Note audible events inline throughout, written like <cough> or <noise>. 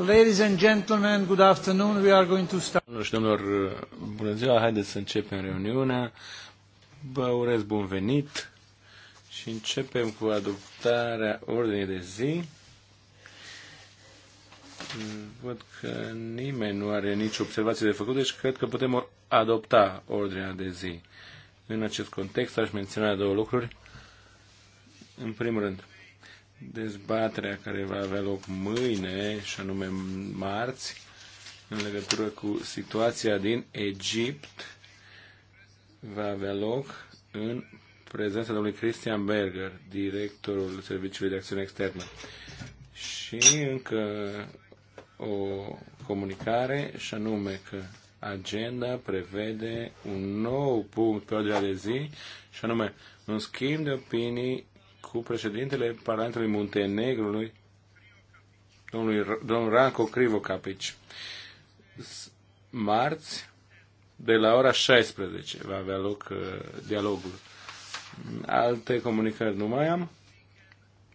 Ladies and gentlemen, good afternoon. We are going to start. Domnilor și domnilor, bună ziua. Haideți să începem reuniunea. Vă urez bun venit și începem cu adoptarea ordinii de zi. Văd că nimeni nu are nici observație de făcut, deci cred că putem adopta ordinea de zi. În acest context aș menționa două lucruri. În primul rând, dezbaterea care va avea loc mâine, și anume marți, în legătură cu situația din Egipt, va avea loc în prezența domnului Christian Berger, directorul Serviciului de Acțiune Externă. Și încă o comunicare, și anume că agenda prevede un nou punct pe ordinea de zi, și anume un schimb de opinii cu președintele Parlamentului Muntenegrului, domnului, domnul Ranko Krivokapic. Marți, de la ora 16, va avea loc uh, dialogul. Alte comunicări nu mai am,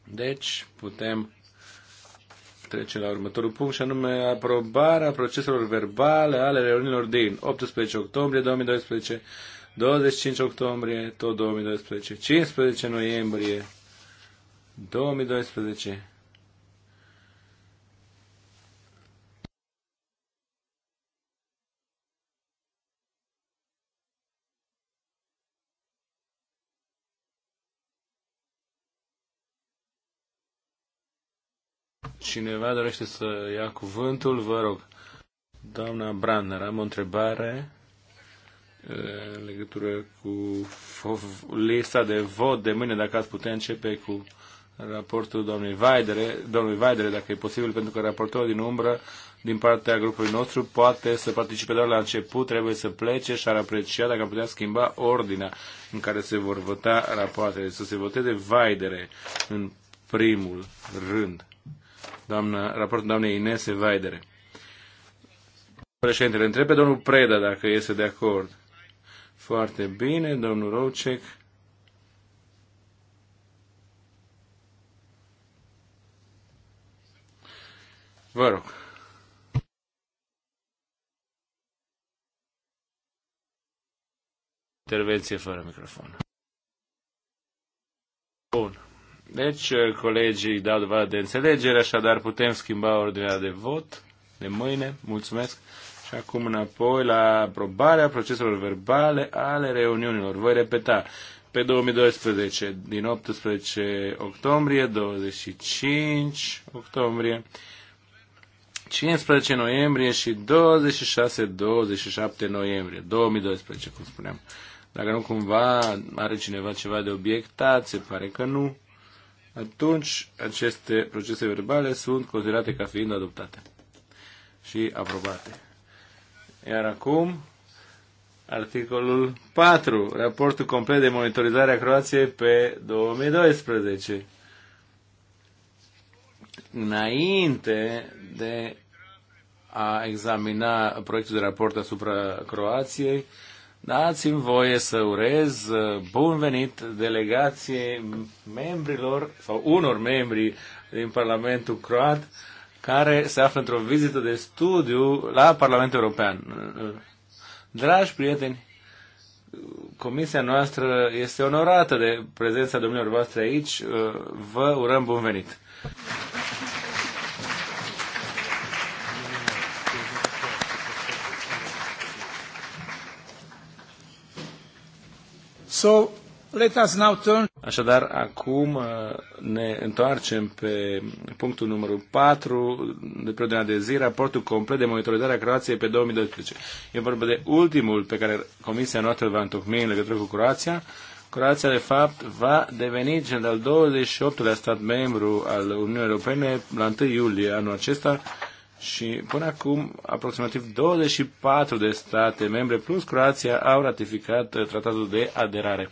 deci putem trece la următorul punct, și anume aprobarea proceselor verbale ale reuniunilor din 18 octombrie 2012, 25 octombrie, tot 2012, 15 noiembrie 2012. Cineva dorește să ia cuvântul, vă rog. Doamna Branner, am o întrebare în legătură cu lista de vot de mâine, dacă ați putea începe cu raportul domnului Vaidere, domnului Vaidere, dacă e posibil, pentru că raportorul din umbră, din partea grupului nostru, poate să participe doar la început, trebuie să plece și ar aprecia dacă am putea schimba ordinea în care se vor vota rapoartele, să se voteze Vaidere în primul rând. Doamna, raportul doamnei Inese Vaidere. Președintele, întrebe domnul Preda dacă este de acord. Foarte bine, domnul Rocek. Vă rog. Intervenție fără microfon. Bun. Deci, eh, colegii dau dovadă de înțelegere, așadar putem schimba ordinea de vot de mâine. Mulțumesc. Și acum înapoi la aprobarea proceselor verbale ale reuniunilor. Voi repeta. Pe 2012, din 18 octombrie, 25 octombrie, 15 noiembrie și 26-27 noiembrie 2012, cum spuneam. Dacă nu cumva are cineva ceva de obiectat, se pare că nu, atunci aceste procese verbale sunt considerate ca fiind adoptate și aprobate. Iar acum, articolul 4, raportul complet de monitorizare a Croației pe 2012. Înainte de a examina proiectul de raport asupra Croației, dați-mi voie să urez uh, bun venit delegației membrilor sau unor membri din Parlamentul Croat care se află într-o vizită de studiu la Parlamentul European. Dragi prieteni, comisia noastră este onorată de prezența domnilor voastre aici. Vă urăm bun venit! So, Let us now turn... Așadar, acum uh, ne întoarcem pe punctul numărul 4 de pe ordinea de zi, raportul complet de monitorizare a Croației pe 2012. E vorba de ultimul pe care Comisia noastră va întocmi în legătură cu Croația. Croația, de fapt, va deveni cel de-al 28-lea stat membru al Uniunii Europene la 1 iulie anul acesta și până acum aproximativ 24 de state membre plus Croația au ratificat uh, tratatul de aderare.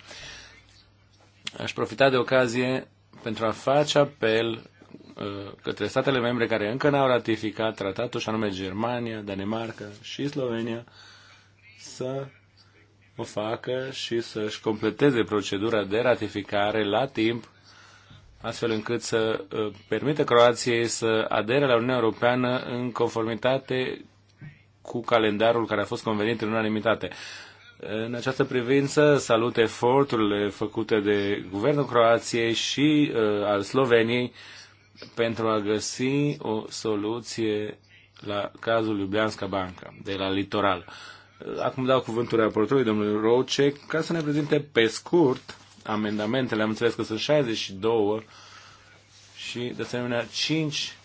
Aș profita de ocazie pentru a face apel uh, către statele membre care încă n-au ratificat tratatul, și anume Germania, Danemarca și Slovenia, să o facă și să-și completeze procedura de ratificare la timp, astfel încât să uh, permită Croației să adere la Uniunea Europeană în conformitate cu calendarul care a fost convenit în unanimitate. În această privință salut eforturile făcute de Guvernul Croației și uh, al Sloveniei pentru a găsi o soluție la cazul Iubianska Banca, de la litoral. Acum dau cuvântul raportului domnului Roce, ca să ne prezinte pe scurt amendamentele. Am înțeles că sunt 62 și, de asemenea, 5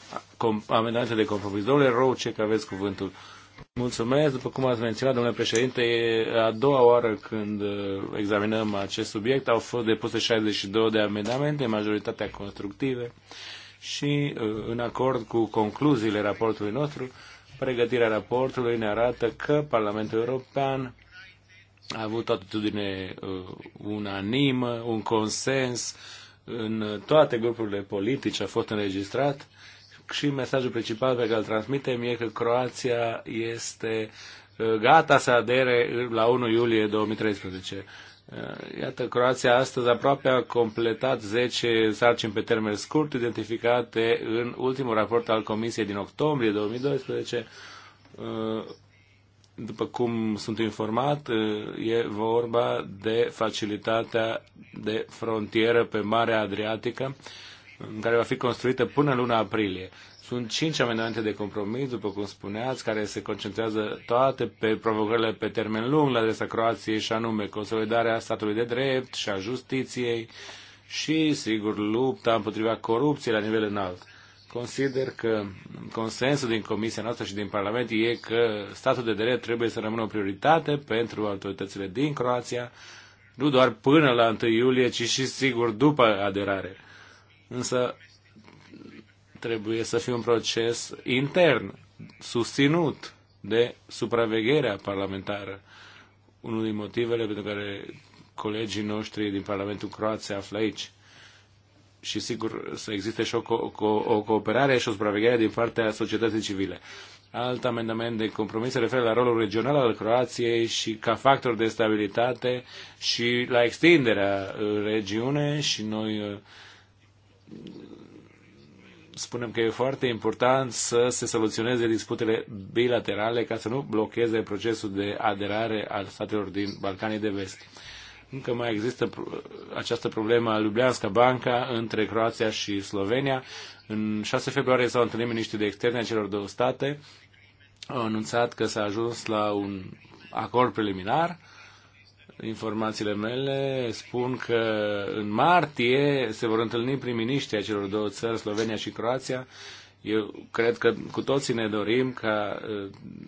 amendamente de compromis. Domnule Roce, că aveți cuvântul. Mulțumesc. După cum ați menționat, domnule președinte, e a doua oară când uh, examinăm acest subiect. Au fost depuse 62 de amendamente, majoritatea constructive și uh, în acord cu concluziile raportului nostru, pregătirea raportului ne arată că Parlamentul European a avut o atitudine uh, unanimă, un consens în toate grupurile politice a fost înregistrat și mesajul principal pe care îl transmitem e că Croația este uh, gata să adere la 1 iulie 2013. Uh, iată, Croația astăzi aproape a completat 10 sarcini pe termen scurt identificate în ultimul raport al Comisiei din octombrie 2012. Uh, după cum sunt informat, e vorba de facilitatea de frontieră pe Marea Adriatică în care va fi construită până luna aprilie. Sunt cinci amendamente de compromis, după cum spuneați, care se concentrează toate pe provocările pe termen lung la adresa Croației și anume consolidarea statului de drept și a justiției și, sigur, lupta împotriva corupției la nivel înalt. Consider că consensul din Comisia noastră și din Parlament e că statul de drept trebuie să rămână o prioritate pentru autoritățile din Croația, nu doar până la 1 iulie, ci și, sigur, după aderare Însă trebuie să fie un proces intern, susținut de supravegherea parlamentară. Unul din motivele pentru care colegii noștri din Parlamentul Croat se află aici. Și sigur să existe și o, co- co- o cooperare și o supraveghere din partea societății civile. Alt amendament de compromis se referă la rolul regional al Croației și ca factor de stabilitate și la extinderea uh, regiunei și noi uh, spunem că e foarte important să se soluționeze disputele bilaterale ca să nu blocheze procesul de aderare al statelor din Balcanii de Vest. Încă mai există această problemă a Ljubljanska Banca între Croația și Slovenia. În 6 februarie s-au întâlnit miniștrii de externe a celor două state. Au anunțat că s-a ajuns la un acord preliminar informațiile mele spun că în martie se vor întâlni prim-miniștrii celor două țări, Slovenia și Croația. Eu cred că cu toții ne dorim ca uh,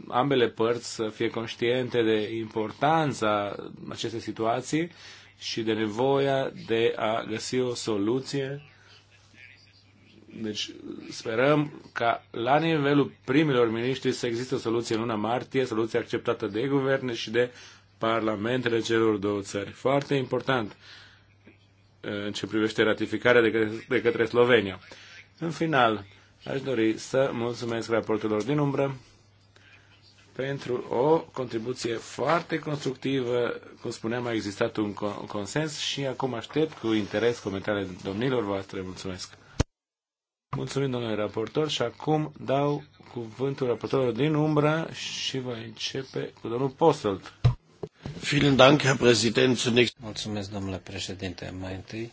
ambele părți să fie conștiente de importanța acestei situații și de nevoia de a găsi o soluție. Deci sperăm ca la nivelul primilor miniștri să existe o soluție în luna martie, soluție acceptată de guverne și de parlamentele celor două țări. Foarte important uh, în ce privește ratificarea de către, de către Slovenia. În final, aș dori să mulțumesc raportelor din umbră pentru o contribuție foarte constructivă. Cum spuneam, a existat un consens și acum aștept cu interes comentariile domnilor voastre. Mulțumesc! Mulțumim, domnule raportor, și acum dau cuvântul raportorilor din umbră și voi începe cu domnul Postelt. Mulțumesc, domnule președinte. Mai întâi,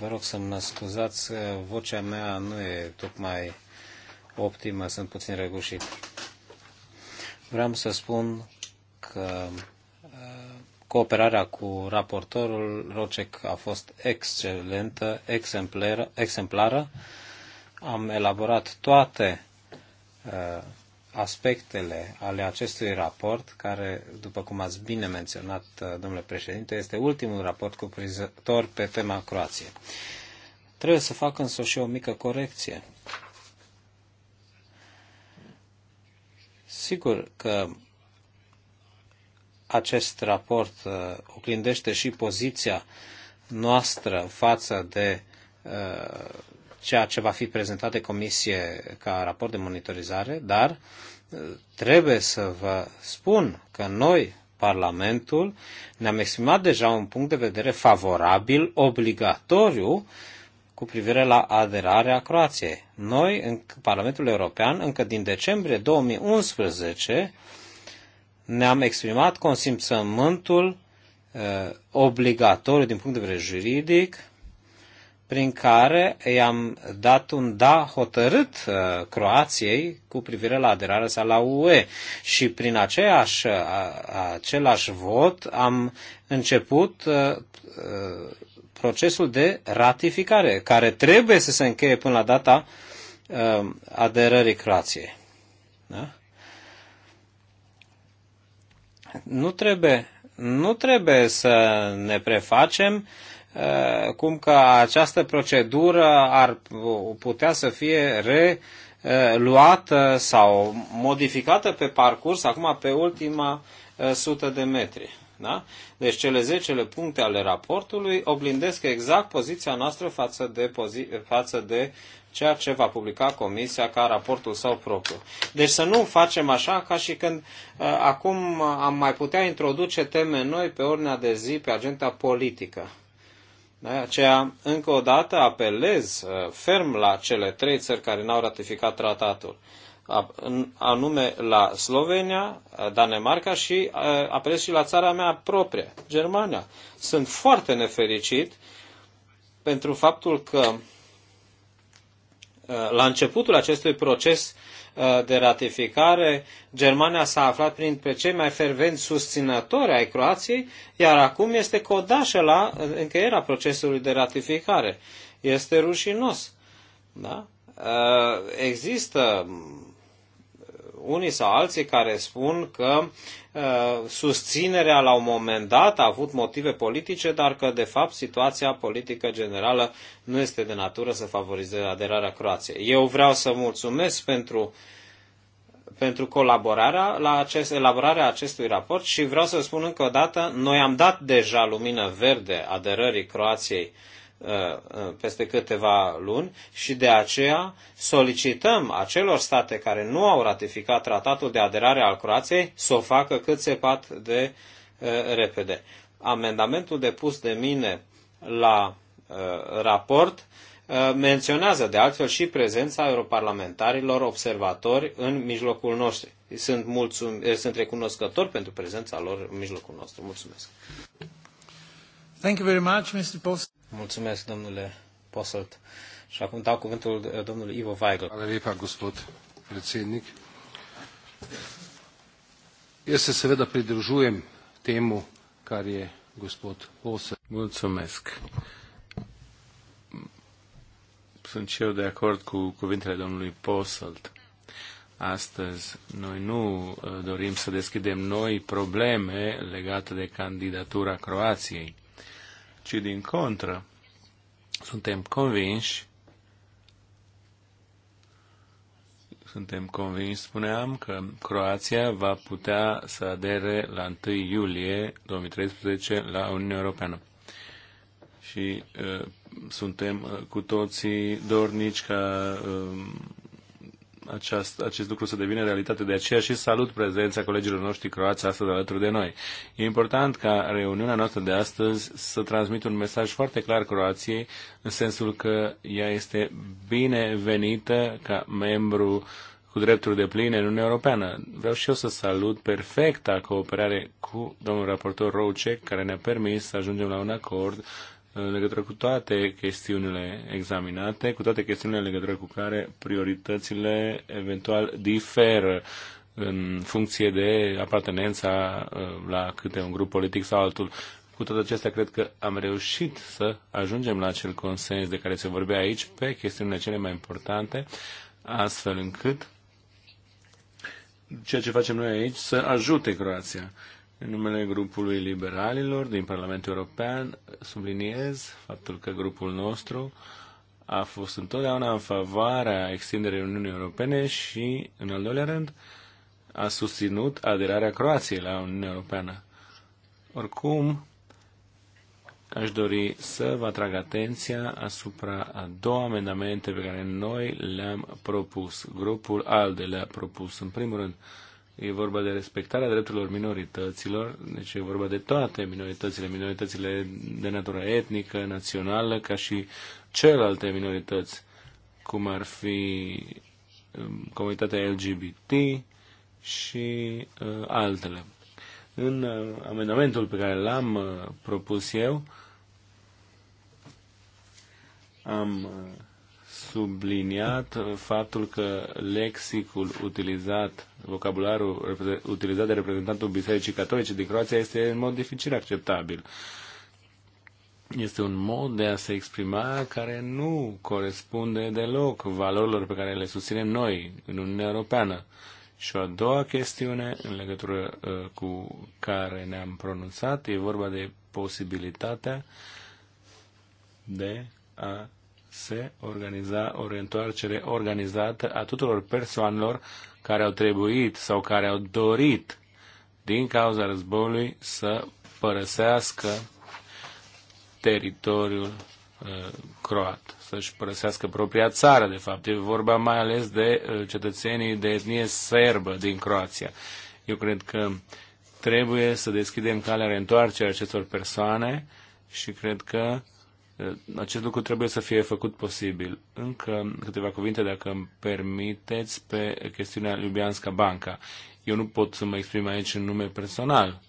vă rog să mă scuzați, vocea mea nu e tocmai optimă, sunt puțin regușit. Vreau să spun că uh, cooperarea cu raportorul Rocek a fost excelentă, exemplară. exemplară. Am elaborat toate uh, aspectele ale acestui raport, care, după cum ați bine menționat, domnule președinte, este ultimul raport cuprinzător pe tema Croației. Trebuie să fac însă și o mică corecție. Sigur că acest raport uh, oglindește și poziția noastră față de uh, ceea ce va fi prezentat de comisie ca raport de monitorizare, dar uh, trebuie să vă spun că noi, Parlamentul, ne-am exprimat deja un punct de vedere favorabil, obligatoriu, cu privire la aderarea Croației. Noi, în Parlamentul European, încă din decembrie 2011, ne-am exprimat consimțământul uh, obligatoriu din punct de vedere juridic prin care i-am dat un da hotărât uh, Croației cu privire la aderarea sa la UE. Și prin aceeași, uh, același vot am început uh, procesul de ratificare, care trebuie să se încheie până la data aderării Croației. Da? Nu trebuie, nu trebuie să ne prefacem uh, Eh, cum că această procedură ar putea să fie reluată sau modificată pe parcurs, acum pe ultima eh, sută de metri. Da? Deci cele 10 puncte ale raportului oglindesc exact poziția noastră față de, pozi- față de ceea ce va publica Comisia ca raportul său propriu. Deci să nu facem așa ca și când uh, acum am mai putea introduce teme noi pe ordinea de zi, pe agenda politică. De aceea, încă o dată, apelez uh, ferm la cele trei țări care n-au ratificat tratatul, anume la Slovenia, uh, Danemarca și uh, apelez și la țara mea proprie, Germania. Sunt foarte nefericit pentru faptul că la începutul acestui proces Uh, de ratificare, Germania s-a aflat printre cei mai fervenți susținători ai Croației, iar acum este codașă la uh, încheierea procesului de ratificare. Este rușinos. Da? Uh, există unii sau alții care spun că uh, susținerea la un moment dat a avut motive politice, dar că de fapt situația politică generală nu este de natură să favorizeze aderarea Croației. Eu vreau să mulțumesc pentru pentru colaborarea la acest, elaborarea acestui raport și vreau să spun încă o dată, noi am dat deja lumină verde aderării Croației uh, Uh, uh, peste câteva luni și de aceea solicităm acelor state care nu au ratificat tratatul de aderare al Croației să o facă cât se pat de uh, repede. Amendamentul depus de mine la raport menționează de altfel și prezența europarlamentarilor observatori în mijlocul nostru. Sunt, mulțum- eh, sunt recunoscători pentru prezența lor în mijlocul nostru. Mulțumesc. Thank you very much, Mr. Post. Mulțumesc, domnule Posselt. Și acum dau cuvântul uh, domnului Ivo Weigl. Ale lepa, gospod predsednik. Jaz se seveda pridružujem temu, care je gospod Posselt. Mulțumesc. Sunt și eu de acord cu cuvintele domnului Poselt. astăzi noi nu uh, dorim să deschidem noi probleme legate de candidatura Croației ci din contră, suntem convinși, suntem convinși, spuneam, că Croația va putea să adere la 1 iulie 2013 la Uniunea Europeană. Și uh, suntem uh, cu toții dornici ca uh, aceast, acest lucru să devină realitate. De aceea și salut prezența colegilor noștri croați astăzi alături de noi. E important ca reuniunea noastră de astăzi să transmită un mesaj foarte clar Croației, în sensul că ea este binevenită ca membru cu drepturi de pline în Uniunea Europeană. Vreau și eu să salut perfecta cooperare cu domnul raportor Roucek, care ne-a permis să ajungem la un acord în legătură cu toate chestiunile examinate, cu toate chestiunile în legătură cu care prioritățile eventual diferă în funcție de apartenența uh, la câte un grup politic sau altul. Cu toate acestea, cred că am reușit să ajungem la acel consens de care se vorbea aici pe chestiunile cele mai importante, astfel încât ceea ce facem noi aici să ajute Croația. În numele grupului liberalilor din Parlamentul European subliniez faptul că grupul nostru a fost întotdeauna în favoarea extinderii Uniunii Europene și, în al doilea rând, a susținut aderarea Croației la Uniunea Europeană. Oricum, aș dori să vă atrag atenția asupra a două amendamente pe care noi le-am propus. Grupul ALDE le-a propus, în primul rând, e vorba de respectarea drepturilor minorităților, deci e vorba de toate minoritățile, minoritățile de natură etnică, națională, ca și celelalte minorități, cum ar fi um, comunitatea LGBT și uh, altele. În uh, amendamentul pe care l-am uh, propus eu, am uh, subliniat uh, faptul că lexicul utilizat, vocabularul utilizat de reprezentantul Bisericii Catolice din Croația este în mod dificil acceptabil. Este un mod de a se exprima care nu corespunde deloc valorilor pe care le susținem noi în Uniunea Europeană. Și o a doua chestiune în legătură uh, cu care ne-am pronunțat e vorba de posibilitatea de a se organiza o reîntoarcere organizată a tuturor persoanelor care au trebuit sau care au dorit din cauza războiului să părăsească teritoriul uh, croat, să-și părăsească propria țară, de fapt. E vorba mai ales de uh, cetățenii de etnie serbă din Croația. Eu cred că trebuie să deschidem calea reîntoarcerii acestor persoane și cred că uh, acest lucru trebuie să fie făcut posibil. Încă câteva cuvinte, dacă îmi permiteți, pe chestiunea Ljubianska Banca. Eu nu pot să mă exprim aici în nume personal,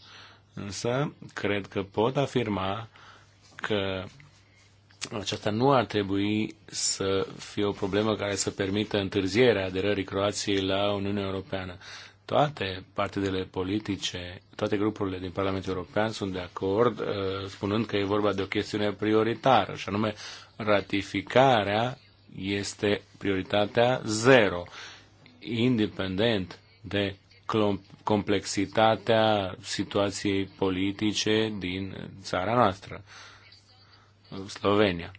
însă cred că pot afirma că aceasta nu ar trebui să fie o problemă care să permită întârzierea aderării Croației la Uniunea Europeană toate partidele politice, toate grupurile din Parlamentul European sunt de acord, uh, spunând că e vorba de o chestiune prioritară, și anume ratificarea este prioritatea zero, independent de complexitatea situației politice din țara noastră, Slovenia.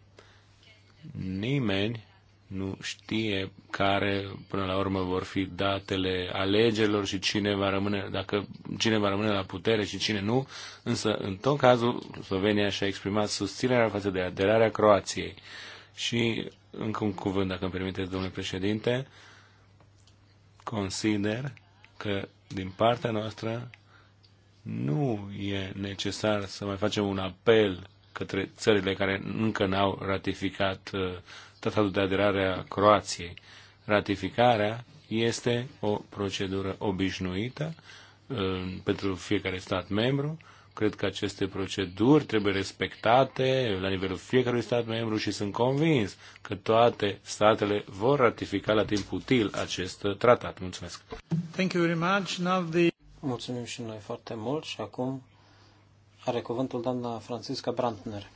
Nimeni nu știe care până la urmă vor fi datele alegerilor și cine va rămâne, dacă cine va rămâne la putere și cine nu, însă în tot cazul Slovenia și-a exprimat susținerea față de aderarea Croației. Și încă un cuvânt, dacă îmi permiteți, domnule președinte, consider că din partea noastră nu e necesar să mai facem un apel către țările care încă n-au ratificat uh, tratatul de aderare a Croației. Ratificarea este o procedură obișnuită uh, pentru fiecare stat membru. Cred că aceste proceduri trebuie respectate la nivelul fiecărui stat membru și sunt convins că toate statele vor ratifica la timp util acest tratat. Mulțumesc! Thank you very much. Now the... Mulțumim și noi foarte mult și acum are cuvântul doamna Francisca Brandner.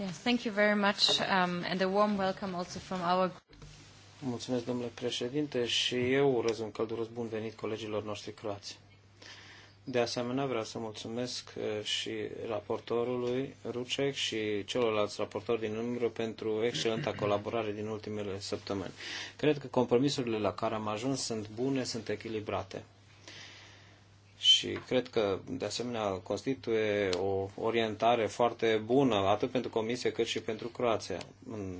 Yes, thank you very much um, and a warm welcome also from our Mulțumesc, domnule președinte, și eu urez un călduros bun venit colegilor noștri croați. De asemenea, vreau să mulțumesc uh, și raportorului Rucec și celorlalți raportori din număr pentru excelenta colaborare din ultimele săptămâni. Cred că compromisurile la care am ajuns sunt bune, sunt echilibrate și cred că, de asemenea, constituie o orientare foarte bună, atât pentru Comisie cât și pentru Croația în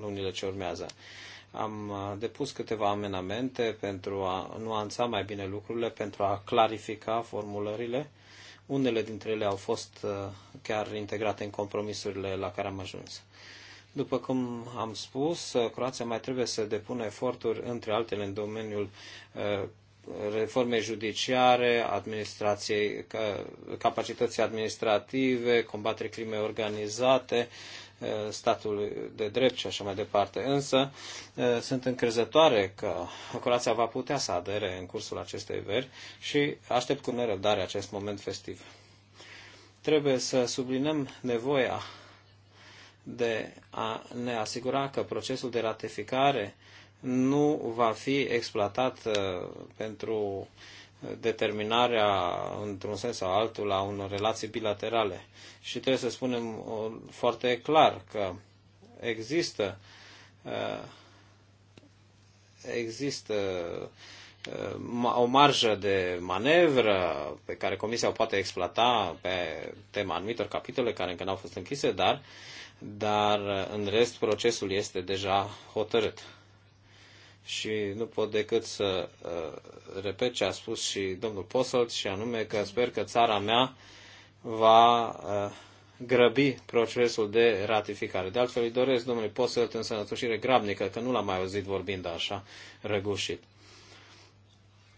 lunile ce urmează. Am uh, depus câteva amenamente pentru a nuanța mai bine lucrurile, pentru a clarifica formulările. Unele dintre ele au fost uh, chiar integrate în compromisurile la care am ajuns. După cum am spus, uh, Croația mai trebuie să depună eforturi, între altele, în domeniul reforme judiciare, administrației, capacității administrative, combatere crimei organizate, eh, statul de drept și așa mai departe. Însă eh, sunt încrezătoare că Croația va putea să adere în cursul acestei veri și aștept cu nerăbdare acest moment festiv. Trebuie să sublinăm nevoia de a ne asigura că procesul de ratificare nu va fi exploatat uh, pentru determinarea, într-un sens sau altul, a unor relații bilaterale. Și trebuie să spunem uh, foarte clar că există uh, există o marjă de manevră pe care Comisia o poate exploata pe tema anumitor capitole care încă n-au fost închise, dar, dar în rest procesul este deja hotărât și nu pot decât să uh, repet ce a spus și domnul Posolt și anume că sper că țara mea va uh, grăbi procesul de ratificare. De altfel îi doresc domnului Posolt în sănătoșire grabnică, că nu l-am mai auzit vorbind așa răgușit.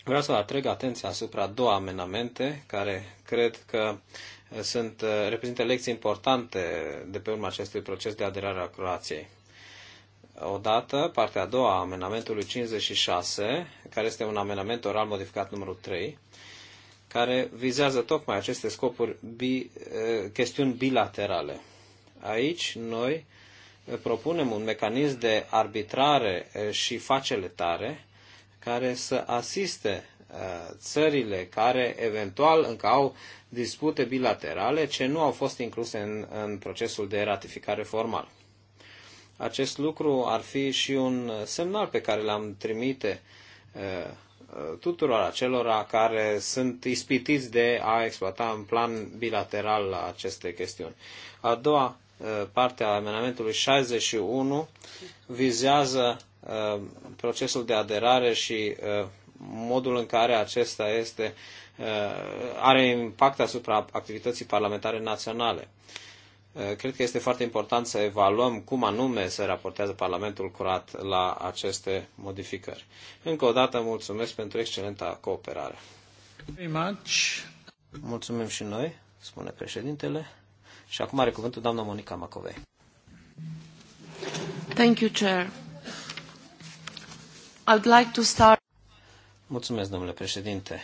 Vreau să atrag atenția asupra două amenamente care cred că uh, sunt, reprezintă lecții importante de pe urma acestui proces de aderare a Croației. Odată, partea a doua a amenamentului 56, care este un amenament oral modificat numărul 3, care vizează tocmai aceste scopuri, bi, eh, chestiuni bilaterale. Aici noi eh, propunem un mecanism de arbitrare eh, și faceletare care să asiste țările care eventual încă au dispute bilaterale ce nu au fost incluse în, în procesul de ratificare formal. Acest lucru ar fi și un semnal pe care l-am trimite uh, uh, tuturor acelora care sunt ispitiți de a exploata în plan bilateral aceste chestiuni. A doua uh, parte a amendamentului 61 vizează procesul de aderare și modul în care acesta este, are impact asupra activității parlamentare naționale. Eh, cred că este foarte important să evaluăm cum anume se raportează Parlamentul curat la aceste modificări. Încă o dată mulțumesc pentru excelenta cooperare. Mulțumim și noi, spune președintele. Și acum are cuvântul doamna Monica Macovei. Thank you, Chair. I'd like to start... Mulțumesc, domnule președinte.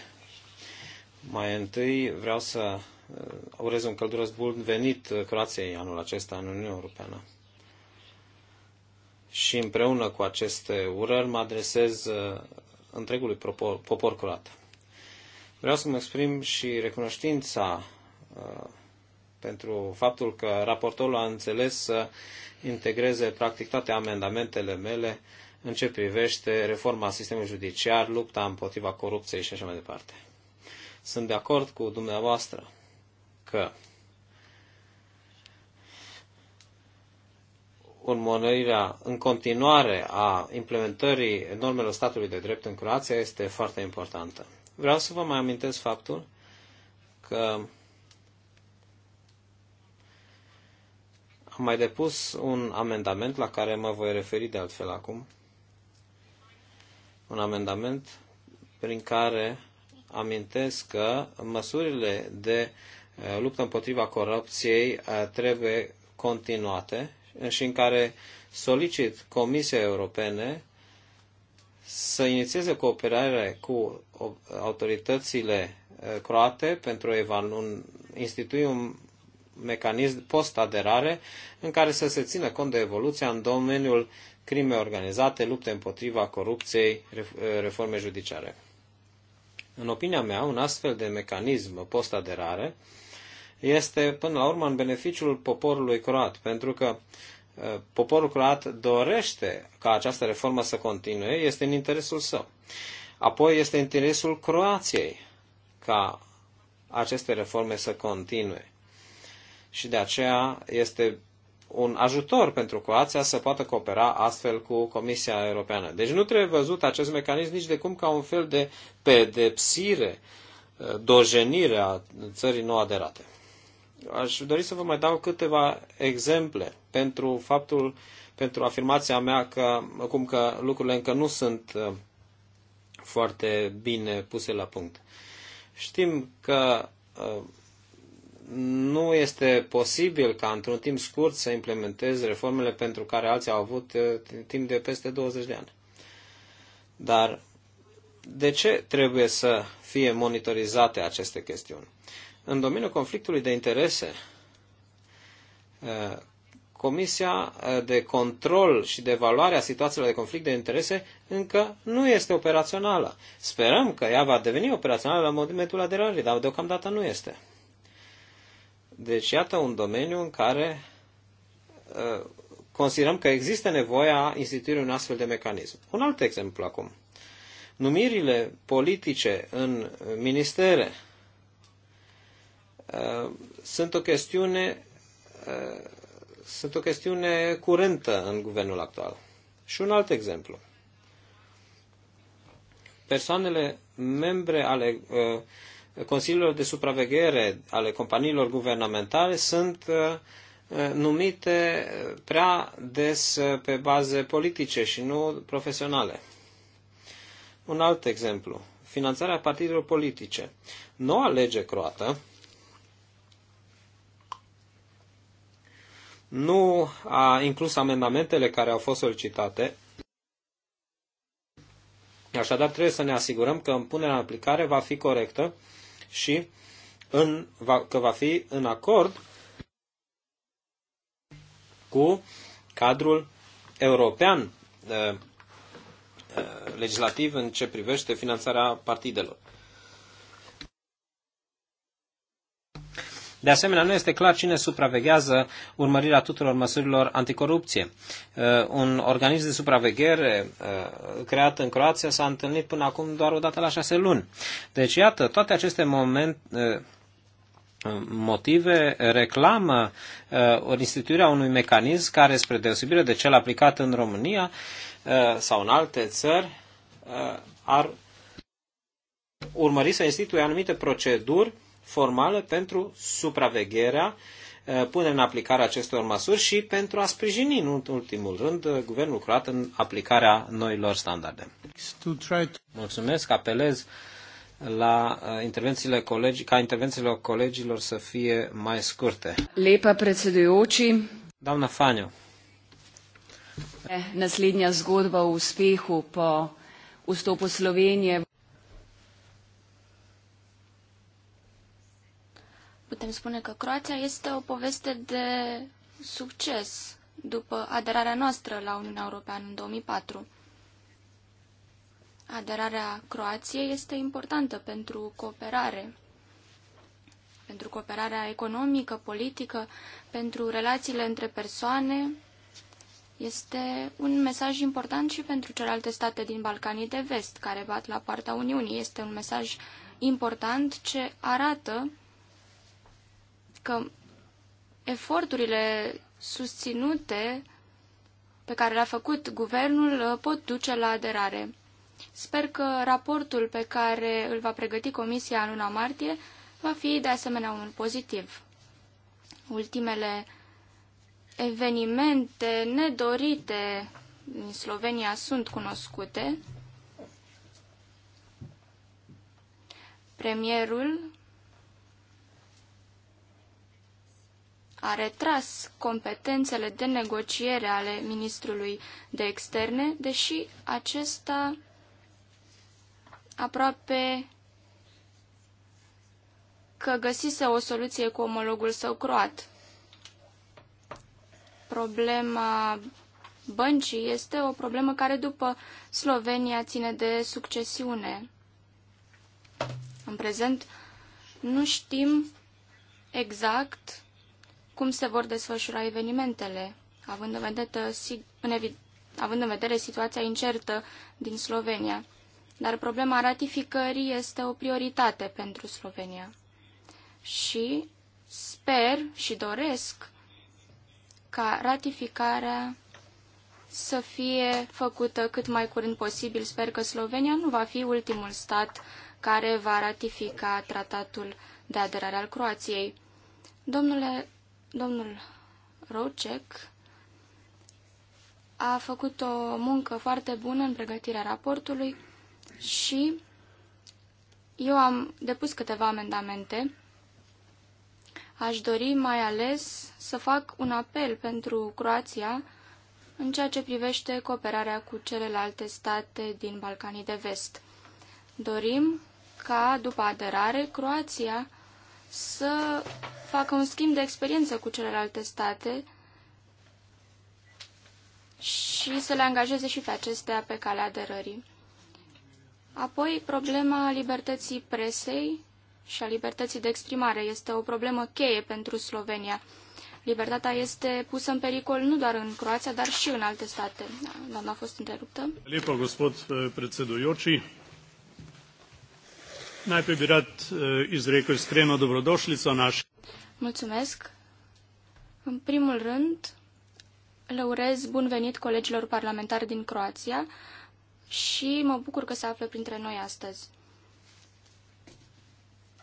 Mai întâi vreau să Uh, urez un călduros bun venit uh, Croației anul acesta în Uniunea Europeană. Și împreună cu aceste urări mă adresez uh, întregului popor, popor croat. Vreau să-mi exprim și recunoștința pentru faptul că raportorul a înțeles să integreze practic toate amendamentele mele în ce privește reforma sistemului judiciar, lupta împotriva corupției și așa mai departe. Sunt de acord cu dumneavoastră că urmărirea în continuare a implementării normelor statului de drept în Croația este foarte importantă. Vreau să vă mai amintesc faptul că am mai depus un amendament la care mă voi referi de altfel acum. Un amendament prin care amintesc că măsurile de Lupta împotriva corupției uh, trebuie continuate și în care solicit Comisiei Europene să inițieze cooperare cu uh, autoritățile uh, croate pentru a un, institui un mecanism post-aderare în care să se țină cont de evoluția în domeniul crime organizate, lupte împotriva corupției, reforme judiciare. În opinia mea, un astfel de mecanism post-aderare este până la urmă în beneficiul poporului croat, pentru că uh, poporul croat dorește ca această reformă să continue, este în interesul său. Apoi este în interesul Croației ca aceste reforme să continue. Și de aceea este un ajutor pentru Croația să poată coopera astfel cu Comisia Europeană. Deci nu trebuie văzut acest mecanism nici de cum ca un fel de pedepsire, uh, dojenire a țării nou aderate aș dori să vă mai dau câteva exemple pentru faptul, pentru afirmația mea că, cum că lucrurile încă nu sunt uh, foarte bine puse la punct. Știm că uh, nu este posibil ca într-un timp scurt să implementezi reformele pentru care alții au avut uh, timp de peste 20 de ani. Dar de ce trebuie să fie monitorizate aceste chestiuni? În domeniul conflictului de interese, eh, Comisia eh, de control și de evaluare a situațiilor de conflict de interese încă nu este operațională. Sperăm că ea va deveni operațională la momentul aderării, dar deocamdată nu este. Deci iată un domeniu în care eh, considerăm că există nevoia instituirii unui astfel de mecanism. Un alt exemplu acum. Numirile politice în ministere Uh, sunt o chestiune uh, sunt o chestiune curentă în guvernul actual. Și un alt exemplu. Persoanele membre ale uh, Consiliilor de Supraveghere ale companiilor guvernamentale sunt numite prea des pe baze politice și nu profesionale. Un alt exemplu. Finanțarea partidelor politice. Noua lege croată nu a inclus amendamentele care au fost solicitate. Așadar, trebuie să ne asigurăm că în punerea în aplicare va fi corectă și în, va, că va fi în acord cu cadrul european eh, eh, legislativ în ce privește finanțarea partidelor. De asemenea, nu este clar cine supraveghează urmărirea tuturor măsurilor anticorupție. Uh, un organism de supraveghere uh, creat în Croația s-a întâlnit până acum doar o dată la șase luni. Deci, iată, toate aceste momente uh, motive reclamă uh, instituirea unui mecanism care, spre deosebire de cel aplicat în România uh, sau în alte țări, uh, ar urmări să instituie anumite proceduri formală pentru supravegherea uh, pune în aplicare acestor măsuri și pentru a sprijini, în ultimul rând, uh, guvernul croat în aplicarea noilor standarde. Mulțumesc, apelez la uh, intervențiile colegi, ca intervențiile colegilor să fie mai scurte. Lepa predsedujoči. Doamna Faniu. Naslednja zgodba o uspehu po vstopu Slovenije. putem spune că Croația este o poveste de succes după aderarea noastră la Uniunea Europeană în 2004. Aderarea Croației este importantă pentru cooperare, pentru cooperarea economică, politică, pentru relațiile între persoane. Este un mesaj important și pentru celelalte state din Balcanii de Vest, care bat la partea Uniunii. Este un mesaj important ce arată că eforturile susținute pe care le-a făcut guvernul uh, pot duce la aderare. Sper că raportul pe care îl va pregăti Comisia în luna martie va fi de asemenea unul pozitiv. Ultimele evenimente nedorite din Slovenia sunt cunoscute. Premierul a retras competențele de negociere ale ministrului de externe, deși acesta aproape că găsise o soluție cu omologul său croat. Problema băncii este o problemă care după Slovenia ține de succesiune. În prezent nu știm exact cum se vor desfășura evenimentele, având în vedere, în având în vedere situația incertă din Slovenia. Dar problema ratificării este o prioritate pentru Slovenia. Și sper și doresc ca ratificarea să fie făcută cât mai curând posibil. Sper că Slovenia nu va fi ultimul stat care va ratifica tratatul de aderare al Croației. Domnule Domnul Rocek a făcut o muncă foarte bună în pregătirea raportului și eu am depus câteva amendamente. Aș dori mai ales să fac un apel pentru Croația în ceea ce privește cooperarea cu celelalte state din Balcanii de Vest. Dorim ca, după aderare, Croația să facă un schimb de experiență cu celelalte state și să le angajeze și pe acestea pe calea aderării. Apoi, problema libertății presei și a libertății de exprimare este o problemă cheie pentru Slovenia. Libertatea este pusă în pericol nu doar în Croația, dar și în alte state. Doamna a fost întreruptă. Lepa, gospod eh, Najprej bi rad eh, izrekel iskreno dobrodošlico naši. Mulțumesc. În primul rând, le urez bun venit colegilor parlamentari din Croația și mă bucur că se află printre noi astăzi.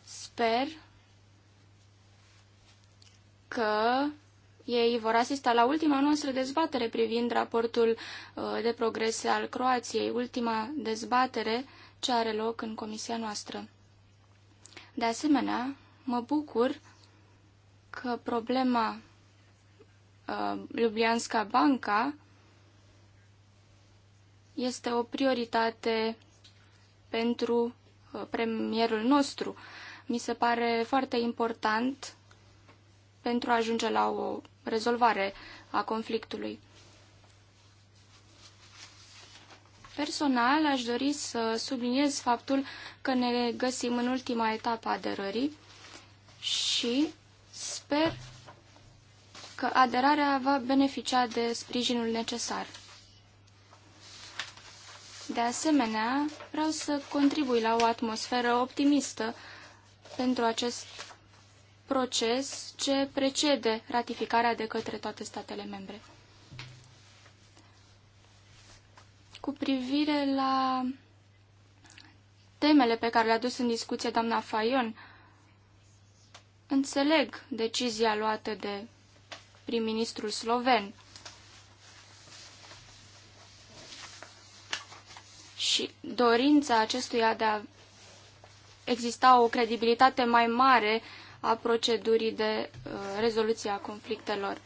Sper că ei vor asista la ultima noastră dezbatere privind raportul eh, de progrese al Croației, ultima dezbatere uh, ce are loc în comisia noastră. De asemenea, mă bucur că problema uh, Ljubljanska Banca este o prioritate pentru uh, premierul nostru. Mi se pare foarte important pentru a ajunge la o rezolvare a conflictului. Personal, aș dori să subliniez faptul că ne găsim în ultima etapă a aderării și sper că aderarea va beneficia de sprijinul necesar. De asemenea, vreau să contribui la o atmosferă optimistă pentru acest proces ce precede ratificarea de către toate statele membre. cu privire la temele pe care le-a dus în discuție doamna Fayon. Înțeleg decizia luată de prim-ministrul sloven. Și dorința acestuia de a exista o credibilitate mai mare a procedurii de uh, rezoluție a conflictelor,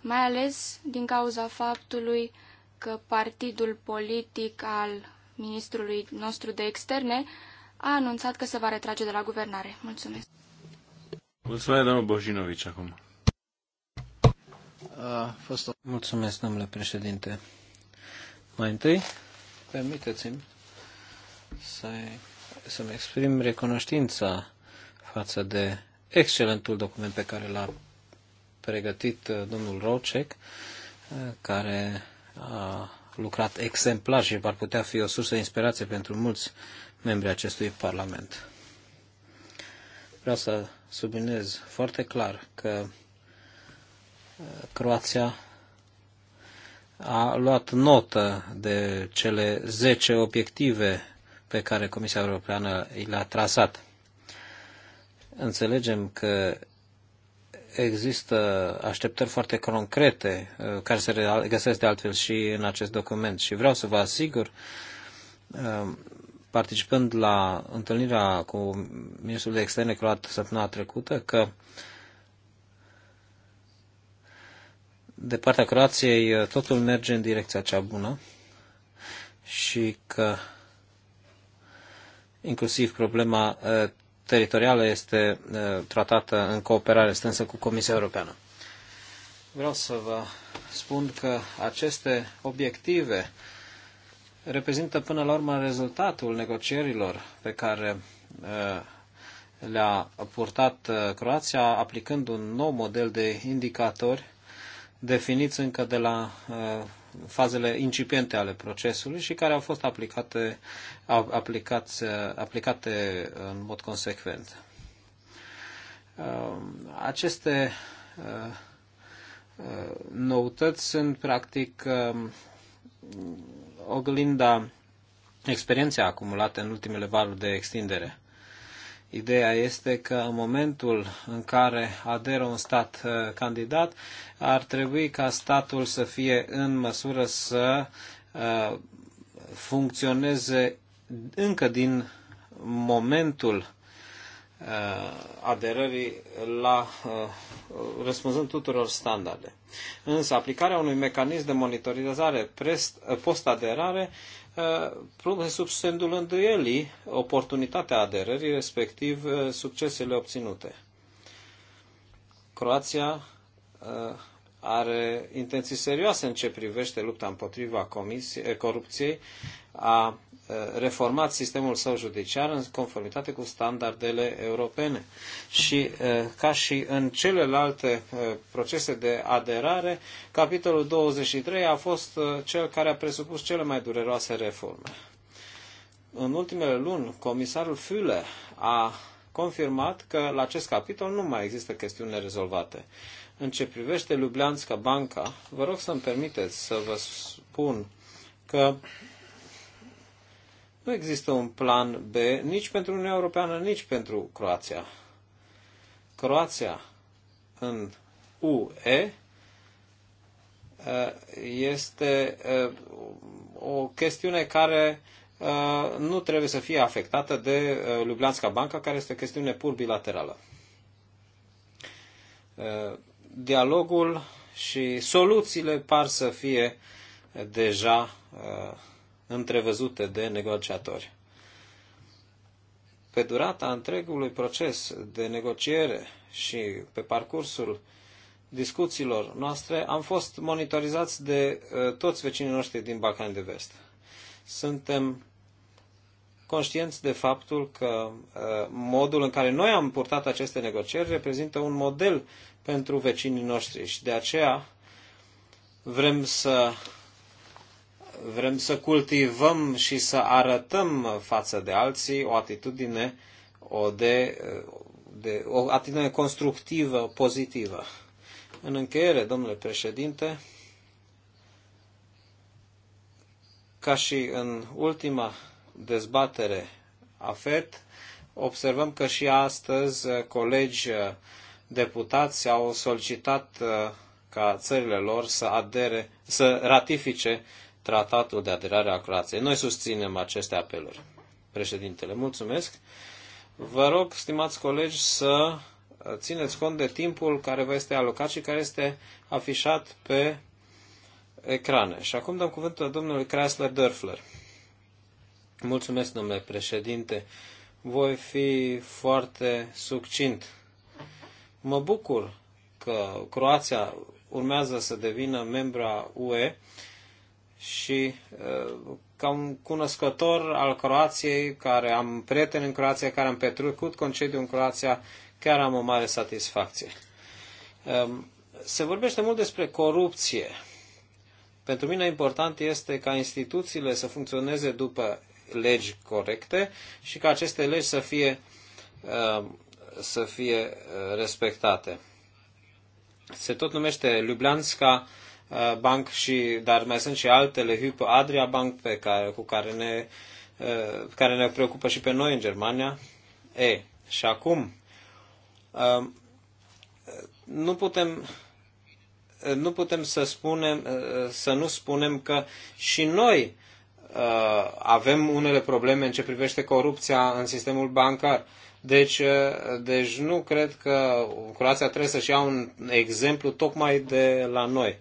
mai ales din cauza faptului că partidul politic al ministrului nostru de externe a anunțat că se va retrage de la guvernare. Mulțumesc. Mulțumesc, domnul Bojinovici, acum. A fost. Mulțumesc, domnule președinte. Mai întâi, permiteți-mi să-mi să exprim recunoștința față de excelentul document pe care l-a pregătit uh, domnul Rocek, uh, care a lucrat exemplar și ar putea fi o sursă de inspirație pentru mulți membri acestui Parlament. Vreau să subliniez foarte clar că uh, Croația a luat notă de cele 10 obiective pe care Comisia Europeană i le-a trasat. Înțelegem că există așteptări foarte concrete uh, care se găsesc de altfel și în acest document. Și vreau să vă asigur, uh, participând la întâlnirea cu ministrul de externe croat săptămâna trecută, că de partea Croației uh, totul merge în direcția cea bună și că inclusiv problema teritorială este tratată în cooperare strânsă cu Comisia Europeană. Vreau să vă spun că aceste obiective reprezintă până la urmă rezultatul negocierilor pe care le-a purtat Croația aplicând un nou model de indicatori definiți încă de la fazele incipiente ale procesului și care au fost aplicate, aplicați, aplicate în mod consecvent. Um, aceste uh, uh, noutăți sunt practic um, oglinda experienței acumulate în ultimele valuri de extindere. Ideea este că în momentul în care aderă un stat uh, candidat, ar trebui ca statul să fie în măsură să uh, funcționeze încă din momentul uh, aderării la răspunzând tuturor standarde. Însă aplicarea unui mecanism de monitorizare post-aderare Uh, pune sub semnul îndoielii oportunitatea aderării, respectiv uh, succesele obținute. Croația uh, are intenții serioase în ce privește lupta împotriva eh, corupției, a reformat sistemul său judiciar în conformitate cu standardele europene. Și eh, ca și în celelalte eh, procese de aderare, capitolul 23 a fost eh, cel care a presupus cele mai dureroase reforme. În ultimele luni, comisarul Füle a confirmat că la acest capitol nu mai există chestiuni nerezolvate. În ce privește Lublianska Banca, vă rog să-mi permiteți să vă spun că nu există un plan B nici pentru Uniunea Europeană, nici pentru Croația. Croația în UE uh, este uh, o chestiune care uh, nu trebuie să fie afectată de Ljubljanska Banca, care este o chestiune pur bilaterală. Dialogul și soluțiile par să fie deja întrevăzute de negociatori. Pe durata întregului proces de negociere și pe parcursul discuțiilor noastre am fost monitorizați de uh, toți vecinii noștri din Balcani de Vest. Suntem conștienți de faptul că uh, modul în care noi am purtat aceste negocieri reprezintă un model pentru vecinii noștri și de aceea vrem să Vrem să cultivăm și să arătăm față de alții o atitudine, o de, de, o atitudine constructivă, pozitivă. În încheiere, domnule președinte, ca și în ultima dezbatere a FED, observăm că și astăzi colegi deputați au solicitat ca țările lor să adere, să ratifice tratatul de aderare a Croației. Noi susținem aceste apeluri. Președintele, mulțumesc. Vă rog, stimați colegi, să țineți cont de timpul care vă este alocat și care este afișat pe ecrane. Și acum dăm cuvântul domnului Chrysler Dörfler. Mulțumesc, domnule președinte. Voi fi foarte succint. Mă bucur că Croația urmează să devină membra UE și uh, ca un cunoscător al Croației, care am prieteni în Croația, care am petrecut concediu în Croația, chiar am o mare satisfacție. Um, se vorbește mult despre corupție. Pentru mine important este ca instituțiile să funcționeze după legi corecte și ca aceste legi să fie, um, să fie uh, respectate. Se tot numește Ljubljanska Uh, Bank, și, dar mai sunt și altele, Hypo Adria Bank, pe care, cu care ne, uh, care ne preocupă și pe noi în Germania. E, și acum, uh, nu putem, nu putem să, spunem, să nu spunem că și noi avem unele probleme în ce privește corupția în sistemul bancar. Deci, deci nu cred că Croația trebuie să-și ia un exemplu tocmai de la noi.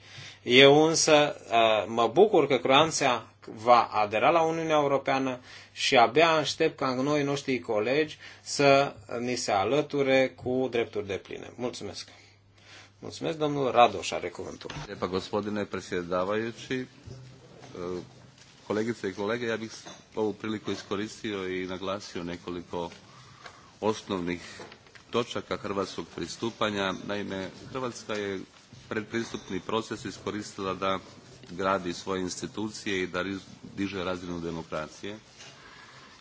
Eu însă ă, mă bucur că Croația va adera la Uniunea Europeană și abia aștept ca noi noștri colegi să ni se alăture cu drepturi de pline. Mulțumesc! Mulțumesc, domnul Radoș are cuvântul. Pa, gospodine presjedavajući, ă, kolegice i kolege, ja bih ovu priliku iskoristio i naglasio nekoliko osnovnih točaka hrvatskog pristupanja. Naime, Hrvatska je predpristupni proces iskoristila da gradi svoje institucije i da diže razinu demokracije.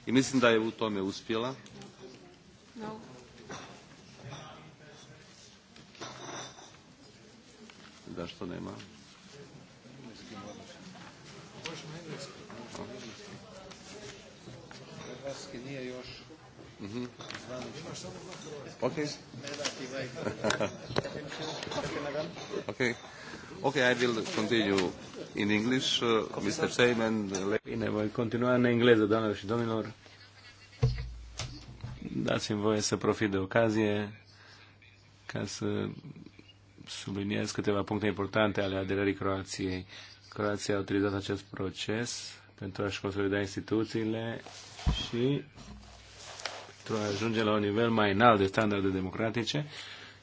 I mislim da je u tome uspjela. No. Da što nema? Hrvatski nije još Mhm. Okay. <laughs> okay. Okay, I will continue in English, uh, Mr. Chairman. Bine, voi continua în engleză, doamnelor și domnilor. Dați-mi voie să profit de ocazie ca să subliniez câteva puncte importante ale aderării Croației. Croația a utilizat acest proces pentru a-și consolida instituțiile și pentru a ajunge la un nivel mai înalt de standarde democratice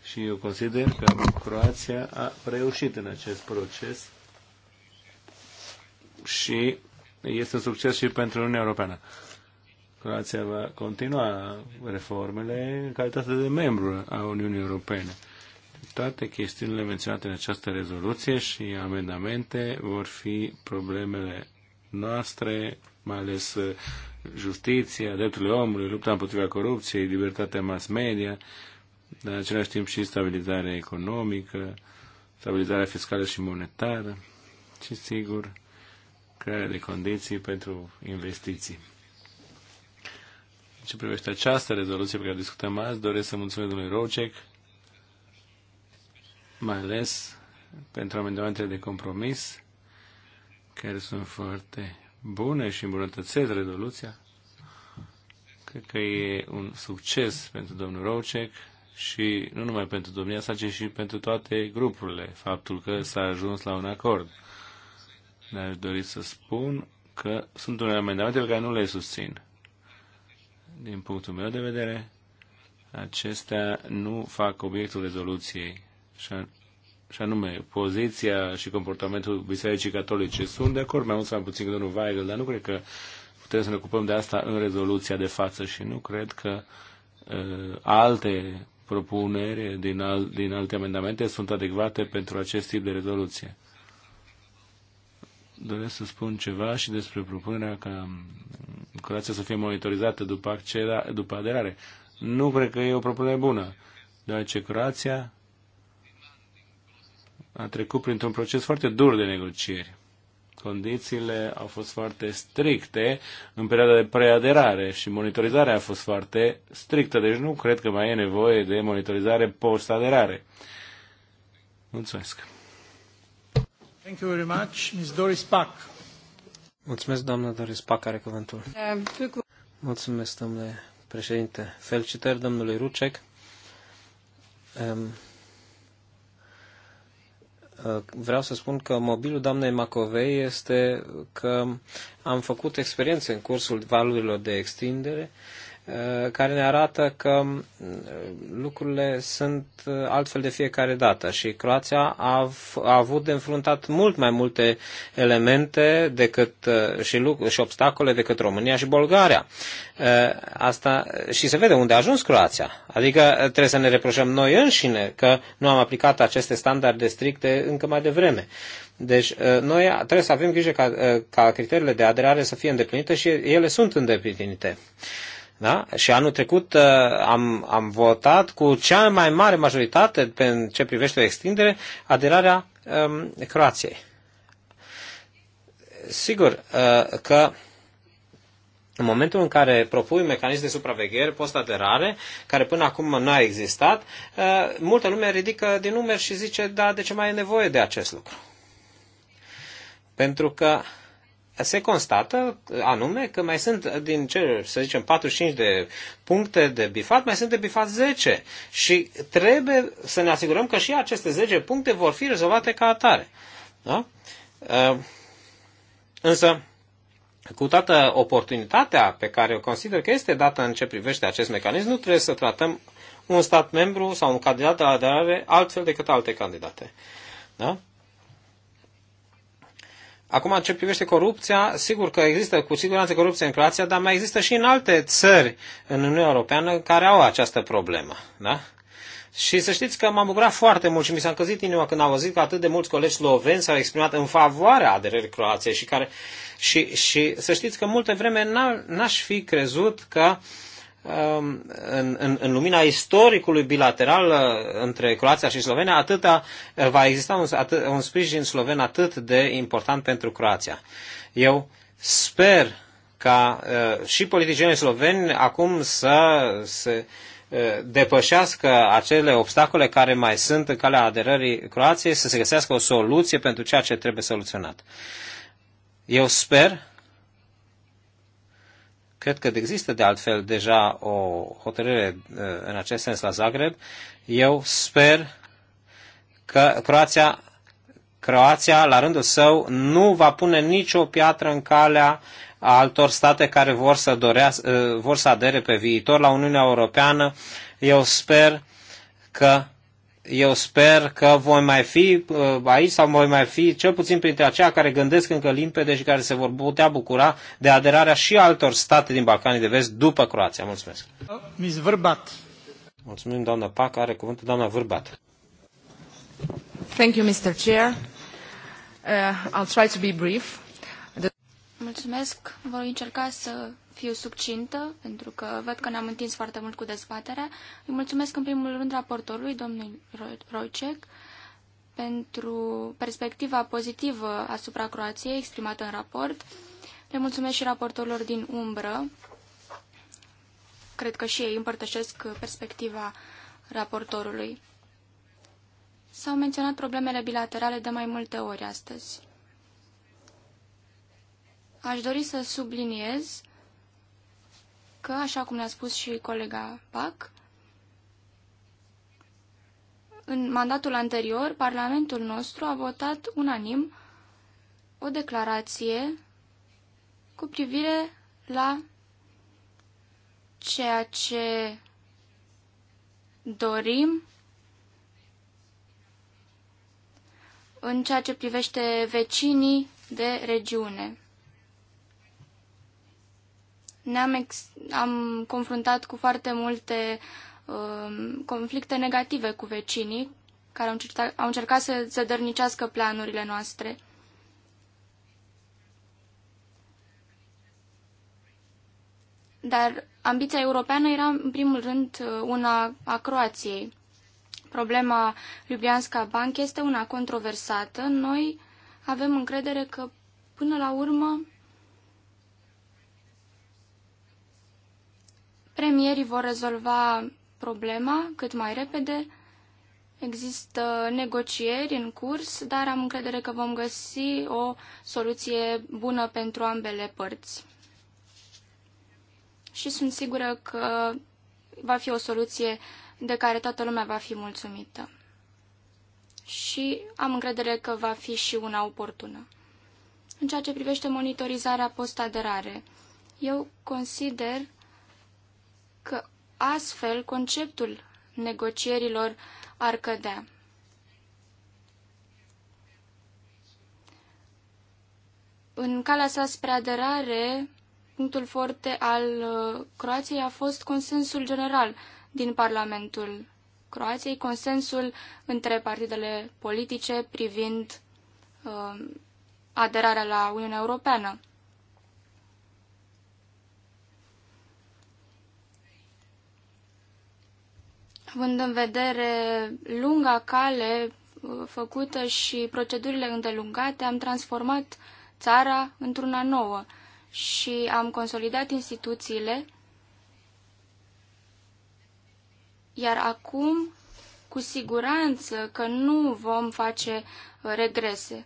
și eu consider că Croația a reușit în acest proces și este un succes și pentru Uniunea Europeană. Croația va continua reformele în calitate de membru a Uniunii Europene. Toate chestiunile menționate în această rezoluție și amendamente vor fi problemele noastre mai ales uh, justiția, drepturile omului, lupta împotriva corupției, libertatea mass media, dar în același timp și stabilizarea economică, stabilizarea fiscală și monetară și, sigur, crearea de condiții pentru investiții. În ce privește această rezoluție pe care discutăm azi, doresc să mulțumesc domnului Rocek, mai ales pentru amendamentele de compromis, care sunt foarte bune și îmbunătățesc rezoluția. Cred că e un succes pentru domnul Rocek și nu numai pentru domnia sa, ci și pentru toate grupurile, faptul că s-a ajuns la un acord. Dar aș dori să spun că sunt unele amendamente pe care nu le susțin. Din punctul meu de vedere, acestea nu fac obiectul rezoluției. Și și anume poziția și comportamentul Bisericii Catolice. Sunt de acord mai mult sau mai puțin cu domnul Weigel, dar nu cred că putem să ne ocupăm de asta în rezoluția de față și nu cred că uh, alte propuneri din, al, din alte amendamente sunt adecvate pentru acest tip de rezoluție. Doresc să spun ceva și despre propunerea ca um, Croația să fie monitorizată după, accera, după aderare. Nu cred că e o propunere bună, deoarece Croația a trecut printr-un proces foarte dur de negocieri. Condițiile au fost foarte stricte în perioada de preaderare și monitorizarea a fost foarte strictă, deci nu cred că mai e nevoie de monitorizare post-aderare. Mulțumesc. Thank you very much, Ms. Doris Pack. Mulțumesc, doamna Doris Pack, are cuvântul. Mulțumesc, domnule președinte. Felicitări domnului Rucec. Um, vreau să spun că mobilul doamnei Macovei este că am făcut experiențe în cursul valurilor de extindere Uh, care ne arată că uh, lucrurile sunt uh, altfel de fiecare dată și Croația a, a avut de înfruntat mult mai multe elemente decât, și, și obstacole decât România și Bulgaria. Asta, și se vede unde a ajuns Croația. Adică trebuie să ne reproșăm noi înșine că nu am aplicat aceste standarde stricte încă mai devreme. Deci noi trebuie să avem grijă ca, ca criteriile de aderare să fie îndeplinite și ele sunt îndeplinite. Da? Și anul trecut uh, am, am votat cu cea mai mare majoritate pe ce privește o extindere aderarea um, Croației. Sigur uh, că în momentul în care propui mecanism de supraveghere post-aderare, care până acum nu a existat, uh, multă lume ridică din numeri și zice, da, de ce mai e nevoie de acest lucru? Pentru că uh, se constată uh, anume că mai sunt din ce, să zicem, 45 de puncte de bifat, mai sunt de bifat 10 și trebuie să ne asigurăm că și aceste 10 puncte vor fi rezolvate ca atare. Da? Uh, însă, cu toată oportunitatea pe care o consider că este dată în ce privește acest mecanism, nu trebuie să tratăm un stat membru sau un candidat de aderare altfel decât alte candidate. Da? Acum, ce privește corupția, sigur că există cu siguranță corupție în Croația, dar mai există și în alte țări în Uniunea Europeană care au această problemă. Da? Și să știți că m-am bucurat foarte mult și mi s-a încăzit inima când am văzut că atât de mulți colegi sloveni s-au exprimat în favoarea aderării Croației și, care, și, și să știți că multe vreme n-aș fi crezut că uh, Um, în, în, în lumina istoricului bilateral uh, între Croația și Slovenia, atâta, uh, va exista un, atât, un sprijin sloven atât de important pentru Croația. Eu sper ca uh, și politicienii sloveni acum să se uh, depășească acele obstacole care mai sunt în calea aderării Croației, să se găsească o soluție pentru ceea ce trebuie soluționat. Eu sper Cred că există de altfel deja o hotărâre uh, în acest sens la Zagreb. Eu sper că Croația, Croația la rândul său nu va pune nicio piatră în calea altor state care vor să, dorea, uh, vor să adere pe viitor la Uniunea Europeană. Eu sper că eu sper că voi mai fi uh, aici sau voi mai fi cel puțin printre aceia care gândesc încă limpede și care se vor putea bucura de aderarea și altor state din Balcanii de Vest după Croația. Mulțumesc. Miss Vârbat. Mulțumim, doamna Pac. Are cuvântul doamna Vârbat. Thank you, Mr. Chair. Uh, I'll try to be brief. The... Mulțumesc. Voi încerca să fiu succintă, pentru că văd că ne-am întins foarte mult cu dezbaterea. Îi mulțumesc în primul rând raportorului, domnul Rojcek, pentru perspectiva pozitivă asupra Croației exprimată în raport. Le mulțumesc și raportorilor din umbră. Cred că și ei împărtășesc perspectiva raportorului. S-au menționat problemele bilaterale de mai multe ori astăzi. Aș dori să subliniez că, așa cum ne-a spus și colega PAC, în mandatul anterior, Parlamentul nostru a votat unanim o declarație cu privire la ceea ce dorim în ceea ce privește vecinii de regiune ne-am ex- am confruntat cu foarte multe uh, conflicte negative cu vecinii care au încercat, au încercat să zădărnicească planurile noastre. Dar ambiția europeană era, în primul rând, uh, una a Croației. Problema Ljubljanska Bank este una controversată. Noi avem încredere că, până la urmă, Premierii vor rezolva problema cât mai repede. Există negocieri în curs, dar am încredere că vom găsi o soluție bună pentru ambele părți. Și sunt sigură că va fi o soluție de care toată lumea va fi mulțumită. Și am încredere că va fi și una oportună. În ceea ce privește monitorizarea post-aderare, eu consider că astfel conceptul negocierilor ar cădea. În calea sa spre aderare, punctul forte al uh, Croației a fost consensul general din Parlamentul Croației, consensul între partidele politice privind uh, aderarea la Uniunea Europeană. având în vedere lunga cale uh, făcută și procedurile îndelungate, am transformat țara într-una nouă și am consolidat instituțiile, iar acum, cu siguranță că nu vom face uh, regrese.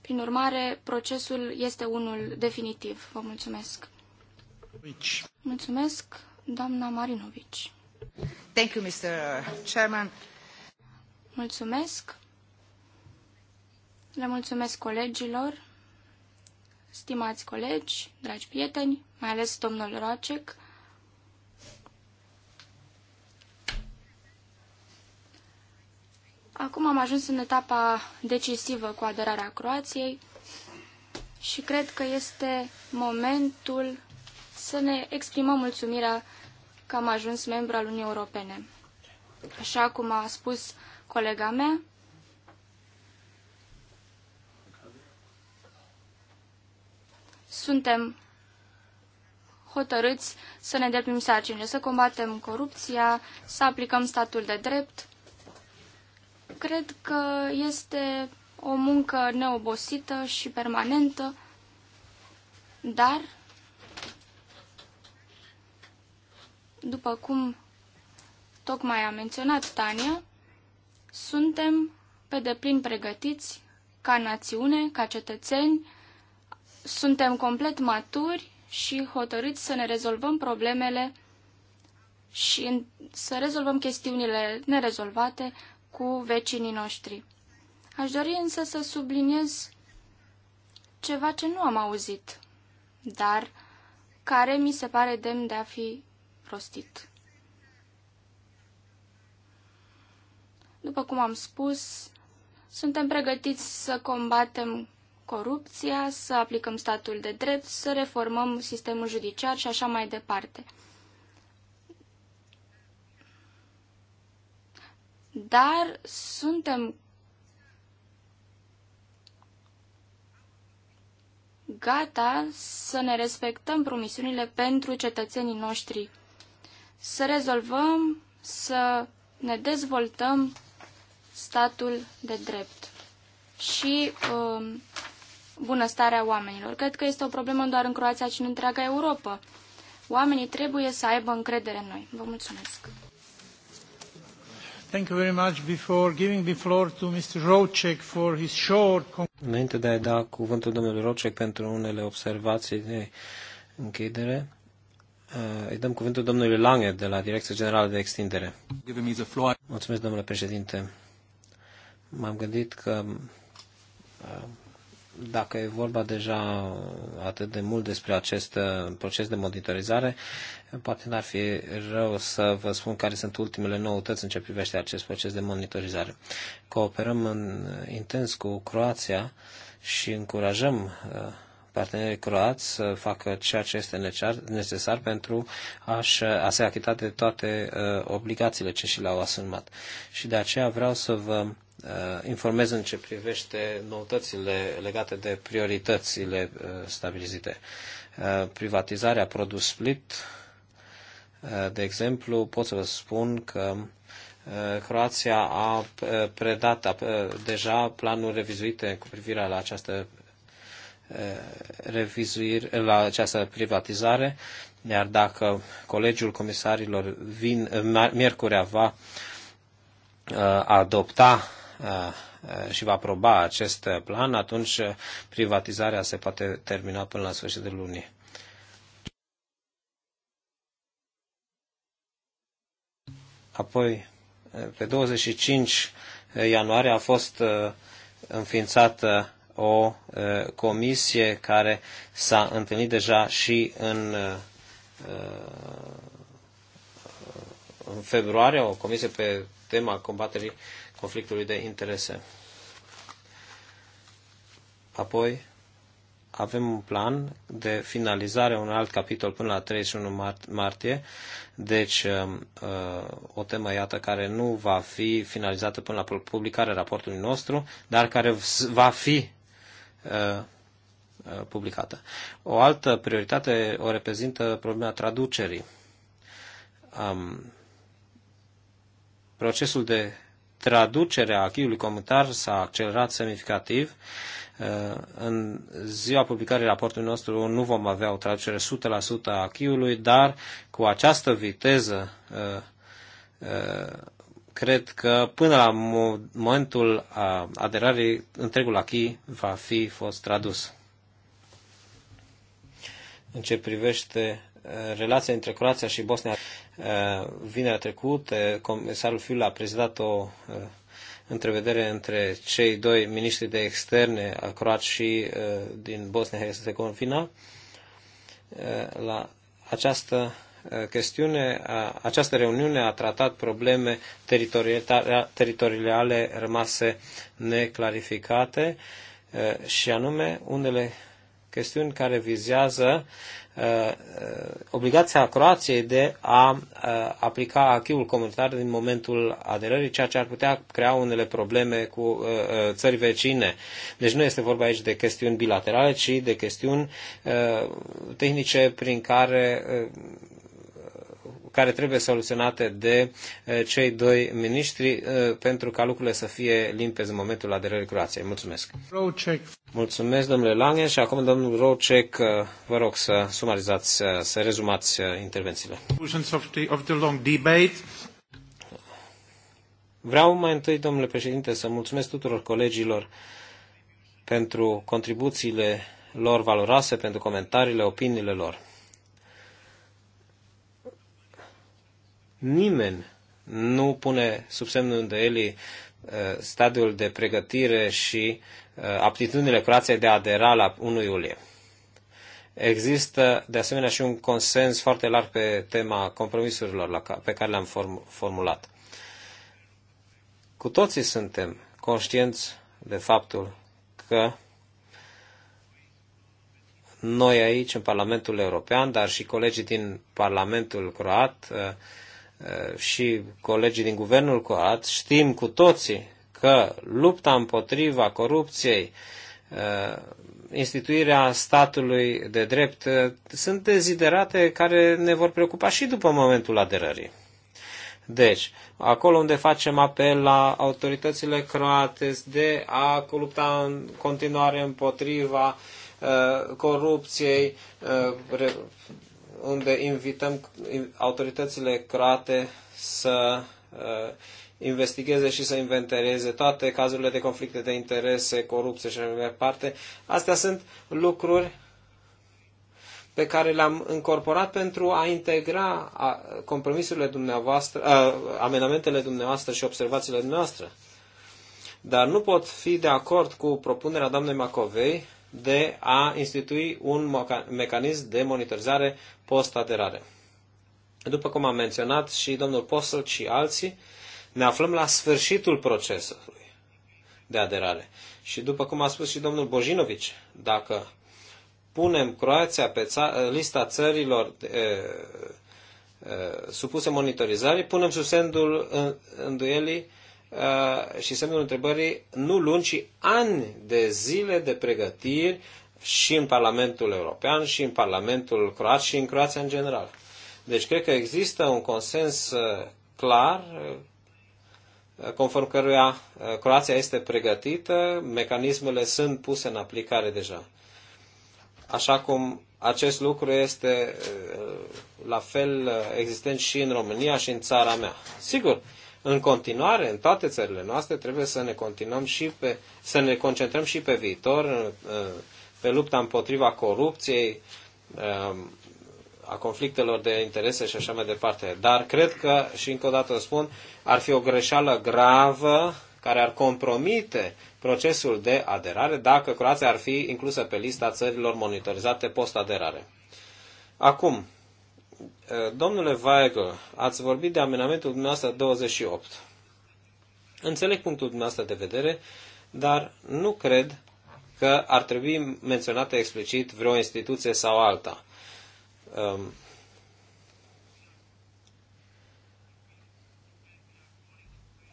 Prin urmare, procesul este unul definitiv. Vă mulțumesc. Mulțumesc, doamna Marinovici. Thank you, Mr. Chairman. Mulțumesc. Le mulțumesc colegilor, stimați colegi, dragi prieteni, mai ales domnul Rocek. Acum am ajuns în etapa decisivă cu aderarea Croației și cred că este momentul să ne exprimăm mulțumirea că am ajuns membru al Uniunii Europene. Așa cum a spus colega mea, suntem hotărâți să ne deprim sarcinile, să combatem corupția, să aplicăm statul de drept. Cred că este o muncă neobosită și permanentă, dar După cum tocmai a menționat Tania, suntem pe deplin pregătiți ca națiune, ca cetățeni, suntem complet maturi și hotărâți să ne rezolvăm problemele și să rezolvăm chestiunile nerezolvate cu vecinii noștri. Aș dori însă să subliniez ceva ce nu am auzit, dar care mi se pare demn de a fi prostit. După cum am spus, suntem pregătiți să combatem corupția, să aplicăm statul de drept, să reformăm sistemul judiciar și așa mai departe. Dar suntem gata să ne respectăm promisiunile pentru cetățenii noștri să rezolvăm, să ne dezvoltăm statul de drept și um, bunăstarea oamenilor. Cred că este o problemă doar în Croația, ci în întreaga Europa. Oamenii trebuie să aibă încredere în noi. Vă mulțumesc. Thank you very much. Before giving the floor to Mr. Rocek for his short... Înainte de a da cuvântul domnului Rocek pentru unele observații de închidere, Uh, îi dăm cuvântul domnului Lange de la Direcția Generală de Extindere. Mulțumesc, domnule președinte. M-am gândit că uh, dacă e vorba deja atât de mult despre acest uh, proces de monitorizare, poate n-ar fi rău să vă spun care sunt ultimele noutăți în ce privește acest proces de monitorizare. Cooperăm în, intens cu Croația și încurajăm uh, partenerii croați să facă ceea ce este necesar pentru a-și, a se achita de toate uh, obligațiile ce și le-au asumat. Și de aceea vreau să vă uh, informez în ce privește noutățile legate de prioritățile uh, stabilizate. Privatizarea produs split, de exemplu, pot să vă spun că Croația a predat deja planuri revizuite cu privire la această Eh, revizuiri, eh, la această privatizare, iar dacă Colegiul Comisarilor vin, eh, miercurea va adopta și va aproba acest plan, atunci privatizarea se poate termina până la sfârșitul lunii. Apoi, pe 25 ianuarie a fost înființată o comisie care s-a întâlnit deja și în, în februarie, o comisie pe tema combaterii conflictului de interese. Apoi avem un plan de finalizare, un alt capitol până la 31 martie, deci o temă, iată, care nu va fi finalizată până la publicarea raportului nostru, dar care va fi Uh, uh, publicată. O altă prioritate o reprezintă problema traducerii. Um, procesul de traducere a acquis comunitar s-a accelerat semnificativ. Uh, în ziua publicării raportului nostru nu vom avea o traducere 100% a acquis dar cu această viteză cred că până la momentul aderării, întregul acquis va fi fost tradus. În ce privește relația între Croația și Bosnia, vinerea trecută, comisarul Fiul a prezidat o întrevedere între cei doi miniștri de externe, a croați și din Bosnia-Herzegovina. La această Uh, chestiune, această reuniune a tratat probleme teritoriale rămase neclarificate uh, și anume unele chestiuni care vizează uh, obligația Croației de a aplica acquis comunitar din momentul aderării, ceea ce ar putea crea unele probleme cu țări vecine. Deci nu este vorba aici de chestiuni bilaterale, ci de chestiuni tehnice prin care care trebuie soluționate de cei doi miniștri pentru ca lucrurile să fie limpezi în momentul aderării Croației. Mulțumesc! Rocek. Mulțumesc, domnule Lange, și acum, domnul Rocek, vă rog să sumarizați, să rezumați intervențiile. Vreau mai întâi, domnule președinte, să mulțumesc tuturor colegilor pentru contribuțiile lor valoroase, pentru comentariile, opiniile lor. Nimeni nu pune sub semnul eli uh, stadiul de pregătire și uh, aptitudinile Croației de a adera la 1 iulie. Există, de asemenea, și un consens foarte larg pe tema compromisurilor pe care le-am formulat. Cu toții suntem conștienți de faptul că noi aici, în Parlamentul European, dar și colegii din Parlamentul Croat, uh, Eh, și colegii din guvernul croat știm cu toții că lupta împotriva corupției, eh, instituirea statului de drept, eh, sunt deziderate care ne vor preocupa și după momentul aderării. Deci, acolo unde facem apel la autoritățile croate de a lupta în continuare împotriva uh, corupției, uh, unde invităm autoritățile croate să uh, investigheze și să inventereze toate cazurile de conflicte de interese, corupție și așa mai departe. Astea sunt lucruri pe care le-am incorporat pentru a integra compromisurile dumneavoastră, uh, amenamentele dumneavoastră și observațiile dumneavoastră. Dar nu pot fi de acord cu propunerea doamnei Macovei de a institui un mecanism de monitorizare post-aderare. După cum am menționat și domnul Postel și alții, ne aflăm la sfârșitul procesului de aderare. Și după cum a spus și domnul Bojinovici, dacă punem Croația pe ța- lista țărilor e, eh, e, eh, supuse monitorizării, punem sub semnul îndoielii Uh, și semnul întrebării nu luni, ci ani de zile de pregătiri și în Parlamentul European, și în Parlamentul Croat, și în Croația în general. Deci cred că există un consens uh, clar uh, conform căruia Croația este pregătită, mecanismele sunt puse în aplicare deja. Așa cum acest lucru este la fel existent și în România și în țara mea. Sigur, în continuare, în toate țările noastre, trebuie să ne, continuăm și pe, să ne concentrăm și pe viitor, pe lupta împotriva corupției, um, a conflictelor de interese și așa mai departe. Dar cred că, și încă o dată spun, ar fi o greșeală gravă care ar compromite procesul de aderare dacă Croația ar fi inclusă pe lista țărilor monitorizate post-aderare. Acum, Eh, domnule Weigel, ați vorbit de amenamentul dumneavoastră 28. Înțeleg punctul dumneavoastră de vedere, dar nu cred că ar trebui menționată explicit vreo instituție sau alta. Um,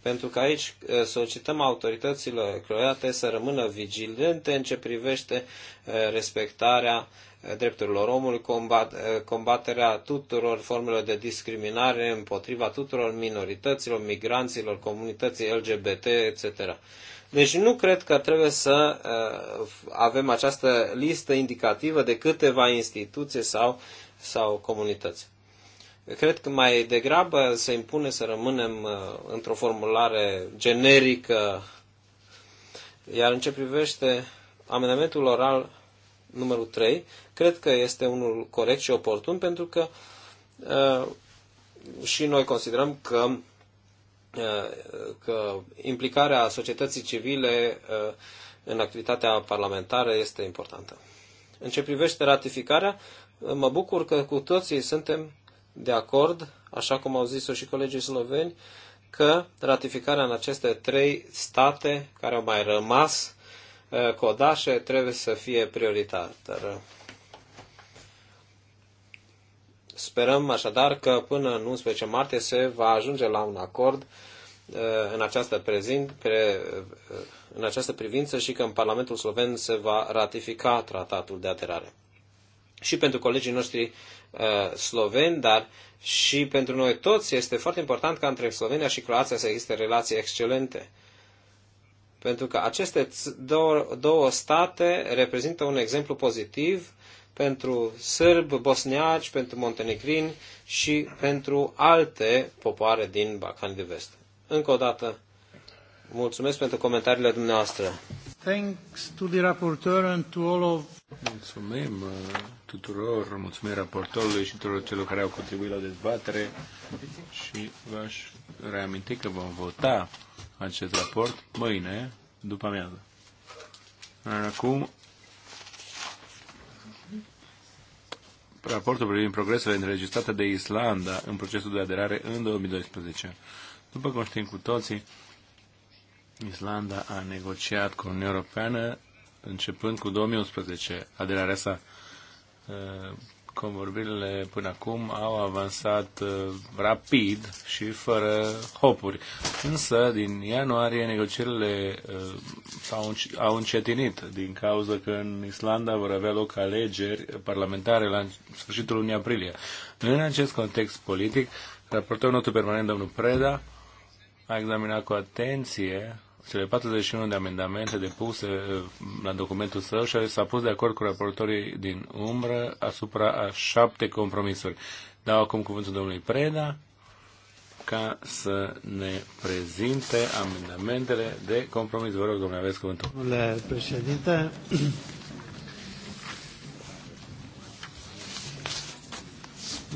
pentru că aici eh, solicităm autorităților croate să rămână vigilente în ce privește eh, respectarea uh, drepturilor omului, combat, eh, combaterea tuturor formelor de discriminare împotriva tuturor minorităților, migranților, comunității LGBT, etc. Deci nu cred că trebuie să eh, avem această listă indicativă de câteva instituții sau, sau comunități. Cred că mai degrabă se impune să rămânem eh, într-o formulare generică. Iar în ce privește amendamentul oral numărul 3, cred că este unul corect și oportun pentru că uh, și noi considerăm că uh, că implicarea societății civile uh, în activitatea parlamentară este importantă. În ce privește ratificarea, mă bucur că cu toții suntem de acord, așa cum au zis-o și colegii sloveni, că ratificarea în aceste trei state care au mai rămas Uh, codașe trebuie să fie prioritară. Sperăm așadar că până în 11 martie se va ajunge la un acord uh, în această, prezint, pre, uh, în această privință și că în Parlamentul Sloven se va ratifica tratatul de aterare. Și pentru colegii noștri sloveni, dar și pentru noi toți este foarte important ca între Slovenia și Croația să existe relații excelente pentru că aceste două, două state reprezintă un exemplu pozitiv pentru sârbi, bosniaci, pentru montenegrini și pentru alte popoare din Balcanii de Vest. Încă o dată, mulțumesc pentru comentariile dumneavoastră. Thanks to the rapporteur and to all of... Mulțumim uh, tuturor, mulțumim raportorului și tuturor celor care au contribuit la dezbatere și v-aș reaminti că vom vota acest raport mâine, după amiază. Acum, raportul privind progresele înregistrate de Islanda în procesul de aderare în 2012. După cum știm cu toții, Islanda a negociat cu Uniunea Europeană începând cu 2011 aderarea sa uh, convorbirile până acum au avansat uh, rapid și fără hopuri. Însă, din ianuarie, negocierile uh, au au încetinit din cauza că în Islanda vor avea loc alegeri parlamentare la sfârșitul lunii aprilie. În acest context politic, raportorul nostru permanent, domnul Preda, a examinat cu atenție cele 41 de amendamente depuse eh, la documentul său și s-a pus de acord cu raportorii din umbră asupra a șapte compromisuri. Dau acum cuvântul domnului Preda ca să ne prezinte amendamentele de compromis. Vă rog, domnule, aveți cuvântul. Domnule președinte,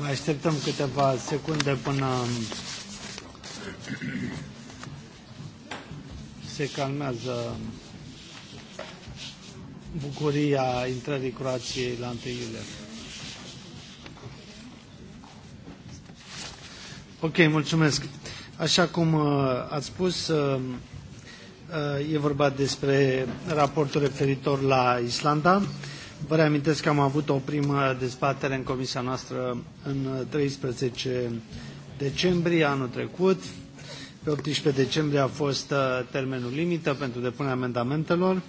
<clears throat> mai așteptăm câteva secunde până se calmează bucuria intrării Croației la 1 iulie. Ok, mulțumesc. Așa cum uh, ați spus, uh, uh, e vorba despre raportul referitor la Islanda. Vă reamintesc că am avut o primă dezbatere în comisia noastră în 13 decembrie anul trecut. Pe 18 decembrie a fost uh, termenul limită pentru depunerea amendamentelor.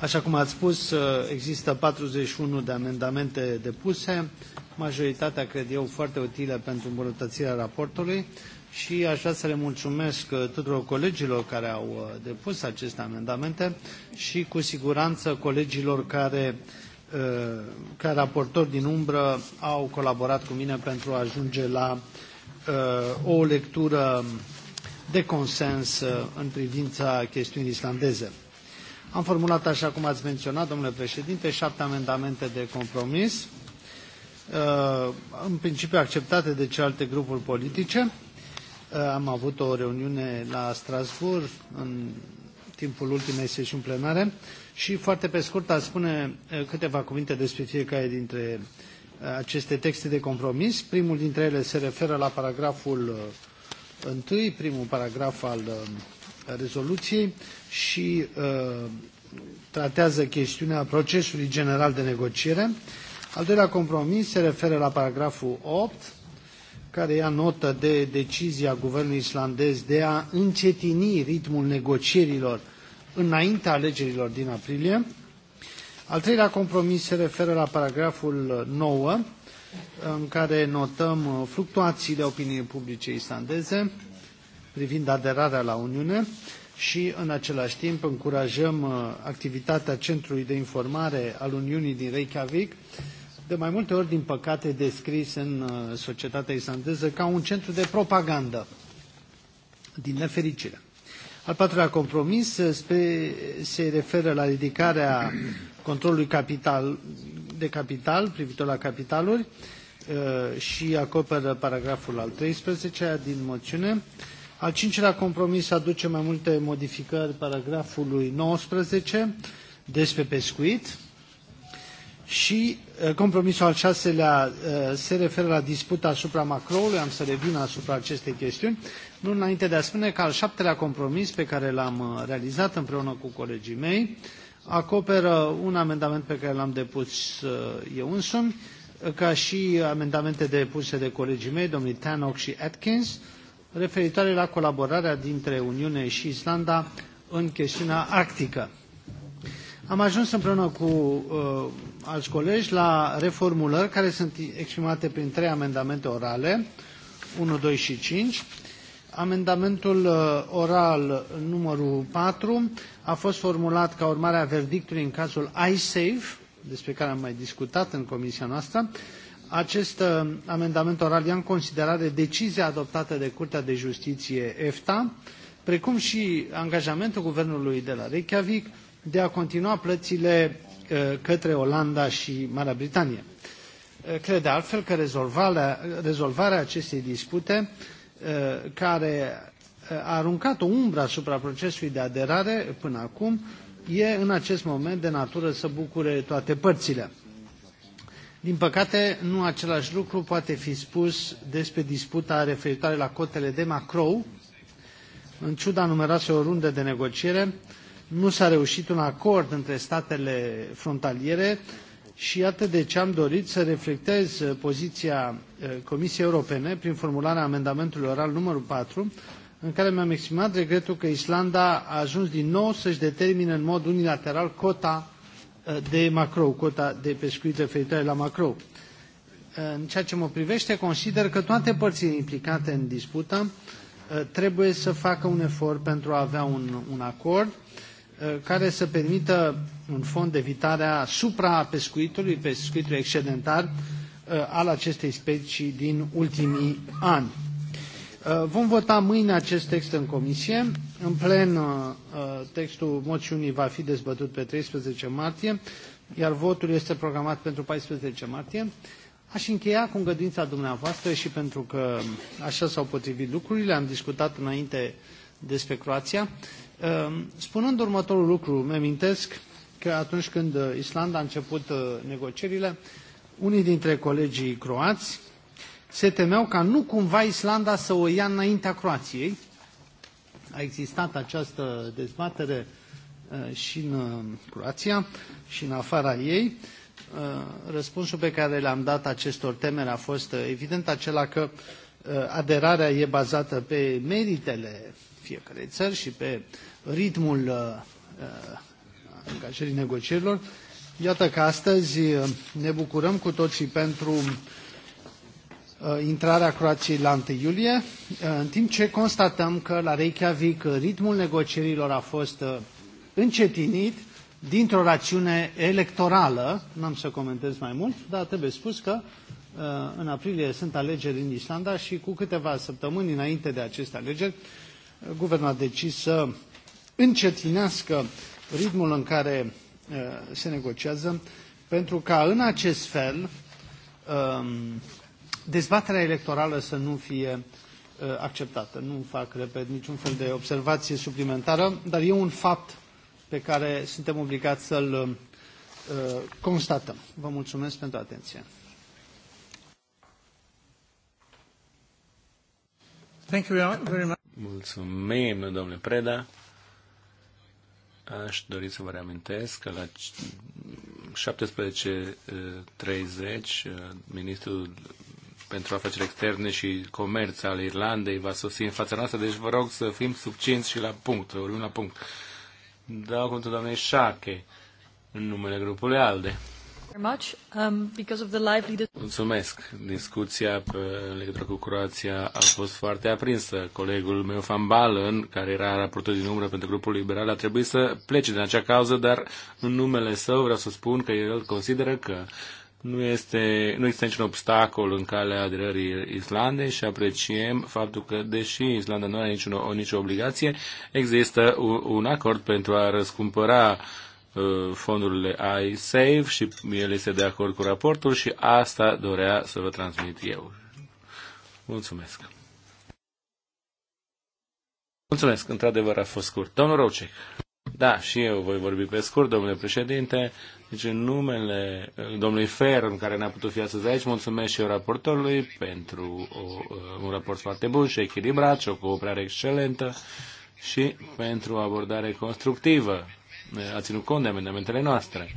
Așa cum ați spus, uh, există 41 de amendamente depuse, majoritatea, cred eu, foarte utile pentru îmbunătățirea raportului și aș vrea să le mulțumesc uh, tuturor colegilor care au depus aceste amendamente și cu siguranță colegilor care ca raportori din umbră au colaborat cu mine pentru a ajunge la uh, Uh, o lectură de consens uh, în privința chestiunii islandeze. Am formulat, așa cum ați menționat, domnule președinte, șapte amendamente de compromis, uh, în principiu acceptate de celelalte grupuri politice. Am avut o reuniune la Strasbourg în timpul ultimei sesiuni plenare și foarte pe scurt a spune câteva cuvinte despre fiecare dintre uh, Uh, aceste texte de compromis. Primul dintre ele se referă la paragraful uh, întâi, primul paragraf al uh, rezoluției și tratează chestiunea procesului general de negociere. Al doilea compromis se referă la paragraful 8, care ia notă de decizia guvernului islandez de a încetini ritmul negocierilor înaintea alegerilor din aprilie. Al treilea compromis se referă la paragraful 9, în care notăm fluctuațiile opiniei publice islandeze privind aderarea la Uniune și, în același timp, încurajăm uh, activitatea Centrului de Informare al Uniunii din Reykjavik, de mai multe ori, din păcate, descris în uh, societatea islandeză ca un centru de propagandă, din nefericire. Al patrulea compromis uh, se referă la ridicarea controlului capital, de capital privitor la capitaluri uh, și acoperă paragraful al 13 din moțiune. Al cincilea compromis aduce mai multe modificări paragrafului 19 despre pescuit și uh, compromisul al șaselea uh, se referă la disputa asupra macroului, am să revin asupra acestei chestiuni, nu înainte de a spune că al șaptelea compromis pe care l-am realizat împreună cu colegii mei acoperă un amendament pe care l-am depus uh, eu însumi, ca și amendamente depuse de colegii mei, domnii Tannock și Atkins, referitoare la colaborarea dintre Uniune și Islanda în chestiunea arctică. Am ajuns împreună cu uh, alți colegi la reformulări care sunt exprimate prin trei amendamente orale, 1, 2 și 5, Amendamentul uh, oral uh, numărul 4 a fost formulat ca urmare a verdictului în cazul iSafe, despre care am mai discutat în comisia noastră. Acest uh, amendament oral ia în considerare decizia adoptată de Curtea de Justiție EFTA, precum și angajamentul guvernului de la Reykjavik de a continua plățile către Olanda și Marea Britanie. Cred de altfel că rezolvarea, rezolvarea acestei dispute Uh, care uh, a aruncat o umbră asupra procesului de aderare până acum, e în acest moment de natură să bucure toate părțile. Din păcate, nu același lucru poate fi spus despre disputa referitoare la cotele de macrou. În ciuda numeroaselor runde de negociere, nu s-a reușit un acord între statele frontaliere și iată de ce am dorit să reflectez uh, poziția uh, Comisiei Europene prin formularea amendamentului oral numărul 4, în care mi-am exprimat regretul că Islanda a ajuns din nou să-și determine în mod unilateral cota uh, de macrou, cota de pescuit referitoare la macrou. În ceea ce mă privește, consider că toate părțile implicate în dispută trebuie să facă un efort pentru a avea un, un acord Uh, care să permită un fond evitarea suprapescuitului, pescuitului excedentar uh, al acestei specii din ultimii ani. Uh, vom vota mâine acest text în comisie. În plen, textul moțiunii va fi dezbătut pe 13 martie, iar votul este programat pentru 14 martie. Aș încheia cu îngăduința dumneavoastră și pentru că așa s-au potrivit lucrurile, am discutat înainte despre Croația. Ehm, spunând următorul lucru, îmi amintesc că atunci când uh, Islanda a început uh, negocierile, unii dintre colegii croați se temeau ca nu cumva Islanda să o ia înaintea Croației. A existat această dezbatere uh, și în Croația și în afara ei. Răspunsul pe care l-am dat acestor temeri a fost evident acela că aderarea e bazată pe meritele fiecarei țări și pe ritmul uh, uh, angajării negocierilor. Iată că astăzi uh, ne bucurăm cu toții pentru intrarea Croației la 1 iulie, în timp ce constatăm că la Reykjavik ritmul negocierilor a fost încetinit dintr-o rațiune electorală. N-am să comentez mai mult, dar trebuie spus că în aprilie sunt alegeri în Islanda și cu câteva săptămâni înainte de aceste alegeri guvernul a decis să încetinească ritmul în care uh, se negociază, pentru ca în acest fel um, dezbaterea electorală să nu fie uh, acceptată. Nu fac, repet, niciun fel de observație suplimentară, dar e un fapt pe care suntem obligați să-l uh, constatăm. Vă mulțumesc pentru atenție. Thank you very much. Mulțumim, domnule Preda. Aș dori să vă reamintesc că la 17.30 eh, ministrul pentru afaceri externe și comerț al Irlandei va sosi în fața noastră, deci vă rog să fim subcinți și la punct, vorbim la punct. Dau cuvântul doamnei Șache în numele grupului ALDE. Um, Mulțumesc. Discuția pe uh, legătură cu Croația a fost foarte aprinsă. Colegul meu, Van Balen, care era raportor din umbră pentru grupul liberal, a trebuit să plece din acea cauză, dar în numele său vreau să spun că el consideră că nu, este, nu există niciun obstacol în calea aderării Islandei și apreciem faptul că, deși Islanda nu are nicio, nicio obligație, există un, un acord pentru a răscumpăra uh, Uh, fondurile iSafe și el este de acord cu raportul și asta dorea să vă transmit eu. Mulțumesc! Mulțumesc, într-adevăr a fost scurt. Domnul Rocek. Da, și eu voi vorbi pe scurt, domnule președinte. Deci în numele domnului în care n-a putut fi astăzi aici, mulțumesc și eu raportorului pentru o, uh, un raport foarte bun și echilibrat și o cooperare excelentă și pentru o abordare constructivă a ținut cont de amendamentele noastre.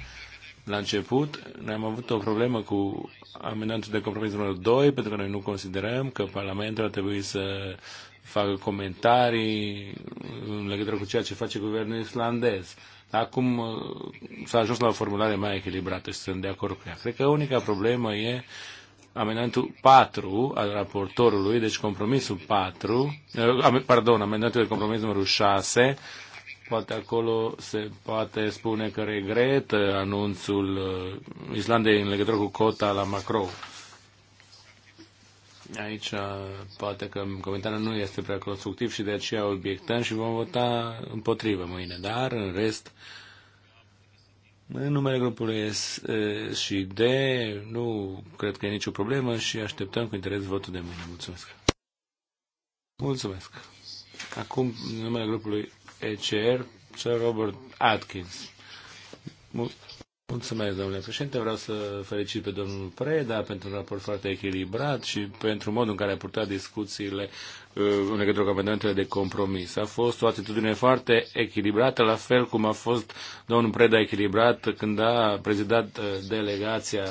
La început ne-am avut o problemă cu amendamentul de compromis numărul 2, pentru că noi nu considerăm că Parlamentul ar trebui să facă comentarii în legătură cu ceea ce face guvernul islandez. Acum uh, s-a ajuns la o formulare mai echilibrată și sunt de acord cu ea. Cred că unica problemă e amendamentul 4 al raportorului, deci compromisul 4, uh, pardon, amendamentul de compromis numărul 6, Poate acolo se poate spune că regretă anunțul uh, Islandei în legătură cu cota la Macro. Aici uh, poate că comentariul nu este prea constructiv și de aceea obiectăm și vom vota împotrivă mâine. Dar, în rest, în numele grupului S uh, și D, nu cred că e nicio problemă și așteptăm cu interes votul de mâine. Mulțumesc! Mulțumesc! Acum, în numele grupului ECR, Sir Robert Atkins. Mulțumesc, domnule președinte. Vreau să felicit pe domnul Preda pentru un raport foarte echilibrat și pentru modul în care a purtat discuțiile uh, în legătură cu amendamentele de compromis. A fost o atitudine foarte echilibrată, la fel cum a fost domnul Preda echilibrat când a prezidat uh, delegația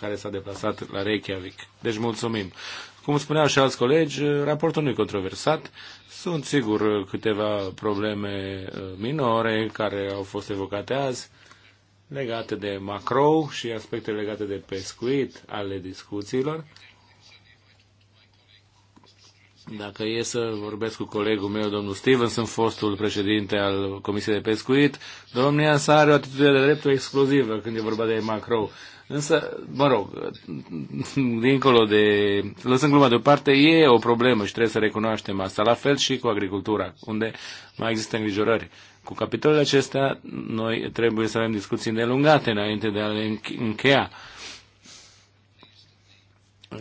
care s-a deplasat la Reykjavik. Deci mulțumim. Cum spuneau și alți colegi, raportul nu e controversat. Sunt sigur câteva probleme uh, minore care au fost evocate azi legate de macro și aspecte legate de pescuit ale discuțiilor. Dacă e să vorbesc cu colegul meu, domnul Stevenson, fostul președinte al Comisiei de Pescuit, domnia sa are o atitudine de dreptul exclusivă când e vorba de macro. Însă, mă rog, dincolo de, lăsând gluma deoparte, e o problemă și trebuie să recunoaștem asta. La fel și cu agricultura, unde mai există îngrijorări. Cu capitolele acestea, noi trebuie să avem discuții nelungate înainte de a le încheia.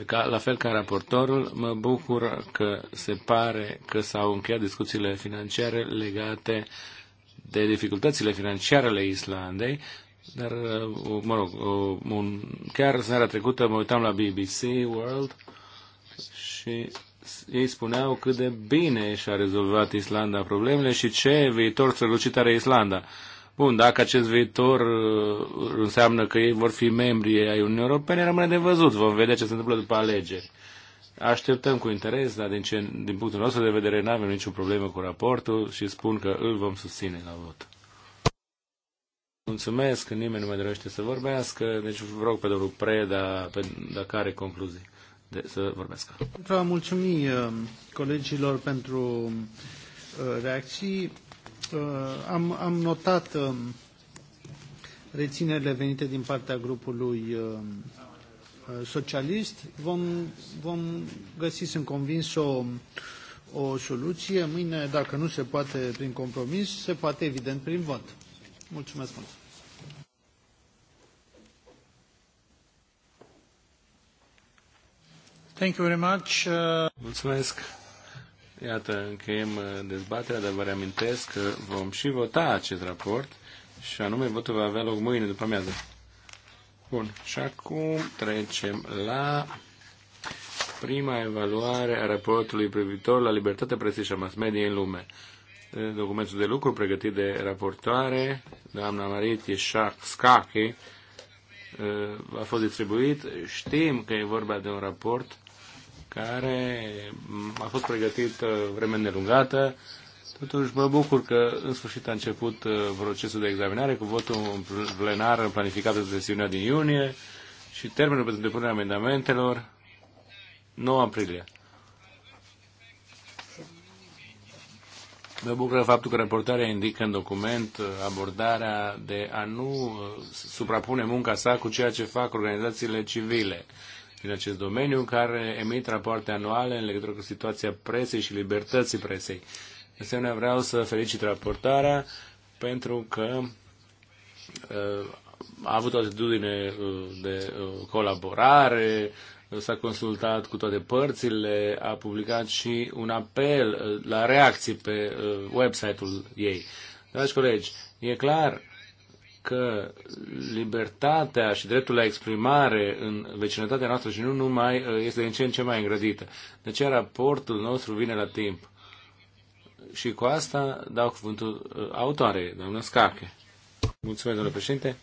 Ca, la fel ca raportorul, mă bucur că se pare că s-au încheiat discuțiile financiare legate de dificultățile financiare ale Islandei, dar, uh, mă rog, un, chiar seara trecută mă uitam la BBC World și ei spuneau cât de bine și-a rezolvat Islanda problemele și ce viitor strălucit are Islanda. Bun, dacă acest viitor uh, înseamnă că ei vor fi membri ai Uniunii Europene, rămâne de văzut. Vom vedea ce se întâmplă după alegeri. Așteptăm cu interes, dar din, ce, din punctul nostru de vedere nu avem nicio problemă cu raportul și spun că îl vom susține la vot. Mulțumesc, nimeni nu mai dorește să vorbească, deci vă rog pe domnul Preda, pe, dacă are concluzii, de, să vorbească. Vreau a mulțumi uh, colegilor pentru uh, reacții. Uh, am, am notat um, reținerile venite din partea grupului socialist. Vom, vom găsi, sunt convins, o, o soluție. Mâine, dacă nu se poate prin compromis, se poate evident prin vot. Mulțumesc mult! Thank you very much. Uh, Mulțumesc! Iată, încheiem uh, dezbaterea, dar vă reamintesc că vom și vota acest raport și anume votul va avea loc mâine după amiază. Bun, și acum trecem la prima evaluare a raportului privitor la libertatea presei și a mass media în lume documentul de lucru pregătit de raportoare, doamna Maritie Scache, eh, a fost distribuit. Știm că e vorba de un raport care a fost pregătit eh, vreme nelungată. Totuși mă bucur că în sfârșit a început eh, procesul de examinare cu votul în plenar planificat de sesiunea din iunie și termenul pentru depunerea amendamentelor 9 aprilie. Mă bucură faptul că raportarea indică în document uh, abordarea de a nu uh, suprapune munca sa cu ceea ce fac organizațiile civile din acest domeniu, care emit rapoarte anuale în legătură cu situația presei și libertății presei. De asemenea, vreau să felicit raportarea pentru că uh, a avut o atitudine de colaborare, s-a consultat cu toate părțile, a publicat și un apel uh, la reacții pe uh, website-ul ei. Dragi colegi, e clar că libertatea și dreptul la exprimare în vecinătatea noastră și nu numai uh, este din ce în ce mai îngrădită. De ce raportul nostru vine la timp. Și cu asta dau cuvântul autoare, doamna Scache. Mulțumesc, domnule președinte.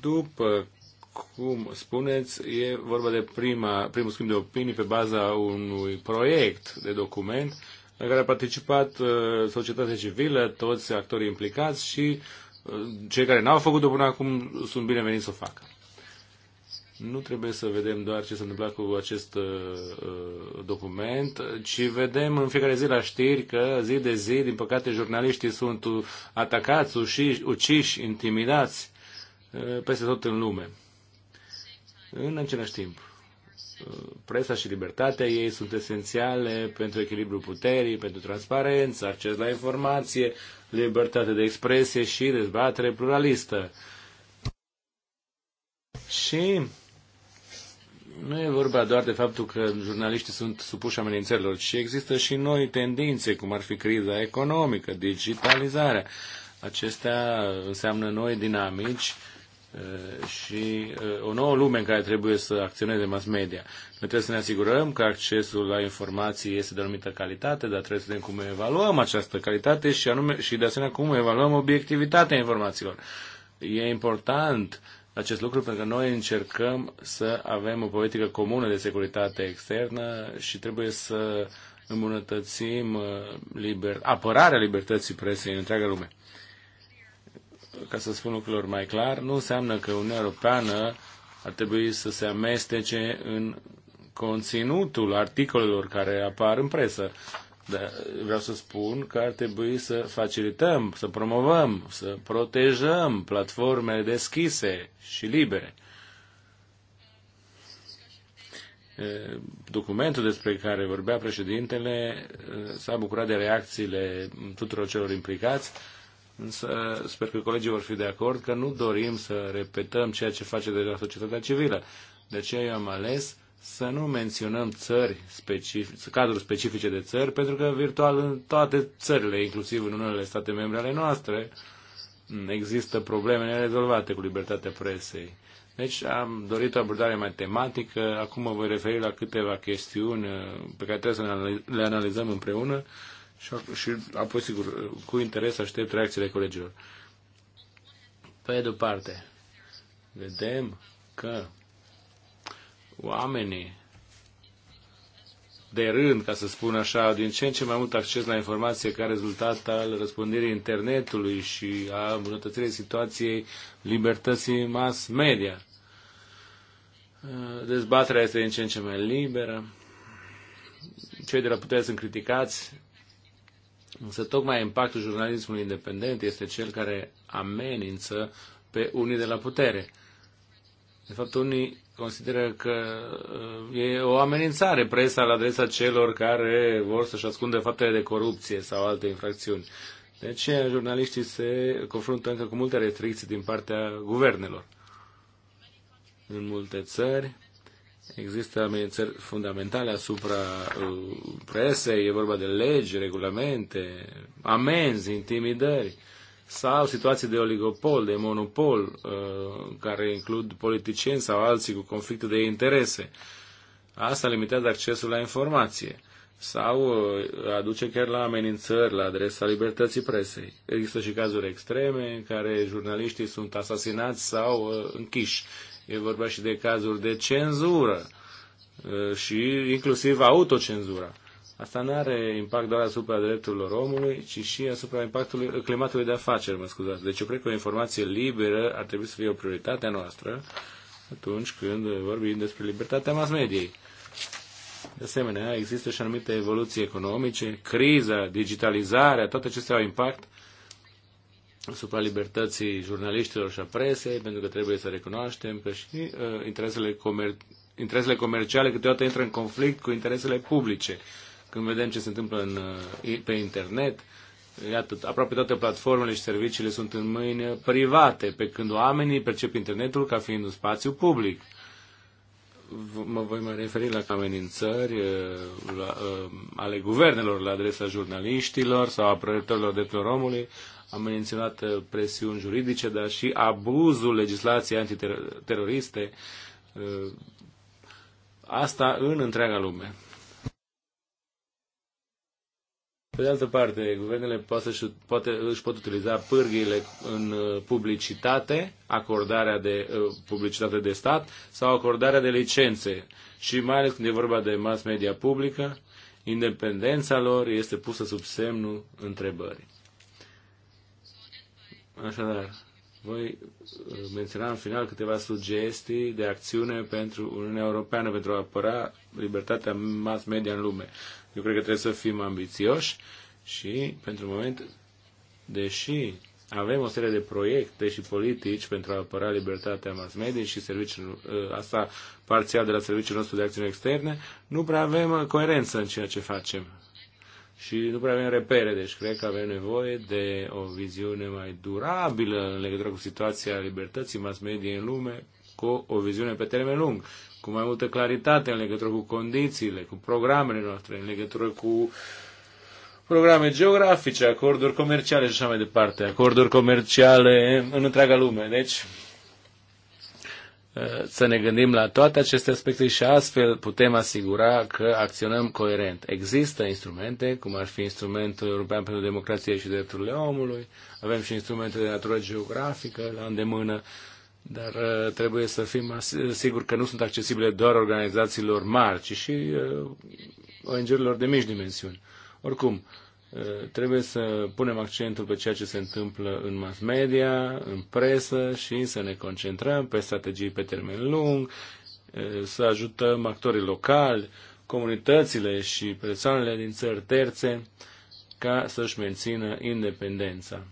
După cum spuneți, e vorba de prima, primul schimb de opinii pe baza unui proiect de document la care a participat uh, societatea civilă, toți actorii implicați și uh, cei care n-au făcut-o până acum sunt bineveniți să o facă. Nu trebuie să vedem doar ce s-a întâmplat cu acest uh, uh document, ci vedem în fiecare zi la știri că zi de zi, din păcate, jurnaliștii sunt atacați, uși, uciși intimidați uh, peste tot în lume. În același timp, presa și libertatea ei sunt esențiale pentru echilibrul puterii, pentru transparență, acces la informație, libertate de expresie și dezbatere pluralistă. Și nu e vorba doar de faptul că jurnaliștii sunt supuși amenințărilor, ci există și noi tendințe, cum ar fi criza economică, digitalizarea. Acestea înseamnă noi dinamici Eh, și eh, o nouă lume în care trebuie să acționeze mass media. Noi trebuie să ne asigurăm că accesul la informații este de anumită calitate, dar trebuie să vedem cum evaluăm această calitate și, anume, și de asemenea cum evaluăm obiectivitatea informațiilor. E important acest lucru pentru că noi încercăm să avem o politică comună de securitate externă și trebuie să îmbunătățim eh, liber, apărarea libertății presei în întreaga lume ca să spun lucrurilor mai clar, nu înseamnă că Uniunea Europeană ar trebui să se amestece în conținutul articolelor care apar în presă. Dar vreau să spun că ar trebui să facilităm, să promovăm, să protejăm platforme deschise și libere. Documentul despre care vorbea președintele s-a bucurat de reacțiile tuturor celor implicați Însă sper că colegii vor fi de acord că nu dorim să repetăm ceea ce face deja societatea civilă. De aceea eu am ales să nu menționăm țări specific, cadruri specifice de țări, pentru că virtual în toate țările, inclusiv în unele state membre ale noastre, există probleme nerezolvate cu libertatea presei. Deci am dorit o abordare mai tematică, acum mă voi referi la câteva chestiuni uh, pe care trebuie să le analizăm împreună și, și apoi, sigur, cu interes aștept reacțiile colegilor. Pe de-o parte, vedem că oamenii de rând, ca să spun așa, din ce în ce mai mult acces la informație ca rezultat al răspândirii internetului și a îmbunătățirii situației libertății mass media. Dezbaterea este din ce în ce mai liberă. Cei de la putere sunt criticați Însă tocmai impactul jurnalismului independent este cel care amenință pe unii de la putere. De fapt, unii consideră că uh, e o amenințare presa la adresa celor care vor să-și ascundă faptele de corupție sau alte infracțiuni. De aceea, jurnaliștii se confruntă încă cu multe restricții din partea guvernelor. În multe țări, Există amenințări fundamentale asupra uh, presei, e vorba de legi, regulamente, amenzi, intimidări sau situații de oligopol, de monopol, uh, care includ politicieni sau alții cu conflicte de interese. Asta limitează accesul la informație sau uh, aduce chiar la amenințări la adresa libertății presei. Există și cazuri extreme în care jurnaliștii sunt asasinați sau uh, închiși. E vorba și de cazuri de cenzură și inclusiv autocenzura. Asta nu are impact doar asupra drepturilor omului, ci și asupra impactului climatului de afaceri, mă scuzați. Deci eu cred că o informație liberă ar trebui să fie o prioritate a noastră atunci când vorbim despre libertatea mass mediei. De asemenea, există și anumite evoluții economice, criza, digitalizarea, toate acestea au impact asupra libertății jurnaliștilor și a presei, pentru că trebuie să recunoaștem că și uh, interesele, comer- interesele comerciale câteodată intră în conflict cu interesele publice. Când vedem ce se întâmplă în, uh, pe internet, iată, aproape toate platformele și serviciile sunt în mâini private, pe când oamenii percep internetul ca fiind un spațiu public mă voi mai referi la amenințări eh, la, eh, ale guvernelor la adresa jurnaliștilor sau a proiectorilor drepturilor omului. Am menționat eh, presiuni juridice, dar și abuzul legislației antiteroriste. Asta în întreaga lume. Pe de altă parte, guvernele poate să poate, își pot utiliza pârghiile în uh, publicitate, acordarea de uh, publicitate de stat sau acordarea de licențe. Și mai ales când e vorba de mass media publică, independența lor este pusă sub semnul întrebării. Așadar, voi uh, menționa în final câteva sugestii de acțiune pentru Uniunea Europeană pentru a apăra libertatea mass media în lume. Eu cred că trebuie să fim ambițioși și, pentru moment, deși avem o serie de proiecte și politici pentru a apăra libertatea mass media și serviciul, ă, asta parțial de la serviciul nostru de acțiune externe, nu prea avem ă, coerență în ceea ce facem. Și nu prea avem repere, deci cred că avem nevoie de o viziune mai durabilă în legătură cu situația libertății mass media în lume, cu o viziune pe termen lung cu mai multă claritate în legătură cu condițiile, cu programele noastre, în legătură cu programe geografice, acorduri comerciale și așa mai departe, acorduri comerciale în întreaga lume. Deci, eh, să ne gândim la toate aceste aspecte și astfel putem asigura că acționăm coerent. Există instrumente, cum ar fi instrumentul european pentru democrație și drepturile omului, avem și instrumente de natură geografică la îndemână, dar uh, trebuie să fim uh, siguri că nu sunt accesibile doar organizațiilor mari, ci și uh, ONG-urilor de mici dimensiuni. Oricum, trebuie să punem accentul pe ceea ce se întâmplă în mass media, în presă și să ne concentrăm pe strategii pe termen lung, să ajutăm actorii locali, comunitățile și persoanele din țări terțe ca să-și mențină independența.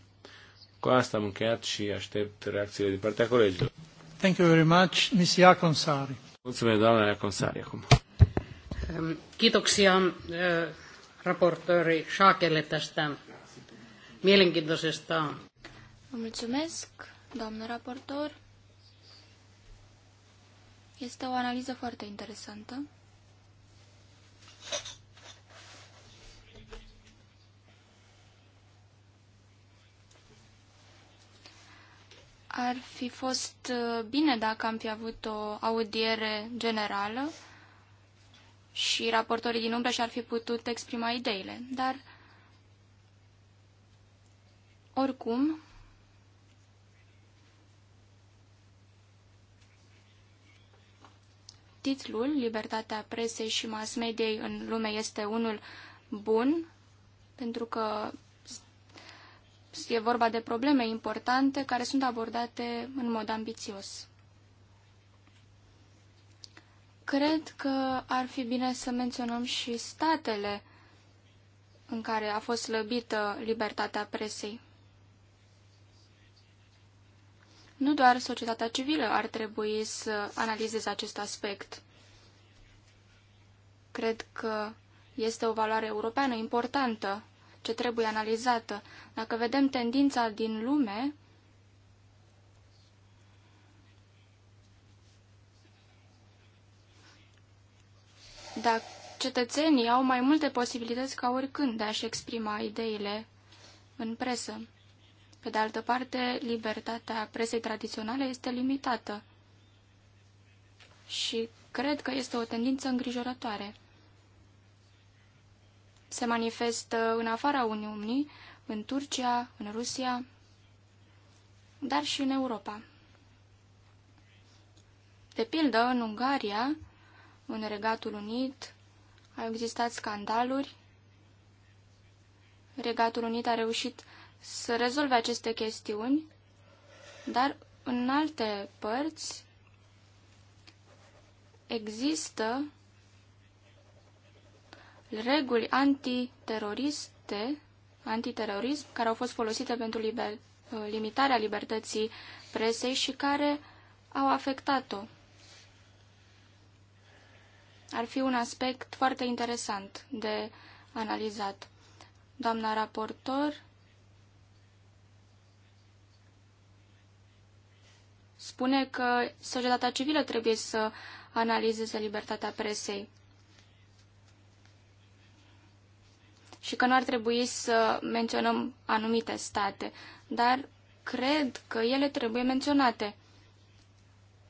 Cu asta am încheiat și aștept reacțiile din partea colegilor. Thank you very much, Ms. Iaconsari. Mulțumesc, doamna Iaconsari, acum. Kiitoksia raportori Shaakelle tästä mielenkiintoisesta. Mulțumesc, doamnă raportor. Este o analiză foarte interesantă. Ar fi fost uh, bine dacă am fi avut o audiere generală și raportorii din umbră și-ar fi putut exprima ideile, dar oricum titlul Libertatea presei și mass mediei în lume este unul bun, pentru că E vorba de probleme importante care sunt abordate în mod ambițios. Cred că ar fi bine să menționăm și statele în care a fost slăbită libertatea presei. Nu doar societatea civilă ar trebui să analizeze acest aspect. Cred că este o valoare europeană importantă ce trebuie analizată. Dacă vedem tendința din lume, dacă cetățenii au mai multe posibilități ca oricând de a-și exprima ideile în presă. Pe de altă parte, libertatea presei tradiționale este limitată și cred că este o tendință îngrijorătoare se manifestă în afara Uniunii, în Turcia, în Rusia, dar și în Europa. De pildă, în Ungaria, în Regatul Unit, au existat scandaluri. Regatul Unit a reușit să rezolve aceste chestiuni, dar în alte părți există reguli antiteroriste, antiterorism, care au fost folosite pentru liber, uh, limitarea libertății presei și care au afectat-o. Ar fi un aspect foarte interesant de analizat. Doamna raportor spune că societatea civilă trebuie să analizeze libertatea presei. și că nu ar trebui să menționăm anumite state, dar cred că ele trebuie menționate.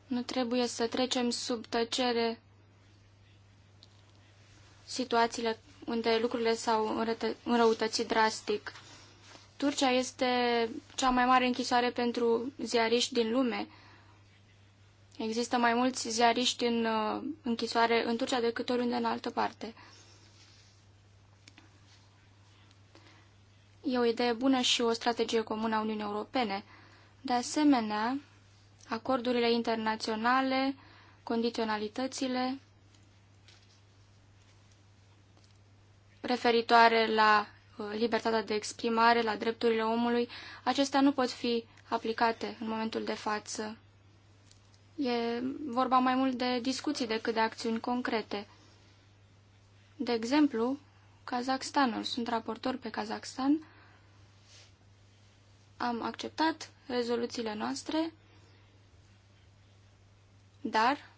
Nu trebuie să trecem sub tăcere situațiile unde lucrurile s-au înrăutățit drastic. Turcia este cea mai mare închisoare pentru ziariști din lume. Există mai mulți ziariști în uh, închisoare în Turcia decât oriunde în altă parte. E o idee bună și o strategie comună a Uniunii Europene. De asemenea, acordurile internaționale, condiționalitățile referitoare la uh, libertatea de exprimare, la drepturile omului, acestea nu pot fi aplicate în momentul de față. E vorba mai mult de discuții decât de acțiuni concrete. De exemplu, Kazakhstanul. Sunt raportor pe Kazakhstan am acceptat rezoluțiile noastre, dar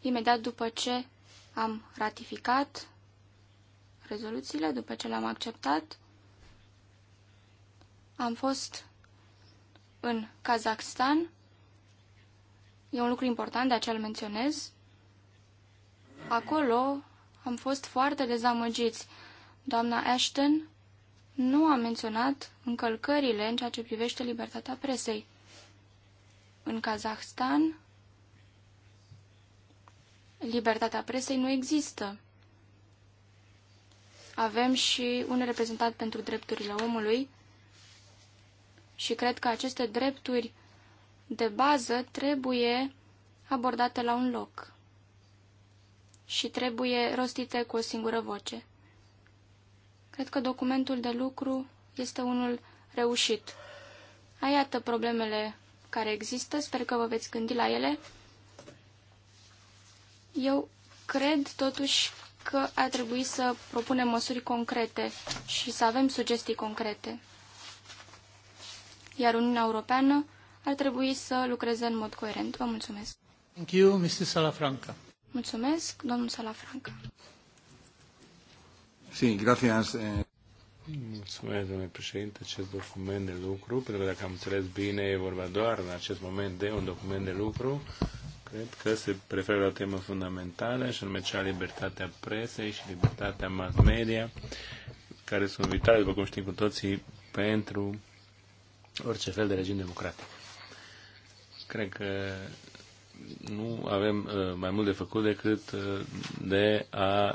imediat după ce am ratificat rezoluțiile, după ce le-am acceptat, am fost în Kazakhstan. E un lucru important, de aceea îl menționez. Acolo am fost foarte dezamăgiți. Doamna Ashton nu a menționat încălcările în ceea ce privește libertatea presei. În Kazahstan, libertatea presei nu există. Avem și un reprezentant pentru drepturile omului și cred că aceste drepturi de bază trebuie abordate la un loc și trebuie rostite cu o singură voce. Cred că documentul de lucru este unul reușit. Ai iată problemele care există, sper că vă veți gândi la ele. Eu cred totuși că ar trebui să propunem măsuri concrete și să avem sugestii concrete. Iar Uniunea Europeană ar trebui să lucreze în mod coerent. Vă mulțumesc. Thank you, Mrs. Salafranca. Mulțumesc, domnul Salafranca. Sí, gracias. Eh. Mulțumesc, domnule președinte, acest document de lucru, pentru că dacă am înțeles bine, e vorba doar în acest moment de un document de lucru. Cred că se preferă la o temă fundamentală, și anume cea libertatea presei și libertatea mass media, care sunt vitale, după cum știm cu toții, pentru orice fel de regim democratic. Cred că nu avem uh, mai mult de făcut decât uh, de a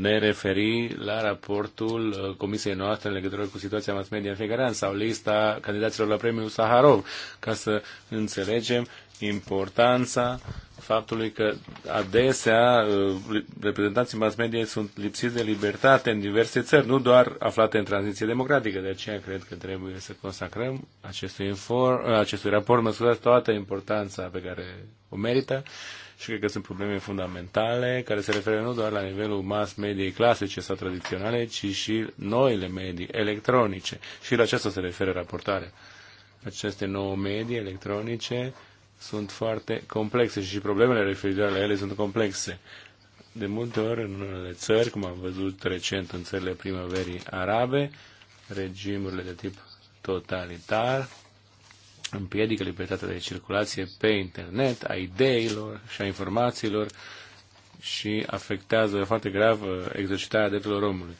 ne referi la raportul uh, comisiei noastre în legătură cu situația mass media în fiecare an sau lista candidaților la premiul Saharov, ca să înțelegem importanța faptului că adesea uh, reprezentanții mass media sunt lipsiți de libertate în diverse țări, nu doar aflate în tranziție democratică. De aceea cred că trebuie să consacrăm acestui, infor, acestui raport, măsurat toată importanța pe care o merită și cred că sunt probleme fundamentale care se referă nu doar la nivelul mass mediei clasice sau tradiționale, ci și noile medii electronice. Și la aceasta se referă raportarea. Aceste nouă medii electronice sunt foarte complexe și problemele referitoare la ele sunt complexe. De multe ori în unele țări, cum am văzut recent în țările primăverii arabe, regimurile de tip totalitar împiedică libertatea de circulație pe internet, a ideilor și a informațiilor și afectează foarte grav uh, exercitarea drepturilor omului.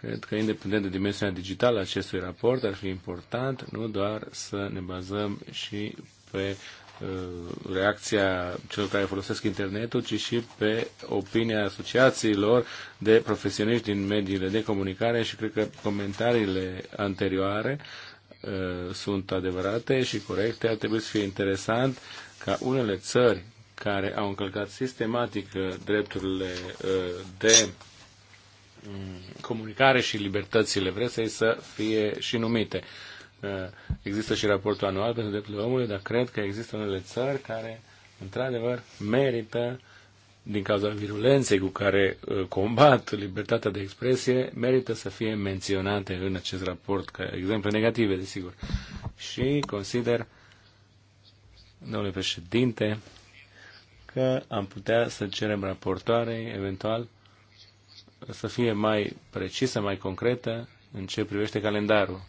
Cred că, independent de dimensiunea digitală a acestui raport, ar fi important nu doar să ne bazăm și pe Uh, reacția celor care folosesc internetul, ci și pe opinia asociațiilor de profesioniști din mediile de comunicare și cred că comentariile anterioare uh, sunt adevărate și corecte. Ar trebui să fie interesant ca unele țări care au încălcat sistematic uh, drepturile de mm, comunicare și libertățile vreți să fie și numite. Există și raportul anual pentru drepturile omului, dar cred că există unele țări care, într-adevăr, merită din cauza virulenței cu care uh, combat libertatea de expresie, merită să fie menționate în acest raport, ca exemple negative, desigur. Și consider, domnule președinte, că am putea să cerem raportoarei, eventual, să fie mai precisă, mai concretă în ce privește calendarul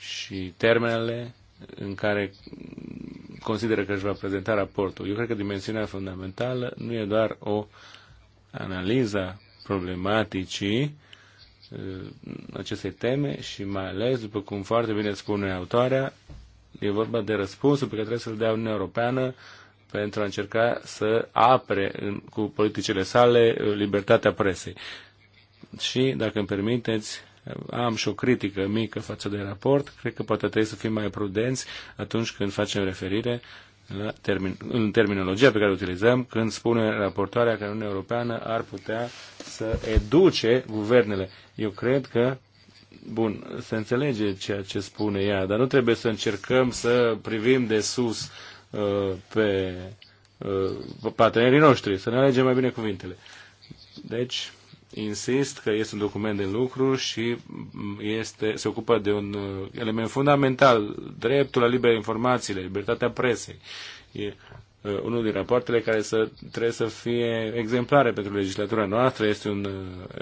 și termenele în care consideră că își va prezenta raportul. Eu cred că dimensiunea fundamentală nu e doar o analiza problematicii uh, acestei teme și mai ales, după cum foarte bine spune autoarea, e vorba de răspunsul pe care trebuie să-l dea Uniunea Europeană pentru a încerca să apre în, cu politicile sale uh, libertatea presei. Și, dacă îmi permiteți, am și o critică mică față de raport. Cred că poate trebuie să fim mai prudenți atunci când facem referire la termin, în terminologia pe care o utilizăm când spune raportoarea că Uniunea Europeană ar putea să educe guvernele. Eu cred că Bun, se înțelege ceea ce spune ea, dar nu trebuie să încercăm să privim de sus uh, pe uh, partenerii noștri, să ne alegem mai bine cuvintele. Deci, insist că este un document de lucru și este, se ocupă de un uh, element fundamental, dreptul la liberă informațiile, libertatea presei. E uh, unul din rapoartele care să, trebuie să fie exemplare pentru legislatura noastră, este uh,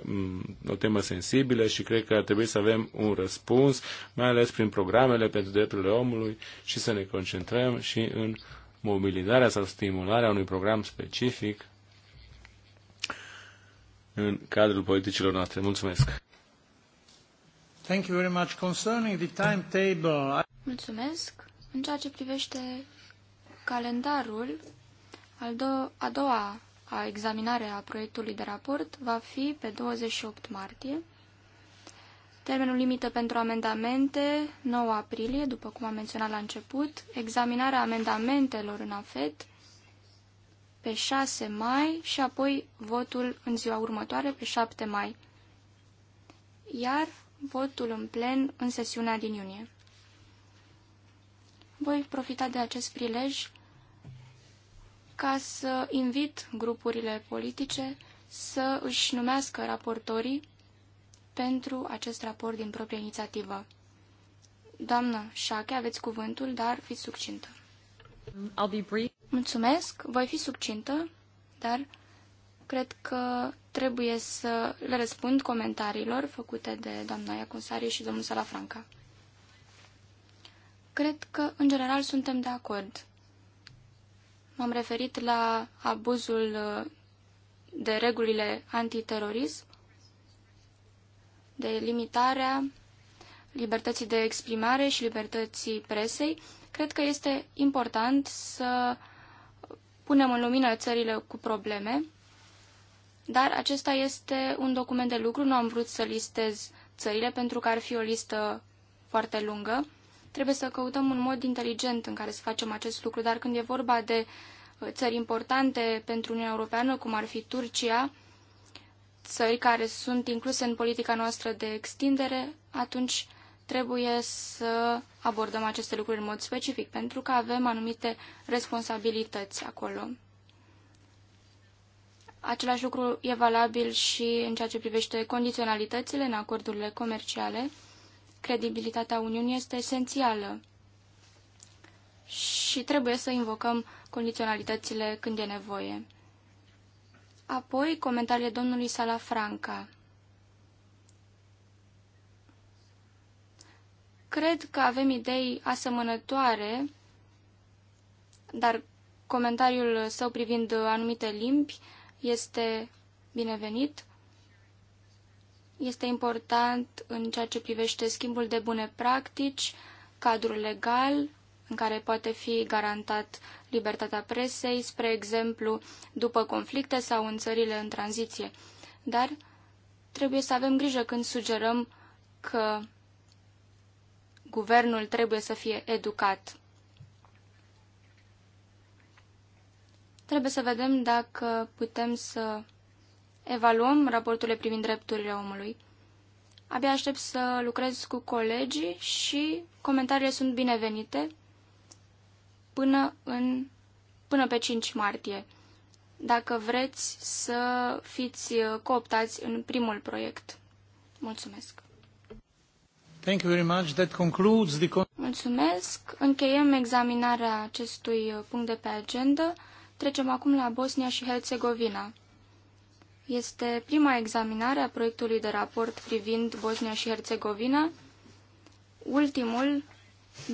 un, o temă sensibilă și cred că ar trebui să avem un răspuns, mai ales prin programele pentru drepturile omului și să ne concentrăm și în mobilizarea sau stimularea unui program specific în cadrul politicilor noastre. Mulțumesc! Thank you very much. Concerning the timetable... Mulțumesc! În ceea ce privește calendarul, al do a doua a examinare a proiectului de raport va fi pe 28 martie. Termenul limită pentru amendamente, 9 aprilie, după cum am menționat la început, examinarea amendamentelor în AFET, pe 6 mai și apoi votul în ziua următoare, pe 7 mai, iar votul în plen în sesiunea din iunie. Voi profita de acest prilej ca să invit grupurile politice să își numească raportorii pentru acest raport din proprie inițiativă. Doamnă Șache, aveți cuvântul, dar fiți succintă. I'll be brief. Mulțumesc, voi fi succintă, dar cred că trebuie să le răspund comentariilor făcute de doamna Iacunsari și domnul Salafranca. Cred că, în general, suntem de acord. M-am referit la abuzul uh, de regulile antiterorism, de limitarea libertății de exprimare și libertății presei. Cred că este important să punem în lumină țările cu probleme, dar acesta este un document de lucru, nu am vrut să listez țările pentru că ar fi o listă foarte lungă. Trebuie să căutăm un mod inteligent în care să facem acest lucru, dar când e vorba de uh, țări importante pentru Uniunea Europeană, cum ar fi Turcia, țări care sunt incluse în politica noastră de extindere, atunci trebuie să abordăm aceste lucruri în mod specific, pentru că avem anumite responsabilități acolo. Același lucru e valabil și în ceea ce privește condiționalitățile în acordurile comerciale. Credibilitatea Uniunii este esențială și trebuie să invocăm condiționalitățile când e nevoie. Apoi, comentariile domnului Salafranca. Cred că avem idei asemănătoare, dar comentariul său privind anumite limbi este binevenit. Este important în ceea ce privește schimbul de bune practici, cadrul legal în care poate fi garantat libertatea presei, spre exemplu, după conflicte sau în țările în tranziție. Dar trebuie să avem grijă când sugerăm că Guvernul trebuie să fie educat. Trebuie să vedem dacă putem să evaluăm raporturile privind drepturile omului. Abia aștept să lucrez cu colegii și comentariile sunt binevenite până, în, până pe 5 martie, dacă vreți să fiți cooptați în primul proiect. Mulțumesc! Thank you very much. That concludes the... Mulțumesc. Încheiem examinarea acestui uh, punct de pe agenda. Trecem acum la Bosnia și Herțegovina. Este prima examinare a proiectului de raport privind Bosnia și Herțegovina, ultimul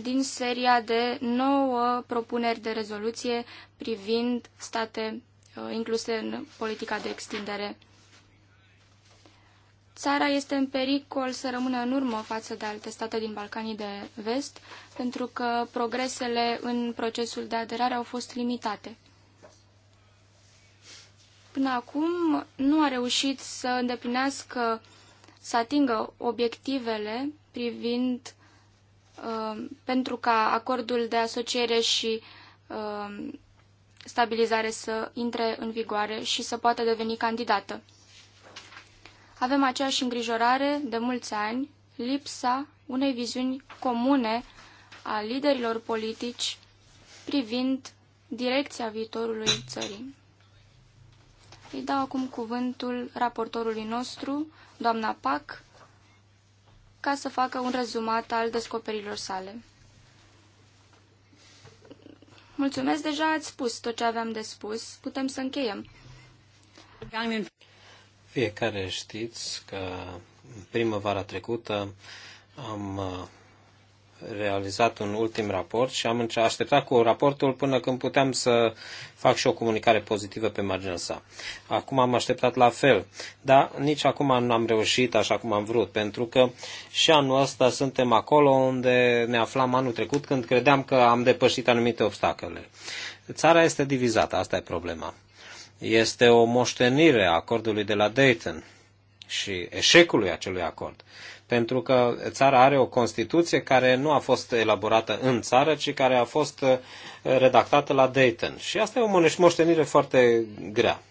din seria de nouă propuneri de rezoluție privind state uh, incluse în politica de extindere țara este în pericol să rămână în urmă față de alte state din Balcanii de vest, pentru că progresele în procesul de aderare au fost limitate. Până acum nu a reușit să îndeplinească, să atingă obiectivele privind uh, pentru ca acordul de asociere și uh, stabilizare să intre în vigoare și să poată deveni candidată. Avem aceeași îngrijorare de mulți ani, lipsa unei viziuni comune a liderilor politici privind direcția viitorului țării. Îi dau acum cuvântul raportorului nostru, doamna Pac, ca să facă un rezumat al descoperirilor sale. Mulțumesc, deja ați spus tot ce aveam de spus. Putem să încheiem. Fiecare știți că primăvara trecută am uh, realizat un ultim raport și am așteptat cu raportul până când puteam să fac și o comunicare pozitivă pe marginea sa. Acum am așteptat la fel, dar nici acum nu am reușit așa cum am vrut, pentru că și anul ăsta suntem acolo unde ne aflam anul trecut când credeam că am depășit anumite obstacole. Țara este divizată, asta e problema este o moștenire a acordului de la Dayton și eșecului acelui acord. Pentru că țara are o Constituție care nu a fost elaborată în țară, ci care a fost uh, redactată la Dayton. Și asta e o moștenire foarte grea.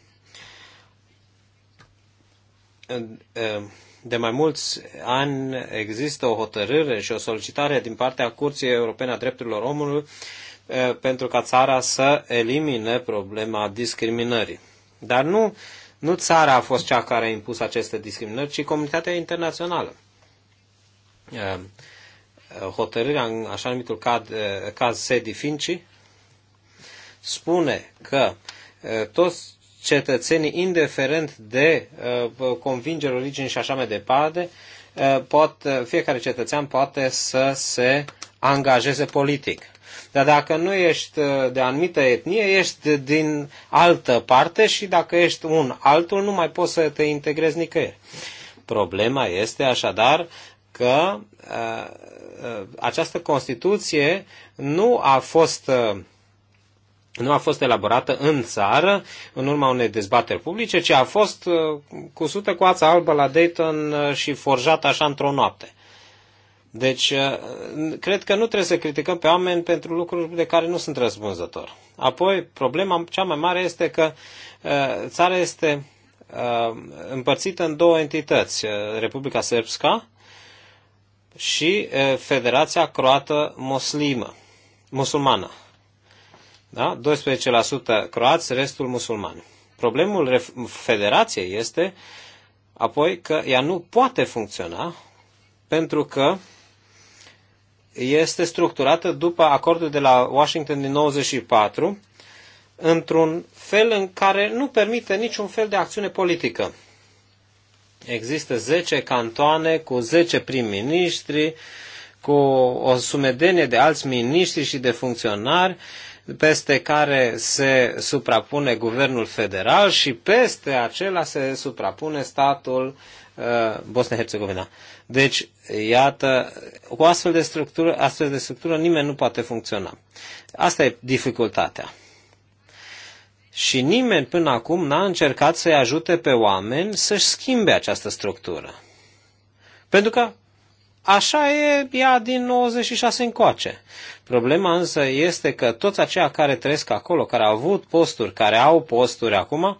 Uh, de mai mulți ani există o hotărâre și o solicitare din partea Curții Europene a Drepturilor Omului pentru ca țara să elimine problema discriminării. Dar nu, nu țara a fost cea care a impus aceste discriminări, ci comunitatea internațională. Hotărârea în așa numitul caz, caz Sedi Finci spune că toți cetățenii, indiferent de convingeri, origini și așa mai departe, pot, fiecare cetățean poate să se angajeze politic. Dar dacă nu ești uh, de anumită etnie, ești din altă parte și dacă ești un altul, nu mai poți să te integrezi nicăieri. Problema este așadar că uh, uh, această Constituție nu a fost nu a fost elaborată în țară, în urma unei dezbateri publice, ci a fost cusută cu ața albă la Dayton și forjată așa într-o noapte. Deci, uh, cred că nu trebuie să criticăm pe oameni pentru lucruri de care nu sunt răspunzători. Apoi, problema cea mai mare este că uh, țara este uh, împărțită în două entități, Republica Srpska și Federația Croată Muslimă, musulmană. Da? 12% croați, restul musulmani. Problemul federației este apoi că ea nu poate funcționa pentru că este structurată după acordul de la Washington din 94, într-un fel în care nu permite niciun fel de acțiune politică. Există 10 cantoane cu 10 prim-ministri, cu o sumedenie de alți miniștri și de funcționari peste care se suprapune guvernul federal și peste acela se suprapune statul uh, Bosnia-Herzegovina. Deci, iată, cu astfel de, structură, astfel de structură nimeni nu poate funcționa. Asta e dificultatea. Și nimeni până acum n-a încercat să-i ajute pe oameni să-și schimbe această structură. Pentru că Așa e ea din 96 încoace. Problema însă este că toți aceia care trăiesc acolo, care au avut posturi, care au posturi acum,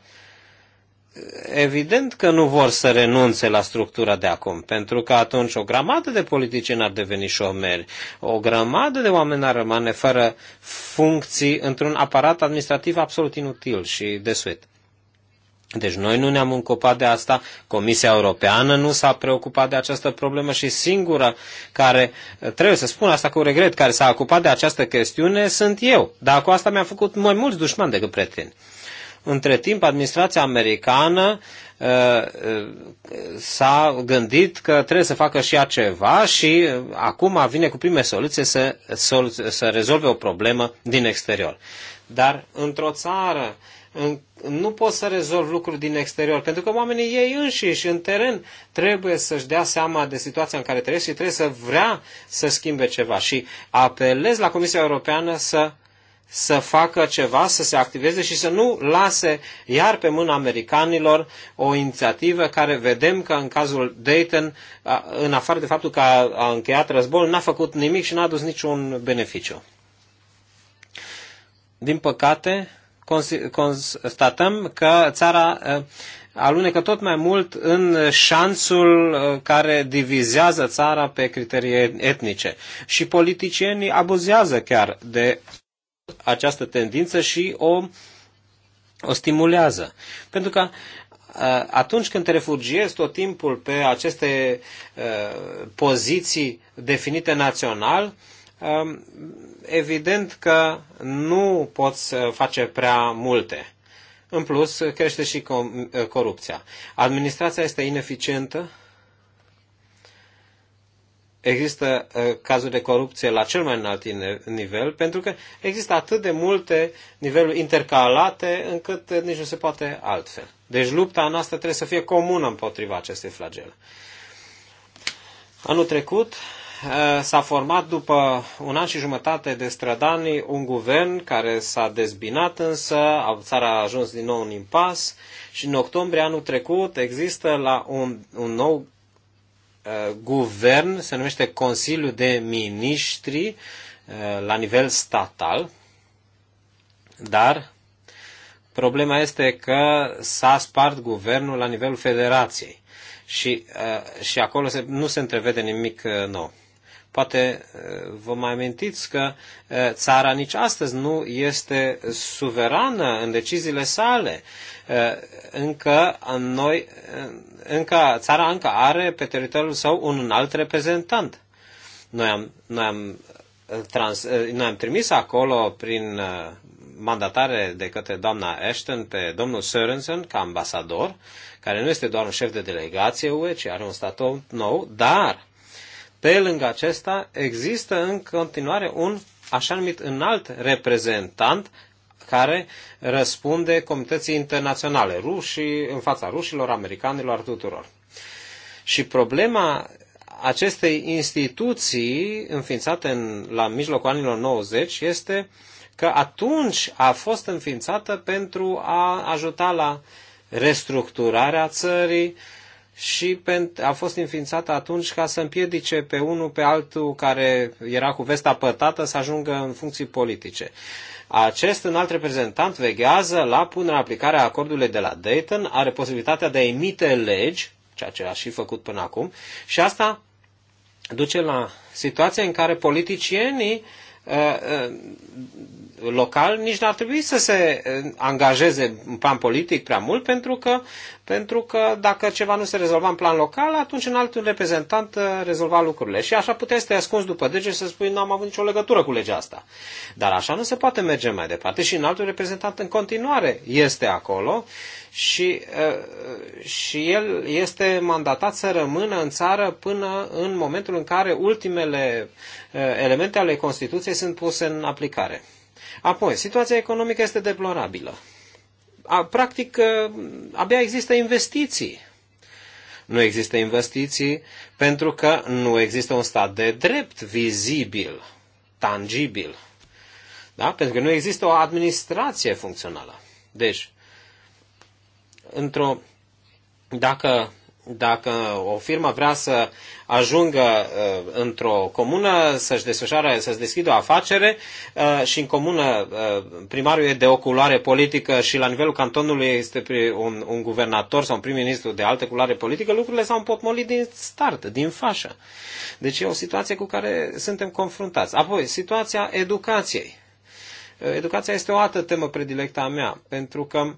evident că nu vor să renunțe la structura de acum, pentru că atunci o grămadă de politicieni ar deveni șomeri, o grămadă de oameni ar rămâne fără funcții într-un aparat administrativ absolut inutil și desuet. Deci noi nu ne-am încopat de asta, Comisia Europeană nu s-a preocupat de această problemă și singura care, trebuie să spun asta cu regret, care s-a ocupat de această chestiune sunt eu. Dar cu asta mi-am făcut mai mulți dușmani decât prieteni. Între timp, administrația americană uh, uh, s-a gândit că trebuie să facă și ea ceva și uh, acum vine cu prime soluții să, să, să rezolve o problemă din exterior. Dar într-o țară uh, nu poți să rezolvi lucruri din exterior, pentru că oamenii ei înșiși, în teren, trebuie să-și dea seama de situația în care trăiesc și trebuie să vrea să schimbe ceva. Și apelez la Comisia Europeană să să facă ceva, să se activeze și să nu lase iar pe mâna americanilor o inițiativă care vedem că în cazul Dayton, în afară de faptul că a, a încheiat războiul, n-a făcut nimic și n-a adus niciun beneficiu. Din păcate, constatăm că țara uh, alunecă tot mai mult în șanțul uh, care divizează țara pe criterii etnice. Și politicienii abuzează chiar de această tendință și o, o stimulează. Pentru că uh, atunci când te refugiezi tot timpul pe aceste poziții definite național, um, evident că nu poți face prea multe. În plus, crește și corupția. Administrația este ineficientă. Există uh, cazuri de corupție la cel mai înalt nivel, pentru că există atât de multe niveluri intercalate încât nici nu se poate altfel. Deci lupta noastră trebuie să fie comună împotriva acestei flagele. Anul trecut, Eh, s-a format după un an și jumătate de strădani un guvern care s-a dezbinat însă, țara a ajuns din nou în impas și în octombrie anul trecut există la un, un nou eh, guvern, se numește Consiliu de Ministri eh, la nivel statal, dar problema este că s-a spart guvernul la nivelul federației și, și acolo se, nu se întrevede nimic nou. Poate eh, vă mai amintiți că eh, țara nici astăzi nu este suverană în deciziile sale. Eh, încă, noi, încă, țara încă are pe teritoriul său un alt reprezentant. Noi am, noi am, trans, noi am trimis acolo prin mandatare de către doamna Ashton pe domnul Sørensen ca ambasador, care nu este doar un șef de delegație UE, ci are un statut nou, dar pe lângă acesta, există în continuare un așa numit înalt reprezentant care răspunde comunității internaționale, rușii, în fața rușilor, americanilor, tuturor. Și problema acestei instituții înființate în, la mijlocul anilor 90 este că atunci a fost înființată pentru a ajuta la restructurarea țării, și a fost înființată atunci ca să împiedice pe unul pe altul care era cu vesta pătată să ajungă în funcții politice. Acest înalt reprezentant veghează la punerea aplicare a acordului de la Dayton, are posibilitatea de a emite legi, ceea ce a și făcut până acum, și asta duce la situația în care politicienii uh, uh, local nici n-ar trebui să se eh, angajeze în plan politic prea mult, pentru că, pentru că dacă ceva nu se rezolva în plan local, atunci un alt reprezentant eh, rezolva lucrurile. Și așa puteai să te ascunzi după dege și să spui n-am avut nicio legătură cu legea asta. Dar așa nu se poate merge mai departe și un alt reprezentant în continuare este acolo și, eh, și el este mandatat să rămână în țară până în momentul în care ultimele elemente ale Constituției sunt puse în aplicare. Apoi, situația economică este deplorabilă. A, practic, ă, abia există investiții. Nu există investiții pentru că nu există un stat de drept vizibil, tangibil. Da? Pentru că nu există o administrație funcțională. Deci, într-o, dacă dacă o firmă vrea să ajungă uh, într-o comună, să-și desfășoare, să-și deschidă o afacere uh, și în comună uh, primarul e de o culoare politică și la nivelul cantonului este un, un guvernator sau un prim-ministru de altă culoare politică, lucrurile s-au împotmolit din start, din fașă. Deci e o situație cu care suntem confruntați. Apoi, situația educației. Educația este o altă temă predilectă a mea, pentru că uh,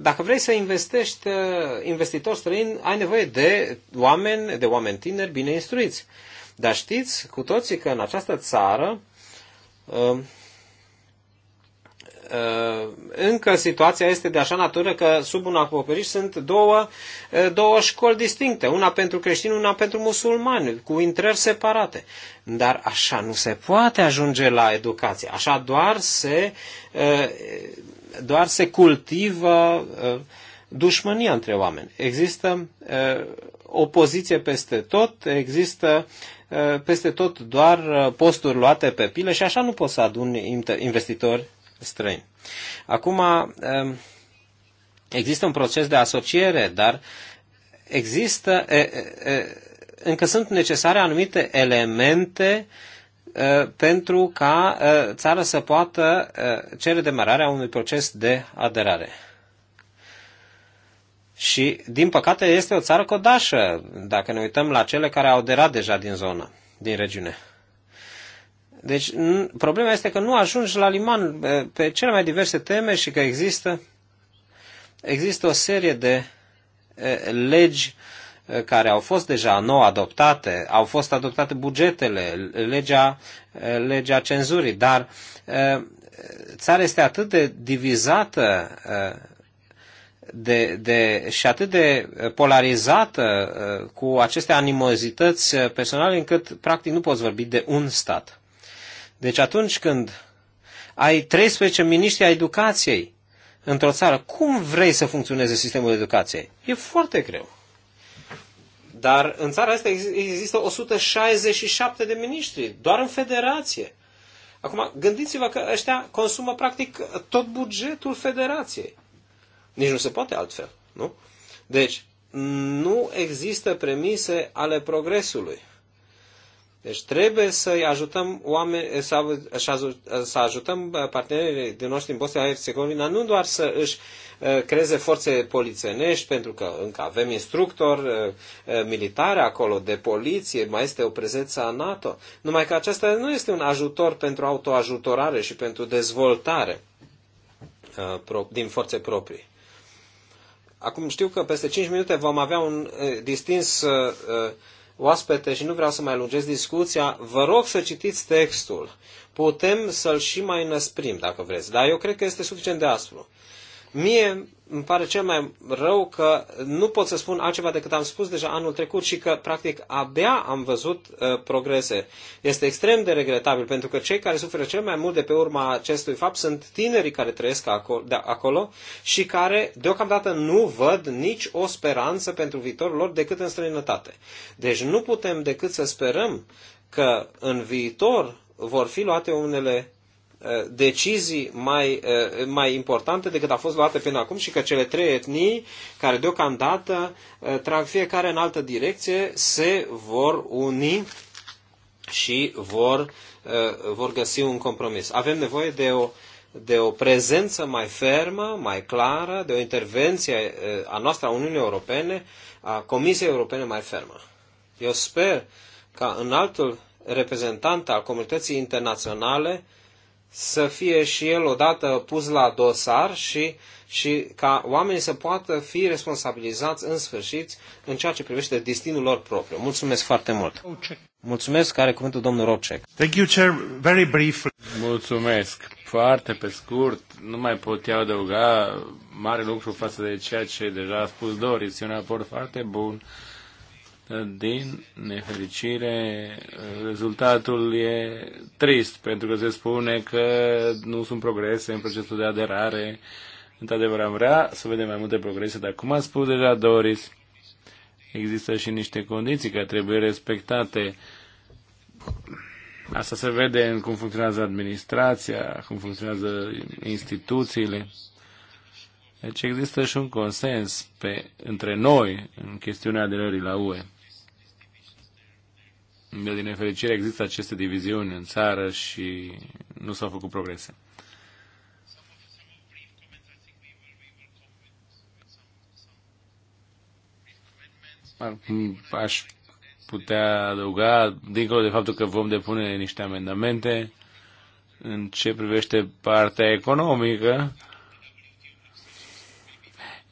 dacă vrei să investești uh, investitor străin, ai nevoie de oameni, de oameni tineri bine instruiți. Dar știți cu toții că în această țară uh, uh, încă situația este de așa natură că sub un acoperiș sunt două, două școli distincte, una pentru creștini, una pentru musulmani, cu intrări separate. Dar așa nu se poate ajunge la educație, așa doar se doar se cultivă uh, dușmânia între oameni. Există uh, opoziție peste tot, există uh, peste tot doar posturi luate pe pile și așa nu poți să aduni investitori străini. Acum, um, există un proces de asociere, dar există, încă sunt necesare anumite elemente uh, Uh, pentru ca uh, țara să poată uh, cere demararea unui proces de aderare. Și, din păcate, este o țară codașă, dacă ne uităm la cele care au aderat deja din zonă, din regiune. Deci, problema este că nu ajungi la liman pe cele mai diverse teme și că există, există o serie de legi uh, Eh, care au fost deja nou adoptate, au fost adoptate bugetele, legea, eh, legea cenzurii, dar eh, țara este atât de divizată de, de, și atât de polarizată cu aceste animozități personale încât practic nu poți vorbi de un stat. Deci atunci când ai 13 miniștri a educației într-o țară, cum vrei să funcționeze sistemul educației? E foarte greu. Dar în țara asta există 167 de miniștri, doar în federație. Acum, gândiți-vă că ăștia consumă practic tot bugetul federației. Nici nu se poate altfel, nu? Deci, nu există premise ale progresului. Deci trebuie să ajutăm oameni, să, să ajutăm partenerii din noștri în Bosnia Herzegovina nu doar să își ă, creeze forțe polițienești, pentru că încă avem instructor ă, ă, militare acolo, de poliție, mai este o prezență a NATO, numai că acesta nu este un ajutor pentru autoajutorare și pentru dezvoltare din forțe proprii. Acum știu că peste 5 minute vom avea un distins oaspete și nu vreau să mai lungesc discuția, vă rog să citiți textul. Putem să-l și mai năsprim, dacă vreți, dar eu cred că este suficient de aspru. Mie îmi pare cel mai rău că nu pot să spun altceva decât am spus deja anul trecut și că, practic, abia am văzut uh, progrese. Este extrem de regretabil, pentru că cei care suferă cel mai mult de pe urma acestui fapt sunt tinerii care trăiesc acolo, de, acolo și care, deocamdată, nu văd nici o speranță pentru viitorul lor decât în străinătate. Deci nu putem decât să sperăm că în viitor vor fi luate unele Uh, decizii mai, uh, mai importante decât a fost luate până acum și că cele trei etnii, care deocamdată uh, trag fiecare în altă direcție, se vor uni și vor, vor găsi un compromis. Avem nevoie de o, de o prezență mai fermă, mai clară, de o intervenție a noastră, a Uniunii Europene, a Comisiei Europene mai fermă. Eu sper ca în altul reprezentant al comunității internaționale să fie și el odată pus la dosar și, și ca oamenii să poată fi responsabilizați în sfârșit în ceea ce privește destinul lor propriu. Mulțumesc foarte mult. Mulțumesc, are cuvântul domnul Rocek. Thank you, Chair. Very brief. Mulțumesc. Foarte pe scurt, nu mai pot eu adăuga mare lucru față de ceea ce deja a spus Doris. E un raport foarte bun din nefericire, rezultatul e trist, pentru că se spune că nu sunt progrese în procesul de aderare. Într-adevăr, am vrea să vedem mai multe progrese, dar cum a spus deja Doris, există și niște condiții care trebuie respectate. Asta se vede în cum funcționează administrația, cum funcționează instituțiile. Deci există și un consens pe, între noi în chestiunea aderării la UE de din nefericire există aceste diviziuni în țară și nu s-au făcut progrese. Aș putea adăuga, dincolo de faptul că vom depune niște amendamente, în ce privește partea economică,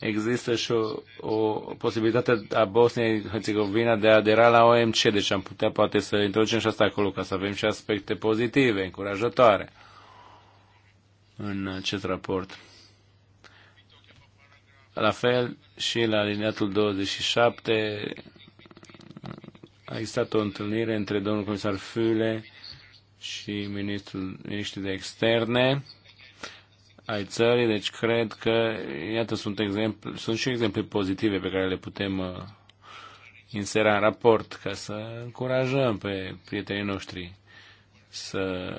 există și o, o posibilitate a Bosniei Herzegovina de a adera la OMC, deci am putea poate să introducem și asta acolo, ca să avem și aspecte pozitive, încurajatoare în acest raport. La fel și la alineatul 27 a existat o întâlnire între domnul comisar Füle și ministrul, ministrul de externe ai țării, deci cred că, iată, sunt, exemple, sunt și exemple pozitive pe care le putem uh, insera în raport ca să încurajăm pe prietenii noștri să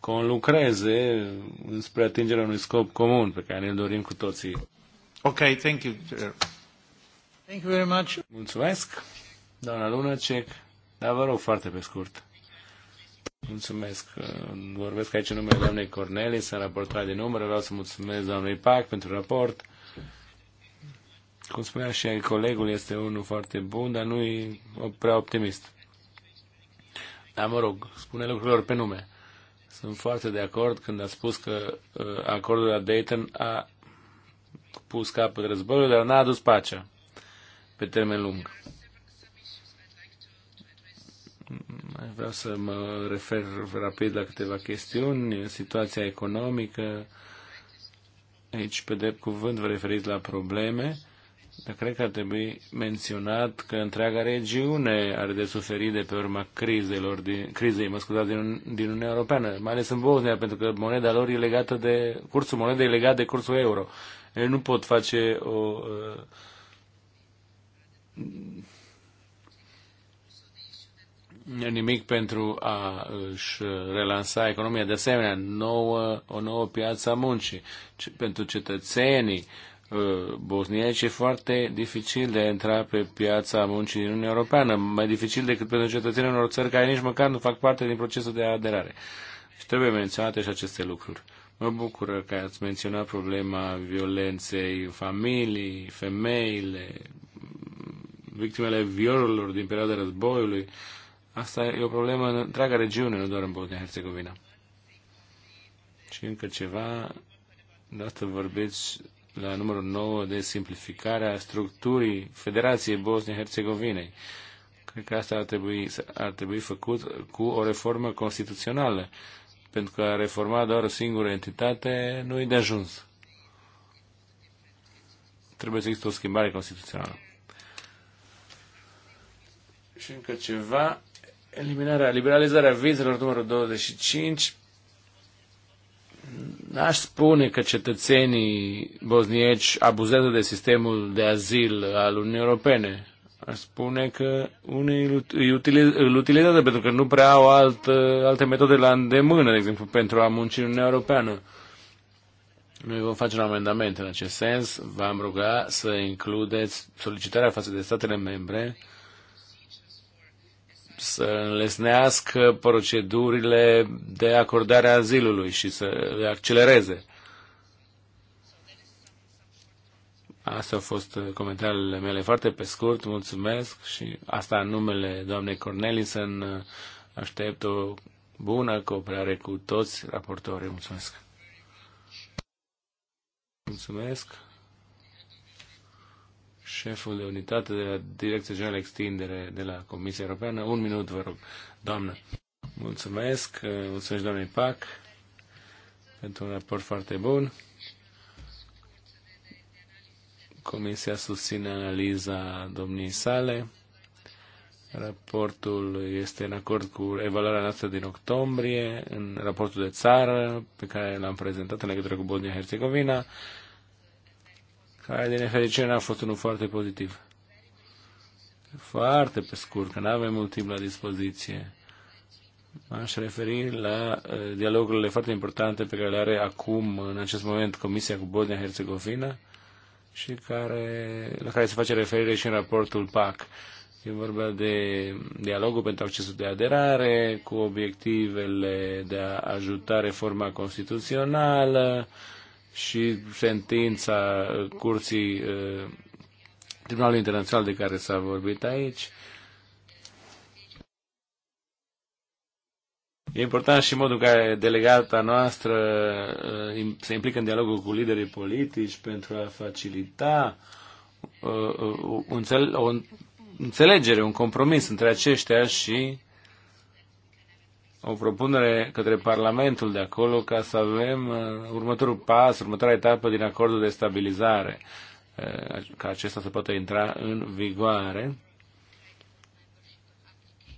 conlucreze înspre atingerea unui scop comun pe care ne dorim cu toții. Ok, thank you. Thank you very much. Mulțumesc, doamna Lunacek, dar vă rog foarte pe scurt. Mulțumesc. Vorbesc aici în numele doamnei Corneli, sunt raportoarea din număr. Vreau să mulțumesc doamnei Pac pentru raport. Cum spunea și colegul, este unul foarte bun, dar nu e prea optimist. Dar mă rog, spune lucrurilor pe nume. Sunt foarte de acord când a spus că uh, acordul la Dayton a pus capăt războiului, dar n-a adus pacea pe termen lung. Vreau să mă refer rapid la câteva chestiuni. Situația economică, aici pe drept cuvânt vă referiți la probleme, dar cred că ar trebui menționat că întreaga regiune are de suferit de pe urma crizelor din, crizei, mă scuzați, din, din Uniunea Europeană, mai ales în Bosnia, pentru că moneda lor e legată de, cursul monedei e legat de cursul euro. Ei nu pot face o uh, nimic pentru a își relansa economia. De asemenea, nouă, o nouă piață a muncii pentru cetățenii uh, bosnieci e foarte dificil de a intra pe piața muncii din Uniunea Europeană, mai dificil decât pentru cetățenii unor țări care nici măcar nu fac parte din procesul de aderare. Și trebuie menționate și aceste lucruri. Mă bucur că ați menționat problema violenței în familii, femeile, victimele violurilor din perioada războiului, Asta e o problemă în întreaga regiune, nu doar în Bosnia-Herzegovina. Și încă ceva, dată asta vorbiți la numărul 9 de simplificarea structurii Federației Bosnia-Herzegovinei. Cred că asta ar trebui, ar trebui făcut cu o reformă constituțională, pentru că a reforma doar o singură entitate nu e de ajuns. Trebuie să există o schimbare constituțională. Și încă ceva, Eliminarea, liberalizarea vizelor numărul 25. N-aș spune că cetățenii bosnieci abuzează de sistemul de azil al Uniunii Europene. Aș spune că unii îl utilizează pentru că nu prea au alt, alte metode la îndemână, de exemplu, pentru a munci în Uniunea Europeană. Noi vom face un amendament în acest sens. V-am ruga să includeți solicitarea față de statele membre să înlesnească procedurile de acordare a azilului și să le accelereze. Astea au fost comentariile mele foarte pe scurt, mulțumesc și asta în numele doamnei Cornelison aștept o bună cooperare cu toți raportorii. Mulțumesc! Mulțumesc! șeful de unitate de la Direcția Generală Extindere de la Comisia Europeană. Un minut, vă rog, doamnă. Mulțumesc, uh, mulțumesc doamnei PAC pentru un raport foarte bun. Comisia susține analiza domniei sale. Raportul este în acord cu evaluarea noastră din octombrie, în raportul de țară pe care l-am prezentat în legătură cu Bosnia-Herzegovina Aia din nefericire n-a fost unul foarte pozitiv. Foarte pe scurt, că nu avem mult timp la dispoziție. M-aș referi la uh, dialogurile foarte importante pe care le are acum, în acest moment, Comisia cu Bosnia-Herzegovina și care, la care se face referire și în raportul PAC. E vorba de dialogul pentru accesul de aderare, cu obiectivele de a ajuta reforma constituțională, și sentința curții uh, Tribunalului Internațional de care s-a vorbit aici. E important și modul în care delegata noastră uh, se implică în dialogul cu liderii politici pentru a facilita uh, o înțelegere, un compromis între aceștia și o propunere către Parlamentul de acolo ca să avem uh, următorul pas, următoarea etapă din acordul de stabilizare, uh, ca acesta să poată intra în vigoare.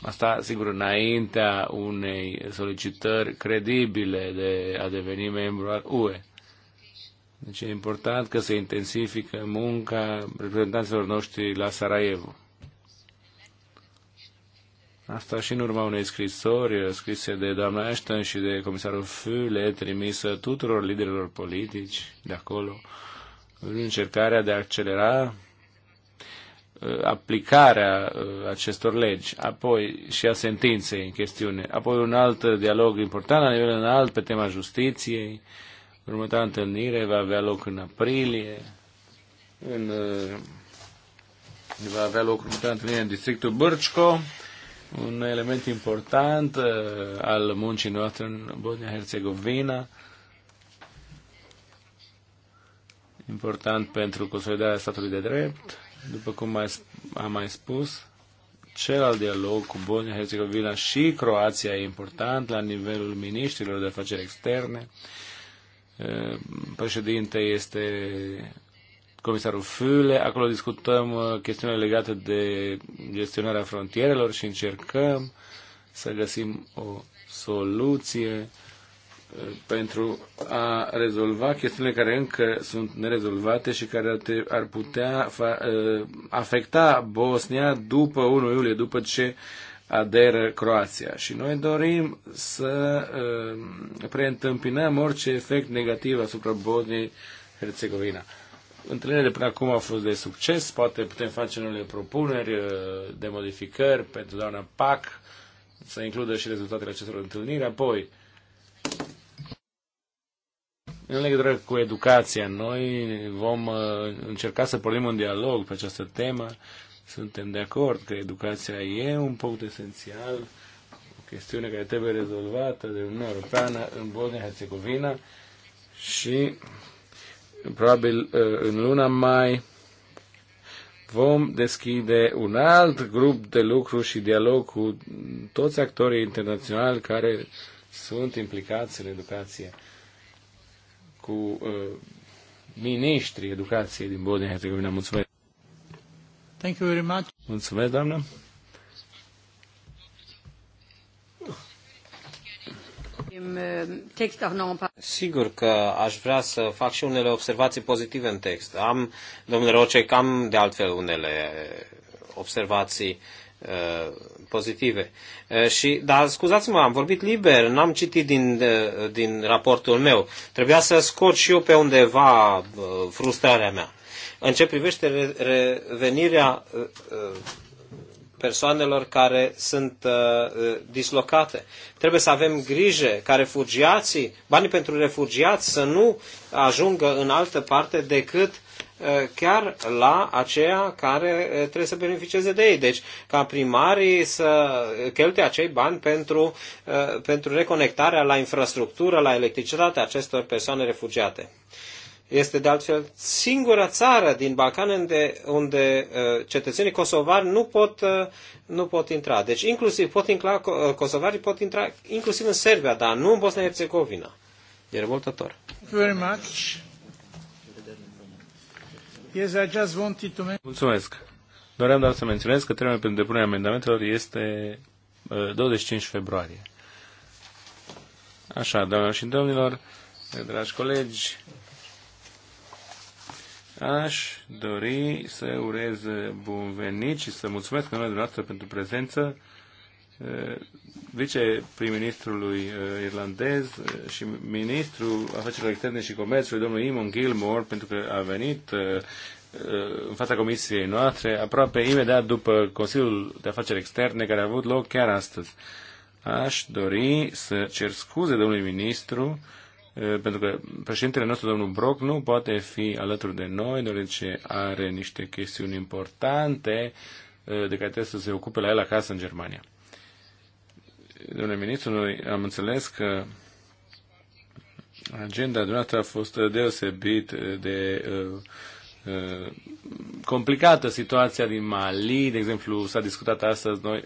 Asta, sigur, înaintea unei solicitări credibile de a deveni membru al UE. Deci e important că se intensifică munca reprezentanților noștri la Sarajevo. Asta și în urma unei scrisori eh, scrise de doamna Ashton și de comisarul Füle, trimisă tuturor liderilor politici de acolo, în încercarea de a accelera eh, aplicarea eh, acestor legi, apoi și a sentinței în chestiune, apoi un alt dialog important la nivel înalt pe tema justiției, următoarea întâlnire va avea loc în aprilie, în, va avea loc următoarea întâlnire în districtul Bârcico, un element important uh, al muncii noastre în Bosnia-Herzegovina, important pentru consolidarea statului de drept, după cum am mai spus, cel al dialog cu Bosnia-Herzegovina și Croația e important la nivelul ministrilor de afaceri externe. Uh, președinte este comisarul Füle. Acolo discutăm uh, chestiunile legate de gestionarea frontierelor și încercăm să găsim o soluție uh, pentru a rezolva chestiunile care încă sunt nerezolvate și care ar putea uh, afecta Bosnia după 1 iulie, după ce aderă Croația. Și noi dorim să preîntâmpinăm orice efect negativ asupra Bosniei Herțegovina. Întâlnirile până acum au fost de succes, poate putem face unele propuneri uh, de modificări pentru doamna PAC, să includă și rezultatele acestor întâlniri. Apoi, în legătură cu educația, noi vom uh, încerca să pornim un dialog pe această temă. Suntem de acord că educația e un punct esențial, o chestiune care trebuie rezolvată de Uniunea Europeană în Bosnia-Herzegovina și probabil uh, în luna mai, vom deschide un alt grup de lucru și dialog cu toți actorii internaționali care sunt implicați în educație, cu uh, miniștrii educației din Bosnia-Herzegovina. Mulțumesc! Thank you very much. Mulțumesc, doamnă! Um, text auch noch ein paar... Sigur că aș vrea să fac și unele observații pozitive în text. Am, domnule Roce, cam de altfel unele observații uh, pozitive. Uh, și, dar scuzați-mă, am vorbit liber, n-am citit din, din raportul meu. Trebuia să scot și eu pe undeva uh, frustrarea mea. În ce privește revenirea persoanelor care sunt uh, uh, dislocate. Trebuie să avem grijă ca refugiații, banii pentru refugiați să nu ajungă în altă parte decât uh, chiar la aceea care uh, trebuie să beneficieze de ei. Deci, ca primarii să cheltuie acei bani pentru, pentru reconectarea la infrastructură, la electricitate acestor persoane refugiate. Este de altfel singura țară din Balcan unde, unde uh, cetățenii kosovari nu pot, uh, nu pot intra. Deci inclusiv pot intra, uh, kosovarii pot intra inclusiv în Serbia, dar nu în Bosnia-Herzegovina. E revoltător. Very much. Yes, I just wanted to Mulțumesc. Doream doar să menționez că termenul pentru depunerea amendamentelor este 25 februarie. Așa, doamnelor și domnilor, dragi colegi, Aș dori să urez bun venit și să mulțumesc în dumneavoastră pentru prezență eh, viceprim-ministrului eh, irlandez eh, și ministrul afacerilor externe și comerțului, domnul Imon Gilmore, pentru că a venit în fața comisiei noastre aproape imediat după Consiliul de Afaceri Externe care a avut loc chiar astăzi. Aș dori să cer scuze domnului ministru pentru că președintele nostru, domnul Broc, nu poate fi alături de noi, deoarece are niște chestiuni importante de care trebuie să se ocupe la el acasă în Germania. Domnule ministru, noi am înțeles că agenda dumneavoastră a fost deosebit de uh, Eh, complicată situația din Mali, de exemplu, s-a discutat astăzi, noi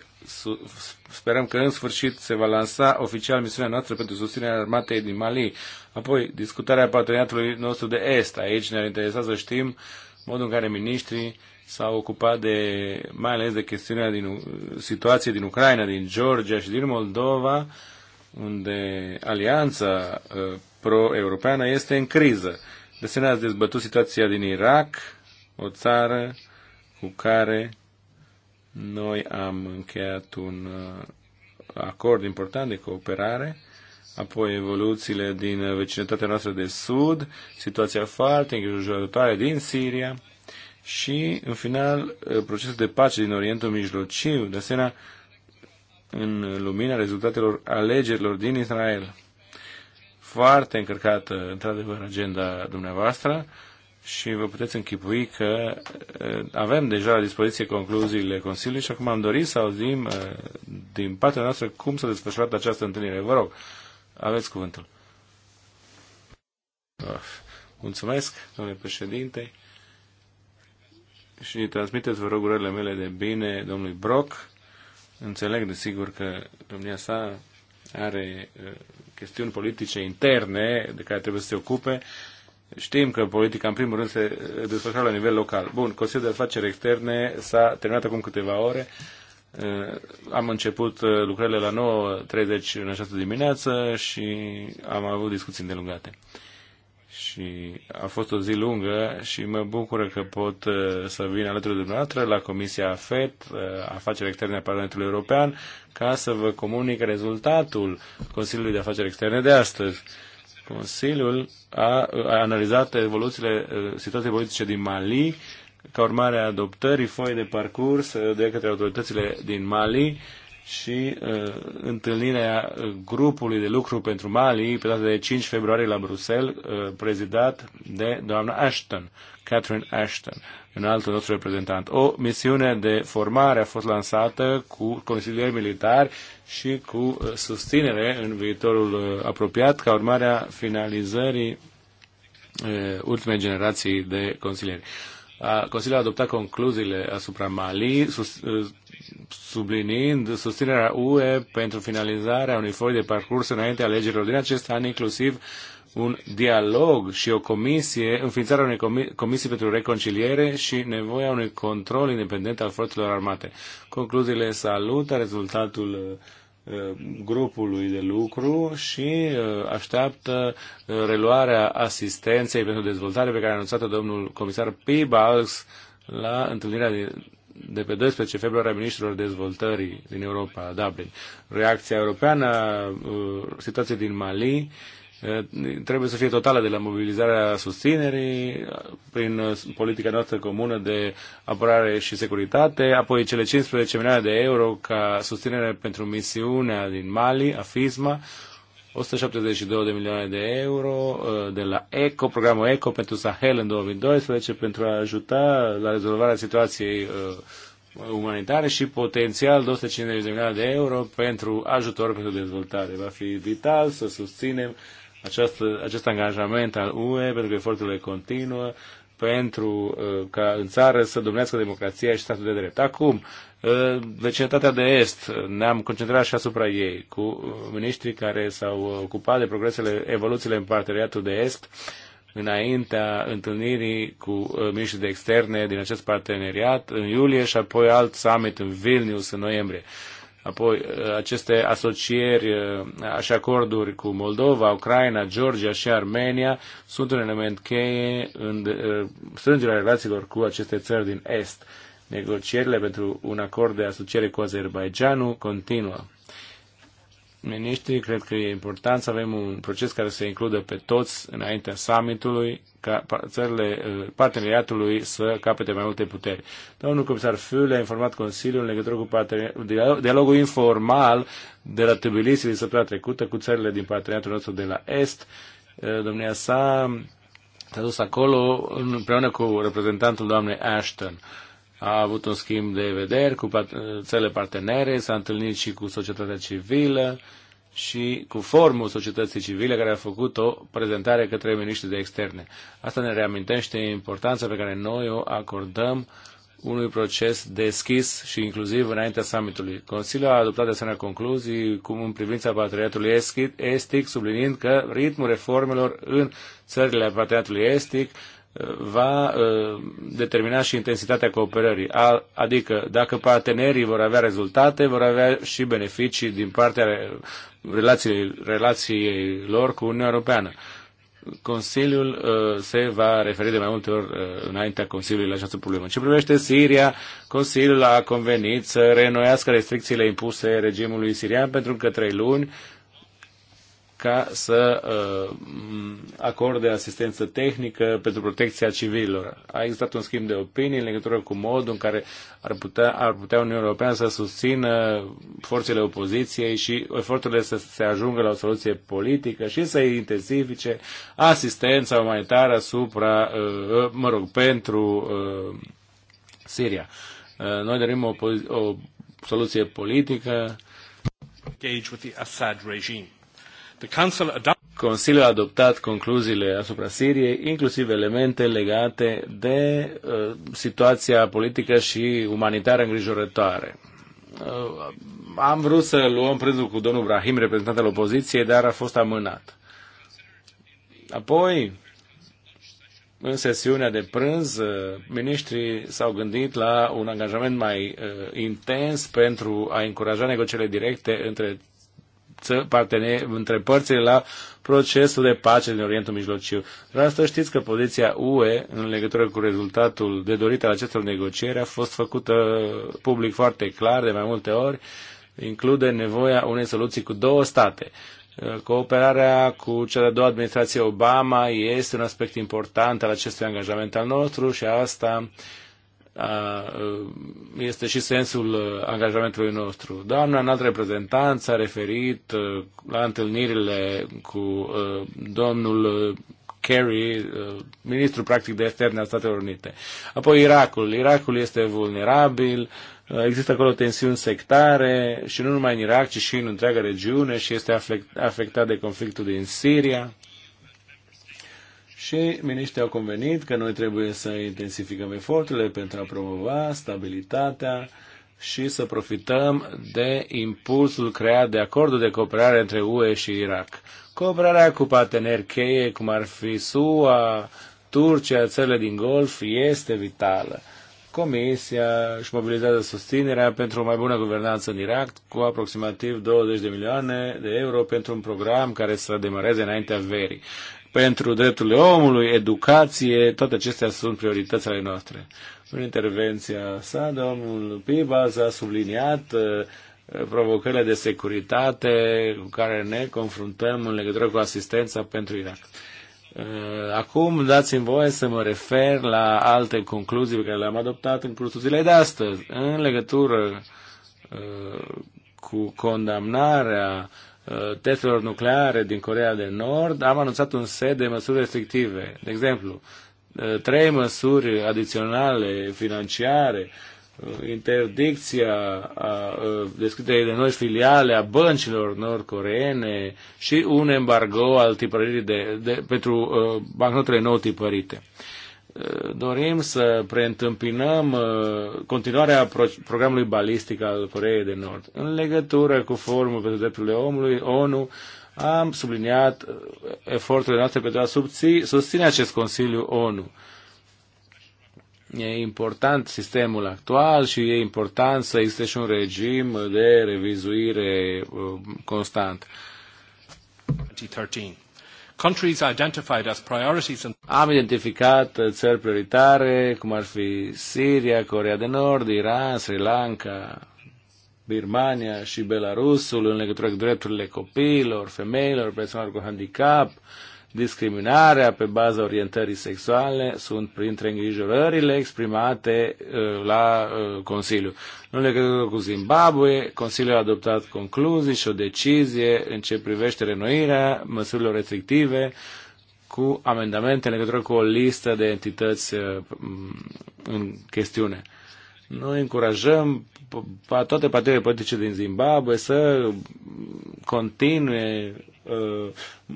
sperăm că în sfârșit se va lansa oficial misiunea noastră pentru susținerea armatei din Mali. Apoi, discutarea parteneriatului nostru de est. Aici ne-ar interesa să știm modul în care ministrii s-au ocupat de, mai ales de chestiunea din situație din Ucraina, din Georgia și din Moldova, unde alianța eh, pro-europeană este în criză. De asemenea, ați dezbătut situația din Irak, o țară cu care noi am încheiat un uh, acord important de cooperare, apoi evoluțiile din vecinătatea noastră de sud, situația foarte îngrijorătoare din Siria și, în final, uh, procesul de pace din Orientul Mijlociu, de asemenea, în lumina rezultatelor alegerilor din Israel foarte încărcată, într-adevăr, agenda dumneavoastră și vă puteți închipui că eh, avem deja la dispoziție concluziile Consiliului și acum am dorit să auzim eh, din partea noastră cum s-a desfășurat această întâlnire. Vă rog, aveți cuvântul. Mulțumesc, domnule președinte, și transmiteți, vă rog, urările mele de bine domnului Brock. Înțeleg, desigur, că domnia sa are eh, chestiuni politice interne de care trebuie să se ocupe. Știm că politica, în primul rând, se desfășoară la nivel local. Bun, Consiliul de Afaceri Externe s-a terminat acum câteva ore. Uh, am început uh, lucrările la 9.30 în această dimineață și am avut discuții îndelungate și a fost o zi lungă și mă bucură că pot uh, să vin alături de dumneavoastră la Comisia FET, uh, Afaceri Externe a Parlamentului European, ca să vă comunic rezultatul Consiliului de Afaceri Externe de astăzi. Consiliul a, a analizat evoluțiile uh, situației politice din Mali ca urmare a adoptării foi de parcurs de către autoritățile din Mali și uh, întâlnirea uh, grupului de lucru pentru Mali pe data de 5 februarie la Bruxelles, uh, prezidat de doamna Ashton, Catherine Ashton, un altul nostru reprezentant. O misiune de formare a fost lansată cu consilieri militari și cu uh, susținere în viitorul uh, apropiat ca urmare a finalizării uh, ultimei generații de consilieri. Uh, Consiliul a adoptat concluziile asupra Mali, sus, uh, subliniind susținerea UE pentru finalizarea unui foi de parcurs înainte alegerilor din acest an, inclusiv un dialog și o comisie, înființarea unei comisii, comisii pentru reconciliere și nevoia unui control independent al forțelor armate. Concluziile salută rezultatul uh, grupului de lucru și uh, așteaptă uh, reluarea asistenței pentru dezvoltare pe care a anunțat-o domnul comisar Peebles la întâlnirea de pe 12 februarie a ministrilor dezvoltării din Europa, Dublin. Reacția europeană, uh, situația din Mali, uh, trebuie să fie totală de la mobilizarea susținerii uh, prin politica noastră comună de apărare și securitate, apoi cele 15 milioane de euro ca susținere pentru misiunea din Mali, AFISMA, 172 de milioane de euro uh, de la ECO, programul ECO pentru Sahel în 2012 pentru a ajuta la rezolvarea situației uh, umanitare și potențial 250 de milioane de euro pentru ajutor pentru dezvoltare. Va fi vital să susținem această, acest angajament al UE pentru că eforturile continuă pentru uh, ca în țară să domnească democrația și statul de drept. Acum, vecinătatea de est, ne-am concentrat și asupra ei, cu miniștrii care s-au ocupat de progresele, evoluțiile în parteneriatul de est, înaintea întâlnirii cu uh, miniștrii de externe din acest parteneriat în iulie și apoi alt summit în Vilnius în noiembrie. Apoi uh, aceste asocieri uh, și acorduri cu Moldova, Ucraina, Georgia și Armenia sunt un element cheie în strângerea relațiilor cu aceste țări din Est Negocierile pentru un acord de asociere cu Azerbaijanul continuă. Ministrii, cred că e important să avem un proces care să includă pe toți înaintea summitului, ca țările uh, parteneriatului să capete mai multe puteri. Domnul comisar Fiul a informat Consiliul în legătură cu dialogul informal de la Tbilisi din săptămâna trecută cu țările din parteneriatul nostru de la Est. Uh, domnia sa s-a dus acolo împreună cu reprezentantul doamnei Ashton. Uh, a avut un schimb de vederi cu țele partenere, s-a întâlnit și cu societatea civilă și cu formul societății civile care a făcut o prezentare către miniștri de externe. Asta ne reamintește importanța pe care noi o acordăm unui proces deschis și inclusiv înaintea summitului. Consiliul a adoptat de asemenea concluzii cum în privința parteneriatului estic, subliniind că ritmul reformelor în țările parteneriatului estic va uh, determina și intensitatea cooperării. Adică, dacă partenerii vor avea rezultate, vor avea și beneficii din partea relației, relației lor cu Uniunea Europeană. Consiliul uh, se va referi de mai multe ori uh, înaintea Consiliului la această problemă. În ce privește Siria, Consiliul a convenit să reînnoiască restricțiile impuse regimului sirian pentru încă trei luni ca să uh, acorde asistență tehnică pentru protecția civililor. A existat un schimb de opinii în legătură cu modul în care ar putea, ar putea Uniunea Europeană să susțină forțele opoziției și eforturile să se ajungă la o soluție politică și să intensifice asistența umanitară asupra, uh, uh mă rog, pentru uh, Siria. Uh, noi dorim o, o soluție politică. Engage with the Assad regime Consiliul a adoptat concluziile asupra Siriei, inclusiv elemente legate de uh, situația politică și umanitară îngrijorătoare. Uh, am vrut să luăm prânzul cu domnul Brahim, reprezentant al opoziției, dar a fost amânat. Apoi, în sesiunea de prânz, uh, miniștrii s-au gândit la un angajament mai uh, intens pentru a încuraja negocierile directe între parteneri, între părțile la procesul de pace din Orientul Mijlociu. Vreau asta știți că poziția UE în legătură cu rezultatul de dorit al acestor negocieri a fost făcută public foarte clar de mai multe ori, include nevoia unei soluții cu două state. Cooperarea cu cea de-a doua administrație Obama este un aspect important al acestui angajament al nostru și asta uh, este și sensul angajamentului nostru. Doamna înalt reprezentant s-a referit la întâlnirile cu domnul Kerry, ministrul practic de externe al Statelor Unite. Apoi Irakul. Irakul este vulnerabil, există acolo tensiuni sectare și nu numai în Irak, ci și în întreaga regiune și este afectat de conflictul din Siria și miniștrii au convenit că noi trebuie să intensificăm eforturile pentru a promova stabilitatea și să profităm de impulsul creat de acordul de cooperare între UE și Irak. Cooperarea cu parteneri cheie, cum ar fi SUA, Turcia, țările din Golf, este vitală. Comisia își mobilizează susținerea pentru o mai bună guvernanță în Irak cu aproximativ 20 de milioane de euro pentru un program care să demareze înaintea verii pentru drepturile omului, educație, toate acestea sunt prioritățile noastre. În intervenția sa, domnul Pibas a subliniat uh, provocările de securitate cu care ne confruntăm în legătură cu asistența pentru Irak. Uh, acum dați-mi voie să mă refer la alte concluzii pe care le-am adoptat în cursul zilei de astăzi, în legătură uh, cu condamnarea Uh, testelor nucleare din Corea de Nord, am anunțat un set de măsuri restrictive. De exemplu, uh, trei măsuri adiționale financiare, uh, interdicția a deschiderii de noi filiale a băncilor nordcoreene și un embargo al tipăririi de, de, pentru banknotele nou tipărite. Uh, dorim să preîntâmpinăm uh, continuarea programului balistic al Coreei de Nord. În legătură cu Forumul pentru Drepturile Omului, ONU, am subliniat uh, eforturile noastre pentru a susține acest Consiliu ONU. E important sistemul actual și e important să existe și un regim de revizuire uh, constant. 2013. Am identificat țări prioritare, cum ar fi Siria, Corea de Nord, Iran, Sri Lanka, Birmania și Belarusul în legătură cu drepturile copiilor, femeilor, persoanelor cu handicap, Discriminarea pe baza orientării sexuale sunt printre îngrijorările exprimate uh, la uh, Consiliu. În legătură cu Zimbabwe, Consiliul a adoptat concluzii și o decizie în ce privește renoirea măsurilor restrictive cu amendamente în legătură cu o listă de entități uh, în chestiune. Noi încurajăm toate partidele politice din Zimbabwe să continue Uh,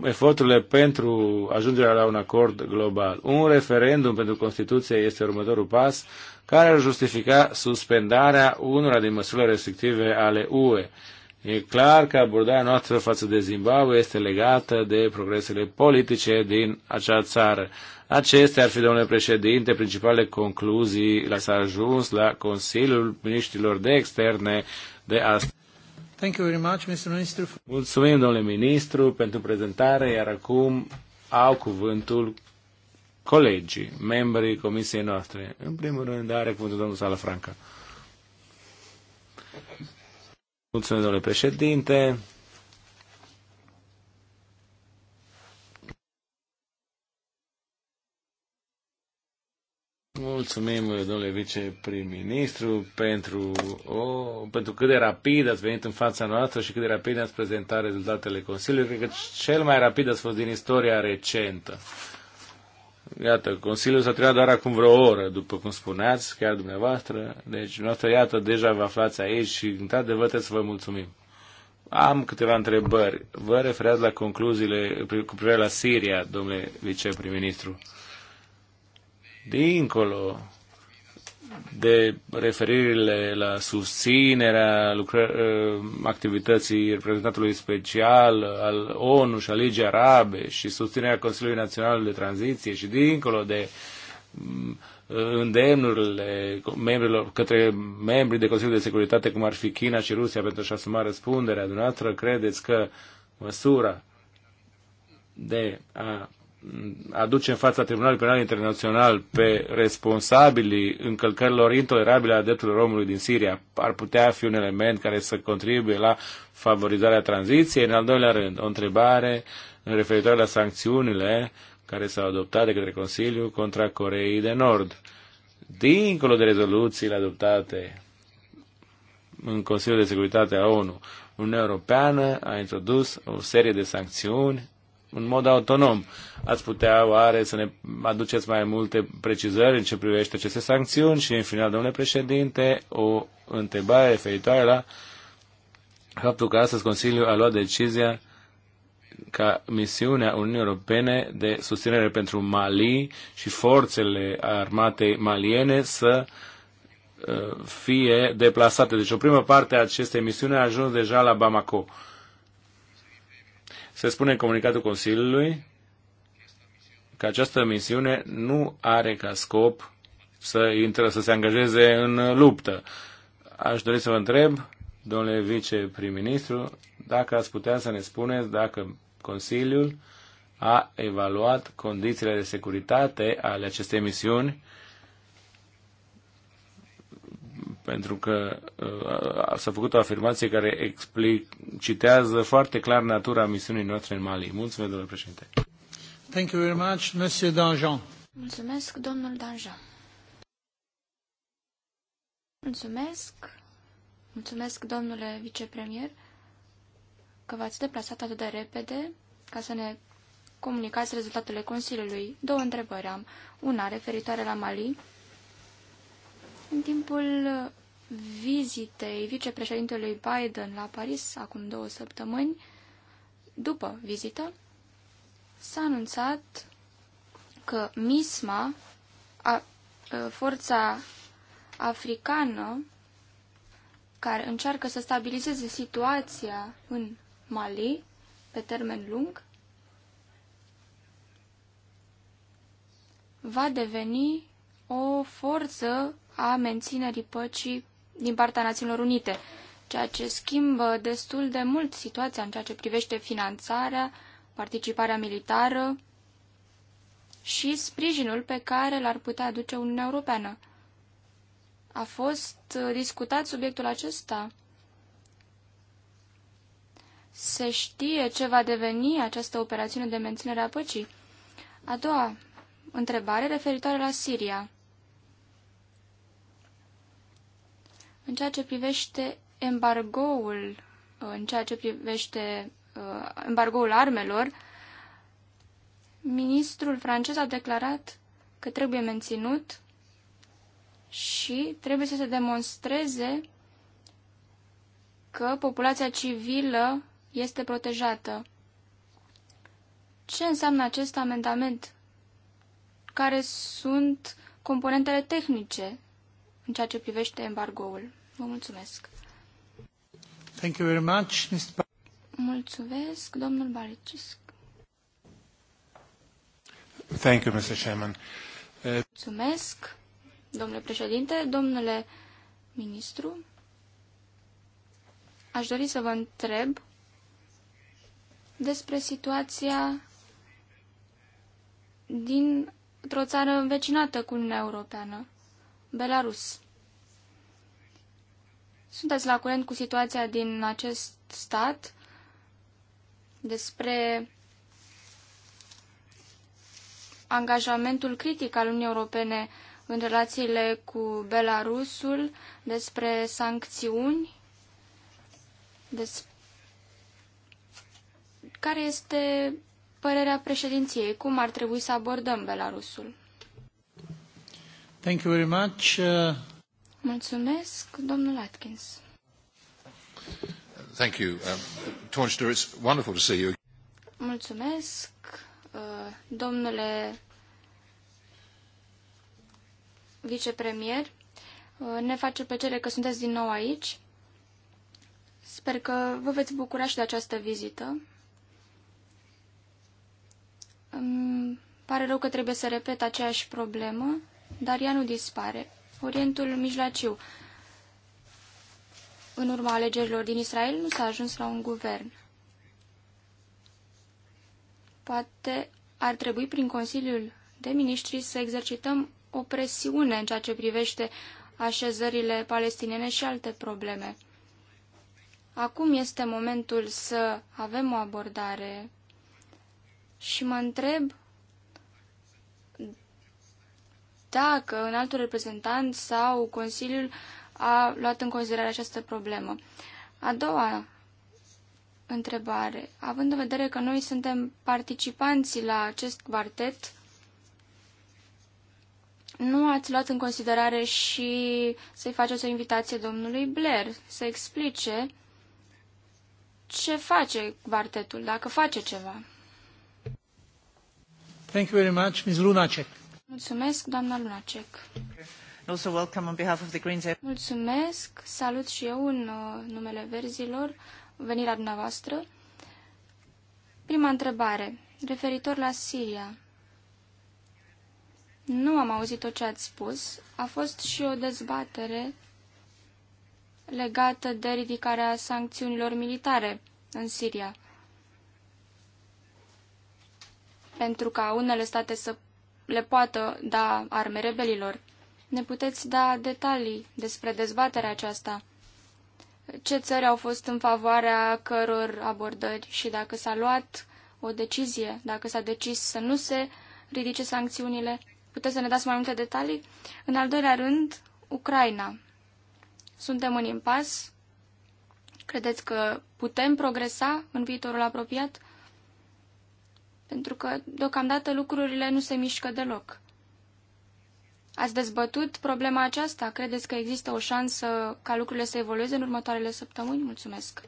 eforturile pentru ajungerea la un acord global. Un referendum pentru Constituție este următorul pas care ar justifica suspendarea unora din măsurile restrictive ale UE. E clar că abordarea noastră față de Zimbabwe este legată de progresele politice din acea țară. Acestea ar fi, domnule președinte, principalele concluzii la s-a ajuns la Consiliul Ministrilor de Externe de astăzi. Thank you very much, Mr. Mulțumim, domnule ministru, pentru prezentare, iar acum au cuvântul colegii, membrii comisiei noastre. În primul rând are cuvântul domnul Sala Franca. Mulțumesc, domnule președinte. Mulțumim, domnule viceprim-ministru, pentru, o, pentru cât de rapid ați venit în fața noastră și cât de rapid ați prezentat rezultatele Consiliului. Cred că cel mai rapid ați fost din istoria recentă. Iată, Consiliul s-a trăiat doar acum vreo oră, după cum spuneați, chiar dumneavoastră. Deci, noastră, iată, deja vă aflați aici și, într-adevăr, trebuie să vă mulțumim. Am câteva întrebări. Vă referați la concluziile cu privire la Siria, domnule viceprim-ministru dincolo de referirile la susținerea ă, activității reprezentantului special al ONU și al Ligii Arabe și susținerea Consiliului Național de Tranziție și dincolo de mm, îndemnurile membrilor, către membrii de Consiliul de Securitate, cum ar fi China și Rusia, pentru a-și asuma răspunderea dumneavoastră, credeți că măsura de a aduce în fața Tribunalului Penal Internațional pe responsabilii încălcărilor intolerabile a drepturilor omului din Siria ar putea fi un element care să contribuie la favorizarea tranziției. În al doilea rând, o întrebare în referitoare la sancțiunile care s-au adoptat de către Consiliu contra Coreei de Nord. Dincolo de rezoluțiile adoptate în Consiliul de Securitate a ONU, Uniunea Europeană a introdus o serie de sancțiuni în mod autonom. Ați putea oare să ne aduceți mai multe precizări în ce privește aceste sancțiuni și, în final, domnule președinte, o întrebare referitoare la faptul că astăzi Consiliul a luat decizia ca misiunea Uniunii Europene de susținere pentru Mali și forțele armatei maliene să uh, fie deplasate. Deci o primă parte a acestei misiuni a ajuns deja la Bamako. Se spune în comunicatul Consiliului că această misiune nu are ca scop să intre, să se angajeze în luptă. Aș dori să vă întreb, domnule viceprim-ministru, dacă ați putea să ne spuneți dacă Consiliul a evaluat condițiile de securitate ale acestei misiuni pentru că uh, s-a făcut o afirmație care explic, citează foarte clar natura misiunii noastre în Mali. Mulțumesc, domnule președinte. Thank you very much, Monsieur Danjean. Mulțumesc, domnul Danjean. Mulțumesc. Mulțumesc, domnule vicepremier, că v-ați deplasat atât de repede ca să ne comunicați rezultatele Consiliului. Două întrebări am. Una referitoare la Mali în timpul vizitei vicepreședintelui Biden la Paris acum două săptămâni, după vizită, s-a anunțat că MISMA, a, ă, forța africană care încearcă să stabilizeze situația în Mali pe termen lung, va deveni o forță a menținerii păcii din partea Națiunilor Unite, ceea ce schimbă destul de mult situația în ceea ce privește finanțarea, participarea militară și sprijinul pe care l-ar putea aduce Uniunea Europeană. A fost discutat subiectul acesta? Se știe ce va deveni această operațiune de menținere a păcii? A doua întrebare referitoare la Siria. În ceea ce privește embargoul, uh, în ceea ce privește uh, embargoul armelor, ministrul francez a declarat că trebuie menținut și trebuie să se demonstreze că populația civilă este protejată. Ce înseamnă acest amendament? Care sunt componentele tehnice în ceea ce privește embargoul. Vă mulțumesc. Thank you very much, Mr. Mulțumesc, domnul Baricisc. Thank you, Mr. Chairman. Uh, mulțumesc, domnule președinte, domnule ministru. Aș dori să vă întreb despre situația dintr-o țară învecinată cu Uniunea Europeană. Belarus. Sunteți la curent cu situația din acest stat despre angajamentul critic al Uniunii Europene în relațiile cu Belarusul, despre sancțiuni, despre care este părerea președinției, cum ar trebui să abordăm Belarusul. Thank you very much. Uh... Mulțumesc, domnul Atkins. Thank you. Um, it's wonderful to see you. Mulțumesc, uh, domnule vicepremier. Uh, ne face plăcere că sunteți din nou aici. Sper că vă veți bucura și de această vizită. Îmi pare rău că trebuie să repet aceeași problemă dar ea nu dispare. Orientul mijlaciu. În urma alegerilor din Israel nu s-a ajuns la un guvern. Poate ar trebui prin Consiliul de Ministri să exercităm o presiune în ceea ce privește așezările palestinene și alte probleme. Acum este momentul să avem o abordare și mă întreb dacă în altul reprezentant sau Consiliul a luat în considerare această problemă. A doua întrebare. Având în vedere că noi suntem participanți la acest quartet, nu ați luat în considerare și să-i faceți o invitație domnului Blair să explice ce face quartetul, dacă face ceva. Thank you very much, Ms. Lunacek. Mulțumesc, doamna Lunacek. Also welcome on behalf of the Greens. Mulțumesc, salut și eu în uh, numele verzilor venirea dumneavoastră. Prima întrebare, referitor la Siria. Nu am auzit tot ce ați spus. A fost și o dezbatere legată de ridicarea sancțiunilor militare în Siria. Pentru ca unele state să le poată da arme rebelilor. Ne puteți da detalii despre dezbaterea aceasta? Ce țări au fost în favoarea căror abordări și dacă s-a luat o decizie, dacă s-a decis să nu se ridice sancțiunile? Puteți să ne dați mai multe detalii? În al doilea rând, Ucraina. Suntem în impas? Credeți că putem progresa în viitorul apropiat? pentru că deocamdată lucrurile nu se mișcă deloc. Ați dezbătut problema aceasta? Credeți că există o șansă ca lucrurile să evolueze în următoarele săptămâni? Mulțumesc!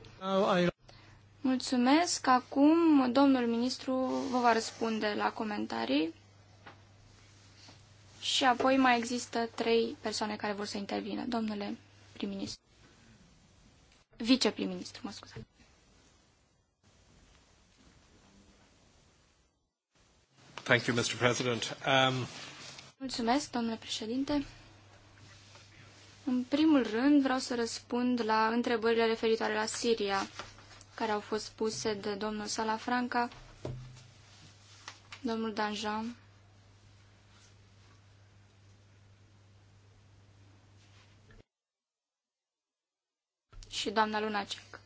Mulțumesc! Acum domnul ministru vă va răspunde la comentarii și apoi mai există trei persoane care vor să intervină. Domnule prim-ministru. Viceprim-ministru, mă scuzați. Thank you, Mr. President. Um... Mulțumesc, domnule președinte. În primul rând, vreau să răspund la întrebările referitoare la Siria, care au fost puse de domnul Salafranca, domnul Danjean. și doamna Lunacek.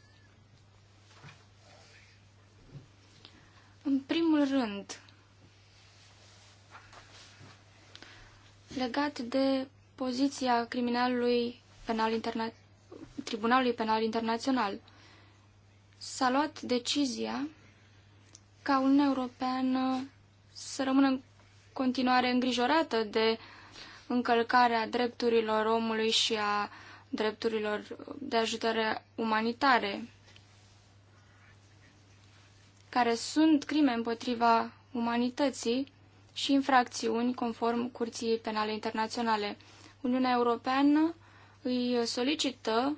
În primul rând, legat de poziția criminalului penal interna... Tribunalului Penal Internațional. S-a luat decizia ca Uniunea Europeană să rămână în continuare îngrijorată de încălcarea drepturilor omului și a drepturilor de ajutare umanitare, care sunt crime împotriva umanității și infracțiuni conform Curții Penale Internaționale. Uniunea Europeană îi solicită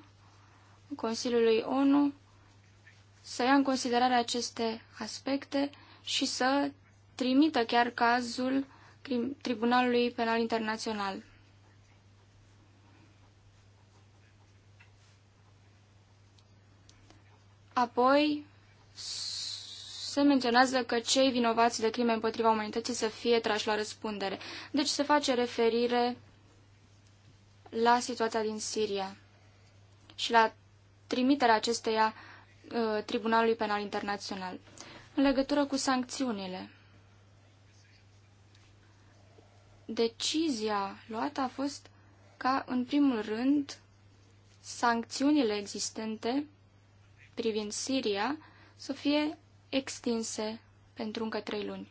Consiliului ONU să ia în considerare aceste aspecte și să trimită chiar cazul Tribunalului Penal Internațional. Apoi, se menționează că cei vinovați de crime împotriva umanității să fie trași la răspundere. Deci se face referire la situația din Siria și la trimiterea acesteia uh, Tribunalului Penal Internațional. În legătură cu sancțiunile, decizia luată a fost ca, în primul rând, sancțiunile existente privind Siria să fie extinse pentru încă trei luni.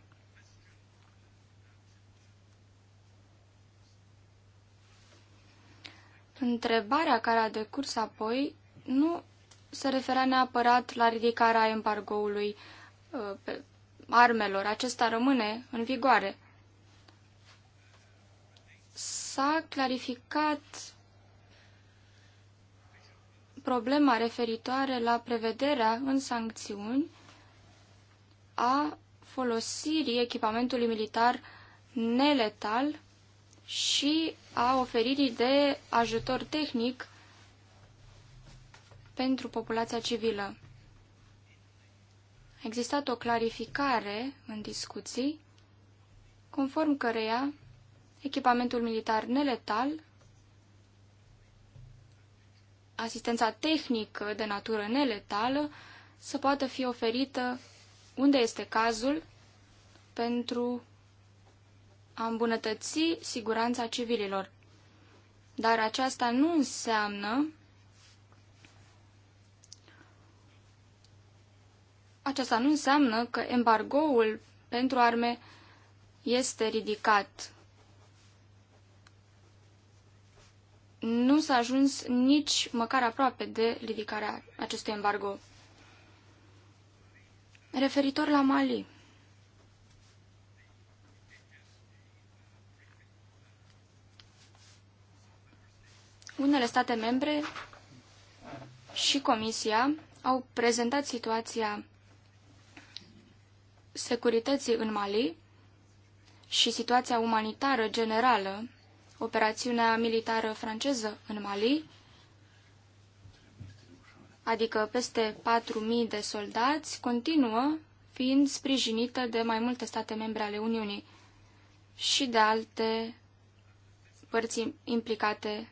Întrebarea care a decurs apoi nu se referea neapărat la ridicarea embargoului uh, armelor. Acesta rămâne în vigoare. S-a clarificat problema referitoare la prevederea în sancțiuni a folosirii echipamentului militar neletal și a oferirii de ajutor tehnic pentru populația civilă. A existat o clarificare în discuții, conform căreia echipamentul militar neletal, asistența tehnică de natură neletală, să poată fi oferită unde este cazul pentru a îmbunătăți siguranța civililor. Dar aceasta nu înseamnă aceasta nu înseamnă că embargoul pentru arme este ridicat. Nu s-a ajuns nici măcar aproape de ridicarea acestui embargo. Referitor la Mali. Unele state membre și Comisia au prezentat situația securității în Mali și situația umanitară generală, operațiunea militară franceză în Mali, adică peste 4.000 de soldați, continuă fiind sprijinită de mai multe state membre ale Uniunii și de alte părți implicate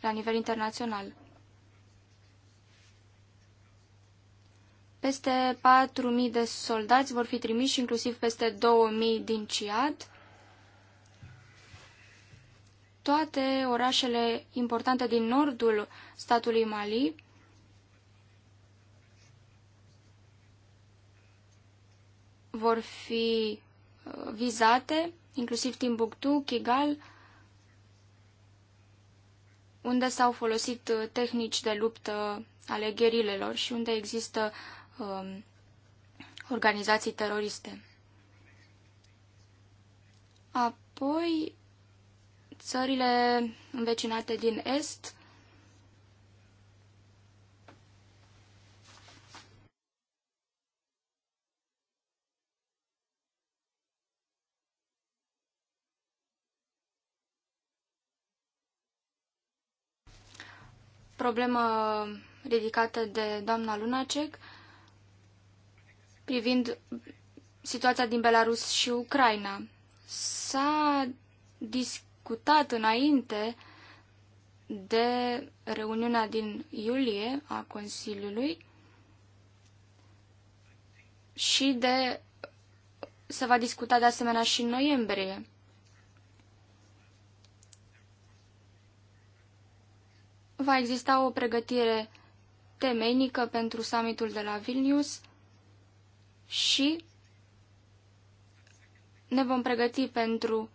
la nivel internațional. Peste 4.000 de soldați vor fi trimiși, inclusiv peste 2.000 din Ciad. Toate orașele importante din nordul statului Mali vor fi uh, vizate, inclusiv Timbuktu, Kigal, unde s-au folosit uh, tehnici de luptă ale gherilelor și unde există um, organizații teroriste. Apoi, țările învecinate din Est problemă ridicată de doamna Lunacek privind situația din Belarus și Ucraina. S-a discutat înainte de reuniunea din iulie a Consiliului și de se va discuta de asemenea și în noiembrie. Va exista o pregătire temeinică pentru summitul de la Vilnius și ne vom pregăti pentru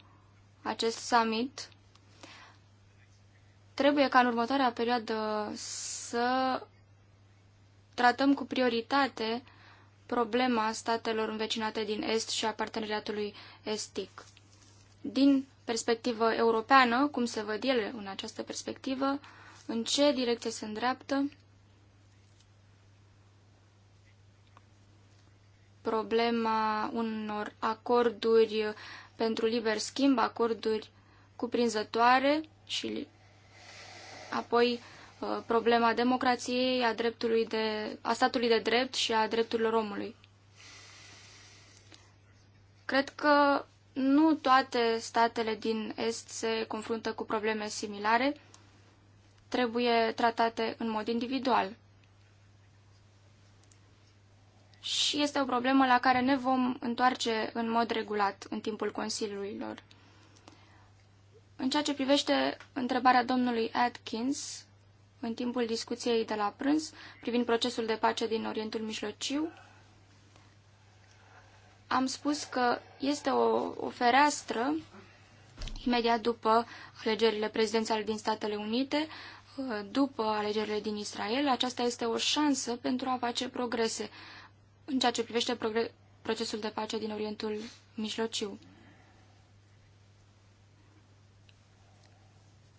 acest summit. Trebuie ca în următoarea perioadă să tratăm cu prioritate problema statelor învecinate din Est și a parteneriatului estic. Din perspectivă europeană, cum se văd ele în această perspectivă, în ce direcție se îndreaptă, problema unor acorduri pentru liber schimb, acorduri cuprinzătoare și apoi uh, problema democrației, a, dreptului de, a statului de drept și a drepturilor omului. Cred că nu toate statele din Est se confruntă cu probleme similare trebuie tratate în mod individual. Și este o problemă la care ne vom întoarce în mod regulat în timpul consiliurilor. În ceea ce privește întrebarea domnului Atkins, în timpul discuției de la prânz privind procesul de pace din Orientul Mijlociu, am spus că este o, o fereastră imediat după alegerile prezidențiale din Statele Unite, după alegerile din Israel, aceasta este o șansă pentru a face progrese în ceea ce privește procesul de pace din Orientul Mijlociu.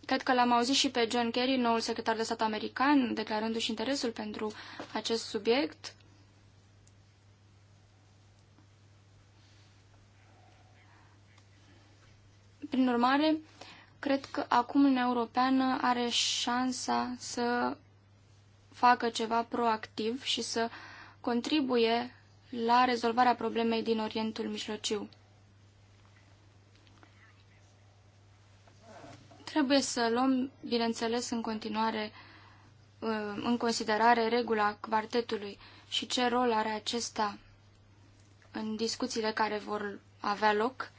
Cred că l-am auzit și pe John Kerry, noul secretar de stat american, declarându-și interesul pentru acest subiect. Prin urmare, Cred că acum Uniunea Europeană are șansa să facă ceva proactiv și să contribuie la rezolvarea problemei din Orientul Mijlociu. Trebuie să luăm, bineînțeles, în continuare uh, în considerare regula quartetului și ce rol are acesta în discuțiile care vor avea loc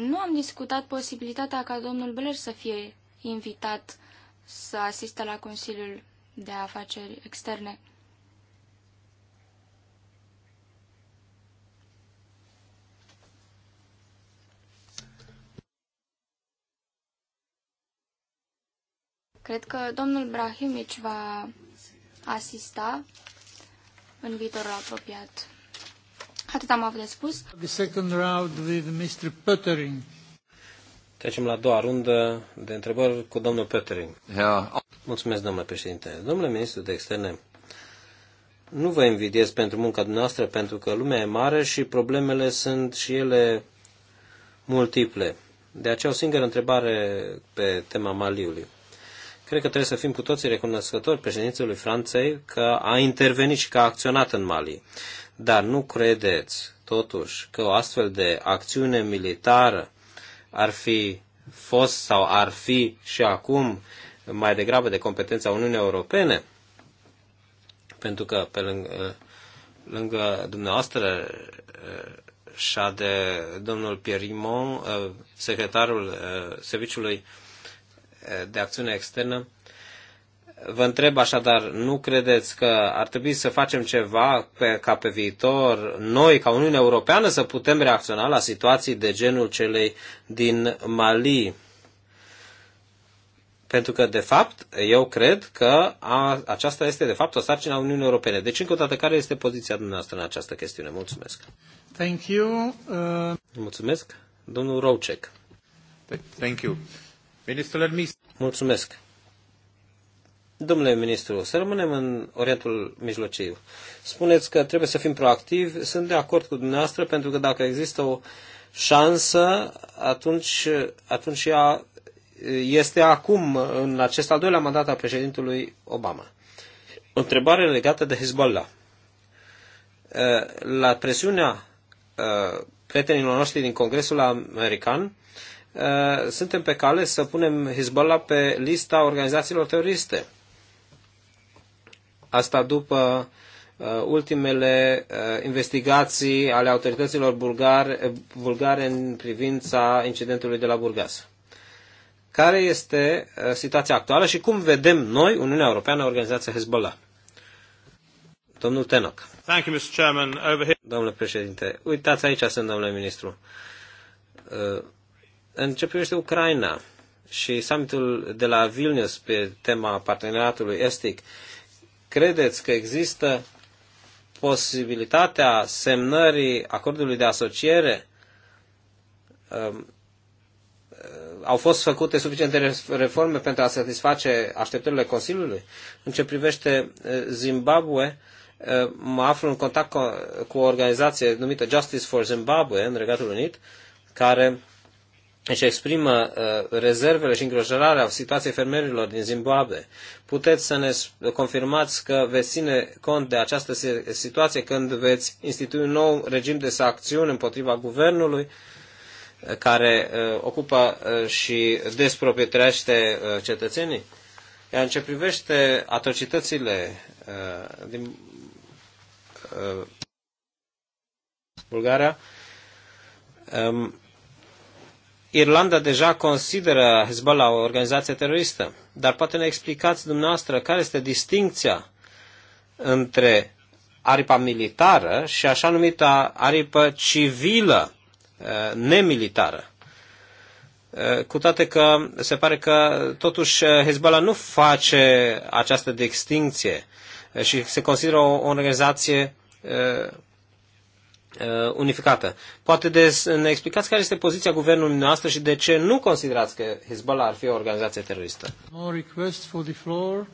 nu am discutat posibilitatea ca domnul Blair să fie invitat să asiste la Consiliul de Afaceri Externe. Cred că domnul Brahimici va asista în viitorul apropiat. Atât am avut de spus. The second round with Mr. Trecem la a doua rundă de întrebări cu domnul Pöttering. Yeah. Mulțumesc, domnule președinte. Domnule ministru de externe, nu vă invidiez pentru munca dumneavoastră, pentru că lumea e mare și problemele sunt și ele multiple. De aceea o singură întrebare pe tema Maliului. Cred că trebuie să fim cu toții recunoscători președintelui Franței că a intervenit și că a acționat în Mali. Dar nu credeți, totuși, că o astfel de acțiune militară ar fi fost sau ar fi și acum mai degrabă de competența Uniunii Europene? Pentru că pe lângă, lângă dumneavoastră ă, și de domnul Pierimon, ă, secretarul ă, Serviciului de Acțiune Externă, Vă întreb așadar, nu credeți că ar trebui să facem ceva pe, ca pe viitor noi, ca Uniunea Europeană, să putem reacționa la situații de genul celei din Mali? Pentru că, de fapt, eu cred că a, aceasta este, de fapt, o sarcină a Uniunii Europene. Deci, încă o dată, care este poziția dumneavoastră în această chestiune? Mulțumesc. Thank you. Uh... Mulțumesc. Domnul Roucek. Thank you. Ministerul Mulțumesc. Domnule ministru, să rămânem în Orientul Mijlociu. Spuneți că trebuie să fim proactivi. Sunt de acord cu dumneavoastră pentru că dacă există o șansă, atunci, atunci ea este acum în acest al doilea mandat al președintelui Obama. O întrebare legată de Hezbollah. La presiunea uh, prietenilor noștri din Congresul American, uh, suntem pe cale să punem Hezbollah pe lista organizațiilor teroriste. Asta după uh, ultimele uh, investigații ale autorităților bulgare, bulgare în privința incidentului de la Burgas. Care este uh, situația actuală și cum vedem noi, Uniunea Europeană, organizația Hezbollah? Domnul Tenoc. Thank you, Mr. Chairman. Over here... Domnule președinte, uitați aici sunt, domnule ministru. În ce privește Ucraina și summitul de la Vilnius pe tema parteneriatului estic, Credeți că există posibilitatea semnării acordului de asociere? Um, uh, au fost făcute suficiente reforme pentru a satisface așteptările Consiliului? În ce privește uh, Zimbabwe, uh, mă aflu în contact cu o organizație numită Justice for Zimbabwe în Regatul Unit, care își exprimă uh, rezervele și îngrijorarea situației fermierilor din Zimbabwe. Puteți să ne confirmați că veți ține cont de această situație când veți institui un nou regim de sancțiuni împotriva guvernului uh, care uh, ocupă uh, și desproprietrește uh, cetățenii? Iar în ce privește atrocitățile uh, din uh, Bulgaria, um, Irlanda deja consideră Hezbollah o organizație teroristă, dar poate ne explicați dumneavoastră care este distinția între aripa militară și așa numita aripă civilă, eh, nemilitară. Eh, cu toate că se pare că totuși Hezbollah nu face această distinție eh, și se consideră o organizație Uh, unificată. Poate de, ne explicați care este poziția guvernului noastră și de ce nu considerați că Hezbollah ar fi o organizație teroristă? request for the floor.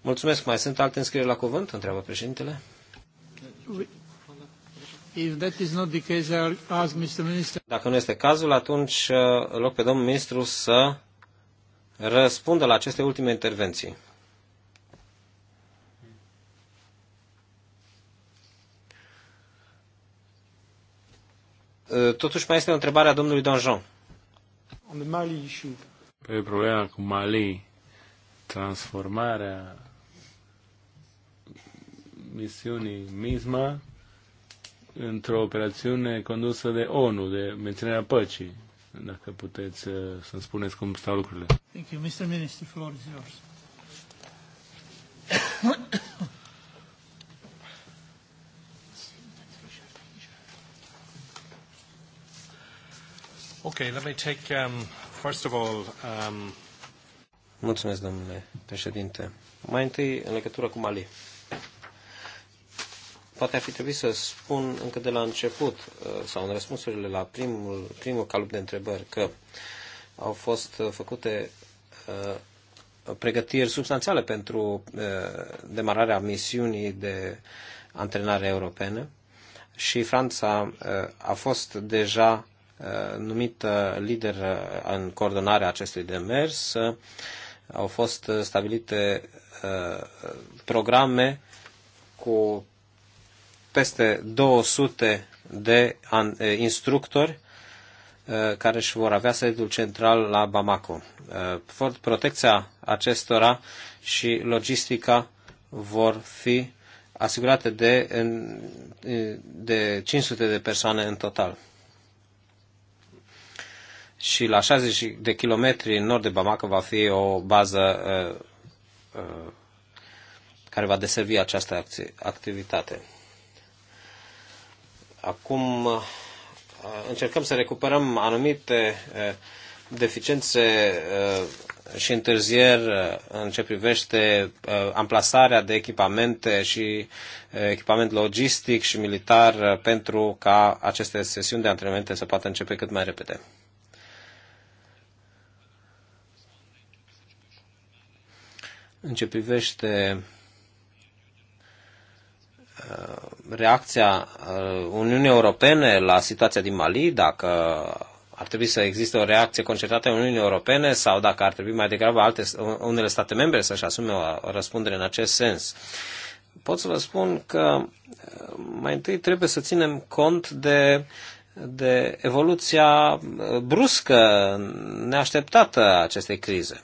Mulțumesc. Mai sunt alte înscrieri la cuvânt? Întreabă președintele. If that is not the case, I'll ask Mr. Minister. Dacă nu este cazul, atunci uh, loc pe domnul ministru să răspundă la aceste ultime intervenții. Uh, totuși mai este o întrebare a domnului Donjon. Pe păi problema cu Mali, transformarea misiunii MISMA într-o operațiune condusă de ONU, de menținerea păcii, dacă puteți uh, să-mi spuneți cum stau lucrurile. Thank you. Mr. Minister, floor is yours. Okay, let me take, um, first of all, um... Mulțumesc, domnule președinte. Mai întâi, în legătură cu Mali. Poate ar fi trebuit să spun încă de la început, uh, sau în răspunsurile la primul, primul calup de întrebări, că au fost uh, făcute uh, pregătiri substanțiale pentru uh, demararea misiunii de antrenare europene și Franța uh, a fost deja Uh, numit lider uh, în coordonarea acestui demers. Uh, au fost stabilite programe cu peste 200 de instructori care își vor avea sediul central la Bamako. Protecția acestora și logistica vor fi asigurate de, de 500 de persoane în total și la 60 de kilometri în nord de Bamako va fi o bază uh, uh, care va deservi această activitate. Acum uh, încercăm să recuperăm anumite uh, deficiențe uh, și întârzieri uh, în ce privește uh, amplasarea de echipamente și uh, echipament logistic și militar pentru ca aceste sesiuni de antrenamente să poată începe cât mai repede. În ce privește uh, reacția uh, Uniunii Europene la situația din Mali, dacă ar trebui să existe o reacție concertată a Uniunii Europene sau dacă ar trebui mai degrabă alte, unele state membre să-și asume o răspundere în acest sens. Pot să vă spun că uh, mai întâi trebuie să ținem cont de, de evoluția bruscă, neașteptată a acestei crize.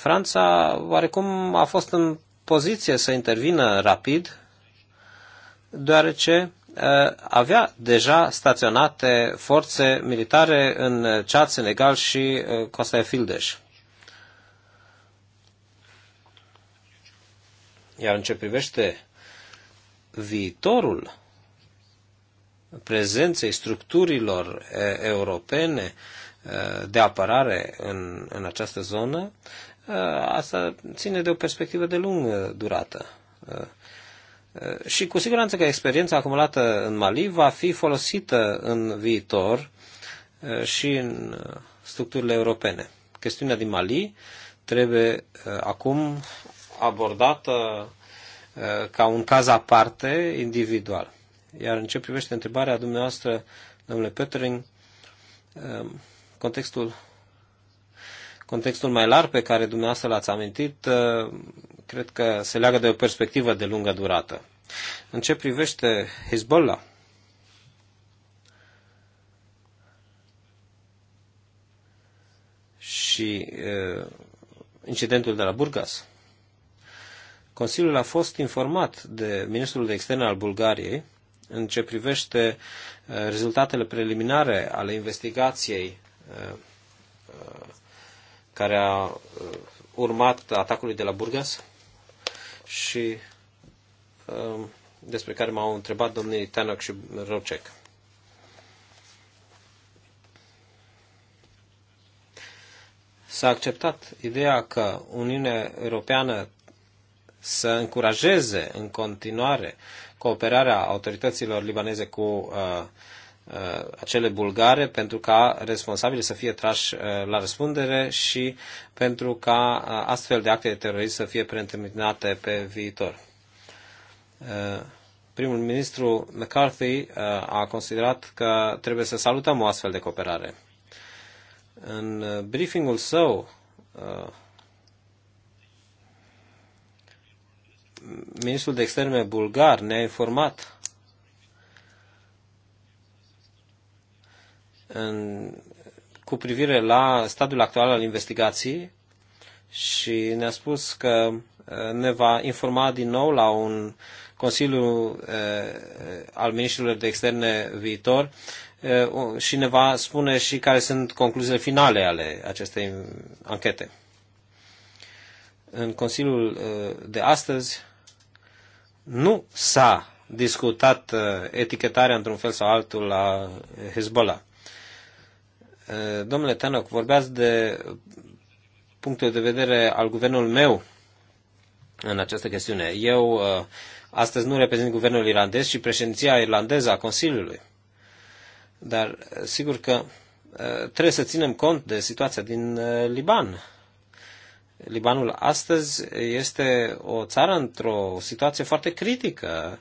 Franța oarecum a fost în poziție să intervină rapid, deoarece avea deja staționate forțe militare în Chad, Senegal și Costa de Fildeș. Iar în ce privește viitorul prezenței structurilor europene de apărare în, în această zonă, Uh, asta ține de o perspectivă de lungă durată. Uh, uh, și cu siguranță că experiența acumulată în Mali va fi folosită în viitor și în structurile europene. Chestiunea din Mali trebuie acum abordată ca un caz aparte, individual. Iar în ce privește întrebarea dumneavoastră, domnule Petrin, contextul Contextul mai larg pe care dumneavoastră l-ați amintit, uh, cred că se leagă de o perspectivă de lungă durată. În ce privește Hezbollah, și uh, incidentul de la Burgas. Consiliul a fost informat de ministrul de externe al Bulgariei în ce privește uh, rezultatele preliminare ale investigației uh, uh care a uh, urmat atacului de la Burgas și um, despre care m-au întrebat domnii Tanac și Rocek. S-a acceptat ideea că Uniunea Europeană să încurajeze în continuare cooperarea autorităților libaneze cu uh, Uh, acele bulgare pentru ca responsabili să fie trași uh, la răspundere și pentru ca uh, astfel de acte de terorism să fie preîntâmpinate pe viitor. Primul ministru McCarthy a considerat că trebuie să salutăm o astfel de cooperare. În briefingul său, ministrul de externe bulgar ne-a informat în, cu privire la stadiul actual al investigației și ne-a spus că uh, ne va informa din nou la un Consiliu uh, al Ministrilor de Externe viitor uh, și ne va spune și care sunt concluziile finale ale acestei anchete. În Consiliul de astăzi nu s-a discutat etichetarea într-un fel sau altul la Hezbollah. Eh, domnule Tanoc, vorbeați de punctul de vedere al guvernului meu în această chestiune. Eu eh, astăzi nu reprezint guvernul irlandez, ci președinția irlandeză a Consiliului. Dar eh, sigur că trebuie să ținem cont de situația din Liban. Libanul astăzi este o țară într-o situație foarte critică,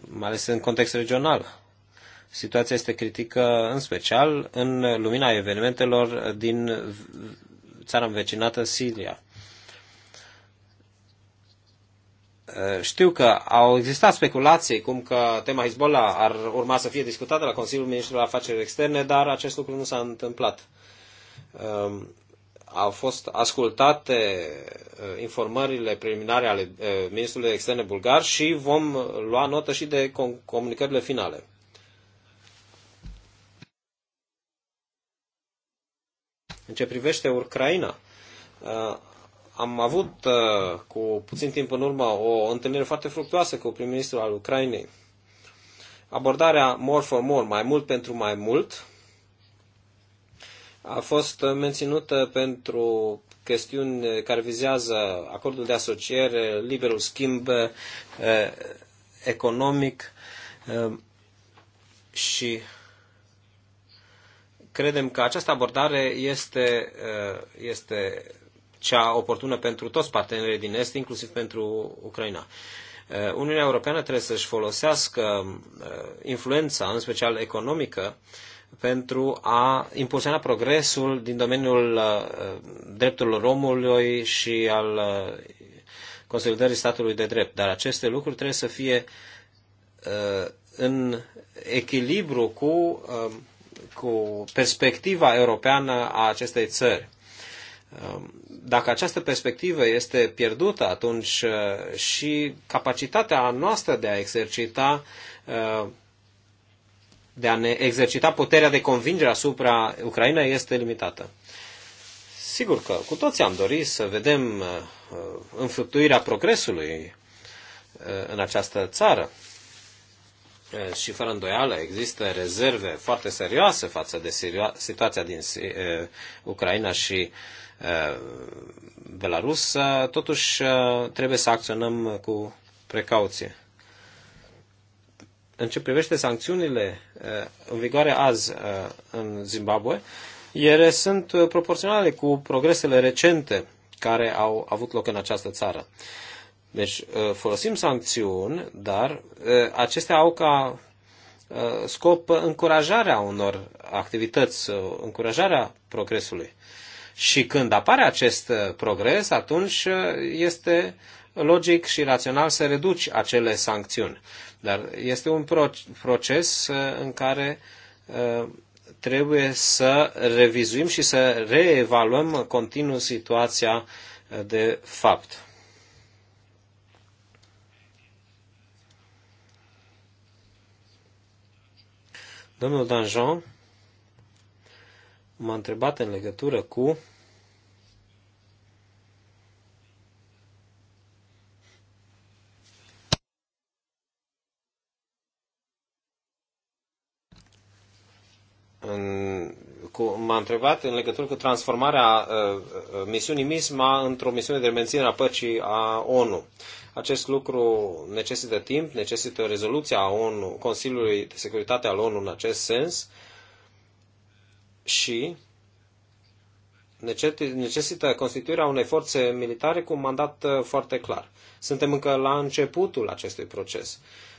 mai ales în context regional. Situația este critică în special în lumina evenimentelor din țara învecinată Siria. Știu că au existat speculații cum că tema Hezbollah ar urma să fie discutată la Consiliul Ministrilor Afacerilor Externe, dar acest lucru nu s-a întâmplat. Um, au fost ascultate uh, informările preliminare ale uh, Ministrului Externe bulgar și vom lua notă și de comunicările finale. În ce privește Ucraina, uh, am avut uh, cu puțin timp în urmă o întâlnire foarte fructuoasă cu prim-ministrul al Ucrainei. Abordarea more for more, mai mult pentru mai mult, a fost menținută pentru chestiuni care vizează acordul de asociere, liberul schimb uh, economic și Credem că această abordare este, uh, este cea oportună pentru toți partenerii din Est, inclusiv pentru Ucraina. Uh, Uniunea Europeană trebuie să-și folosească uh, influența, în special economică, pentru a impulsiona progresul din domeniul drepturilor omului și al consolidării statului de drept. Dar aceste lucruri trebuie să fie în echilibru cu cu perspectiva europeană a acestei țări. Um, dacă această perspectivă este pierdută, atunci uh, și capacitatea noastră de a exercita uh, de a ne exercita puterea de convingere asupra Ucrainei este limitată. Sigur că cu toții am dorit să vedem uh, înfructuirea progresului în această țară, și fără îndoială există rezerve foarte serioase față de situația din Ucraina și Belarus, totuși trebuie să acționăm cu precauție. În ce privește sancțiunile în vigoare azi în Zimbabwe, ele sunt proporționale cu progresele recente care au avut loc în această țară. Deci uh, folosim sancțiuni, dar uh, acestea au ca uh, scop încurajarea unor activități, încurajarea progresului. Și când apare acest progres, atunci este logic și rațional să reduci acele sancțiuni. Dar este un proces în care trebuie să revizuim și să reevaluăm continuu situația de fapt. Domnul Danjean m-a întrebat în legătură cu în m-a întrebat în legătură cu transformarea uh, uh, misiunii MISMA într-o misiune de menținere a păcii a ONU. Acest lucru necesită timp, necesită rezoluția ONU, Consiliului de Securitate al ONU în acest sens și necesită constituirea unei forțe militare cu un mandat uh, foarte clar. Suntem încă la începutul acestui proces. Uh,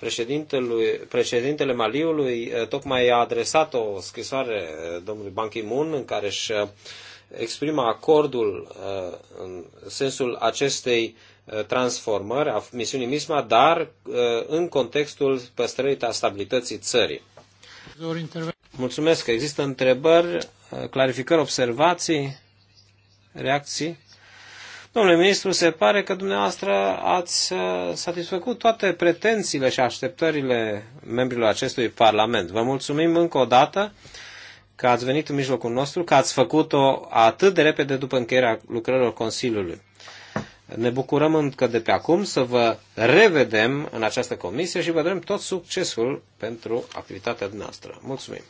Președintelui, președintele Maliului eh, tocmai a adresat o scrisoare eh, domnului Ban Ki-moon în care își eh, exprimă acordul în sensul acestei transformări a misiunii MISMA, dar în contextul păstrării stabilității țării. Mulțumesc că există întrebări, clarificări, observații, reacții. Domnule ministru, se pare că dumneavoastră ați uh, satisfăcut toate pretențiile și așteptările membrilor acestui Parlament. Vă mulțumim încă o dată că ați venit în mijlocul nostru, că ați făcut-o atât de repede după încheierea lucrărilor Consiliului. Ne bucurăm încă de pe acum să vă revedem în această comisie și vă dorim tot succesul pentru activitatea noastră. Mulțumim!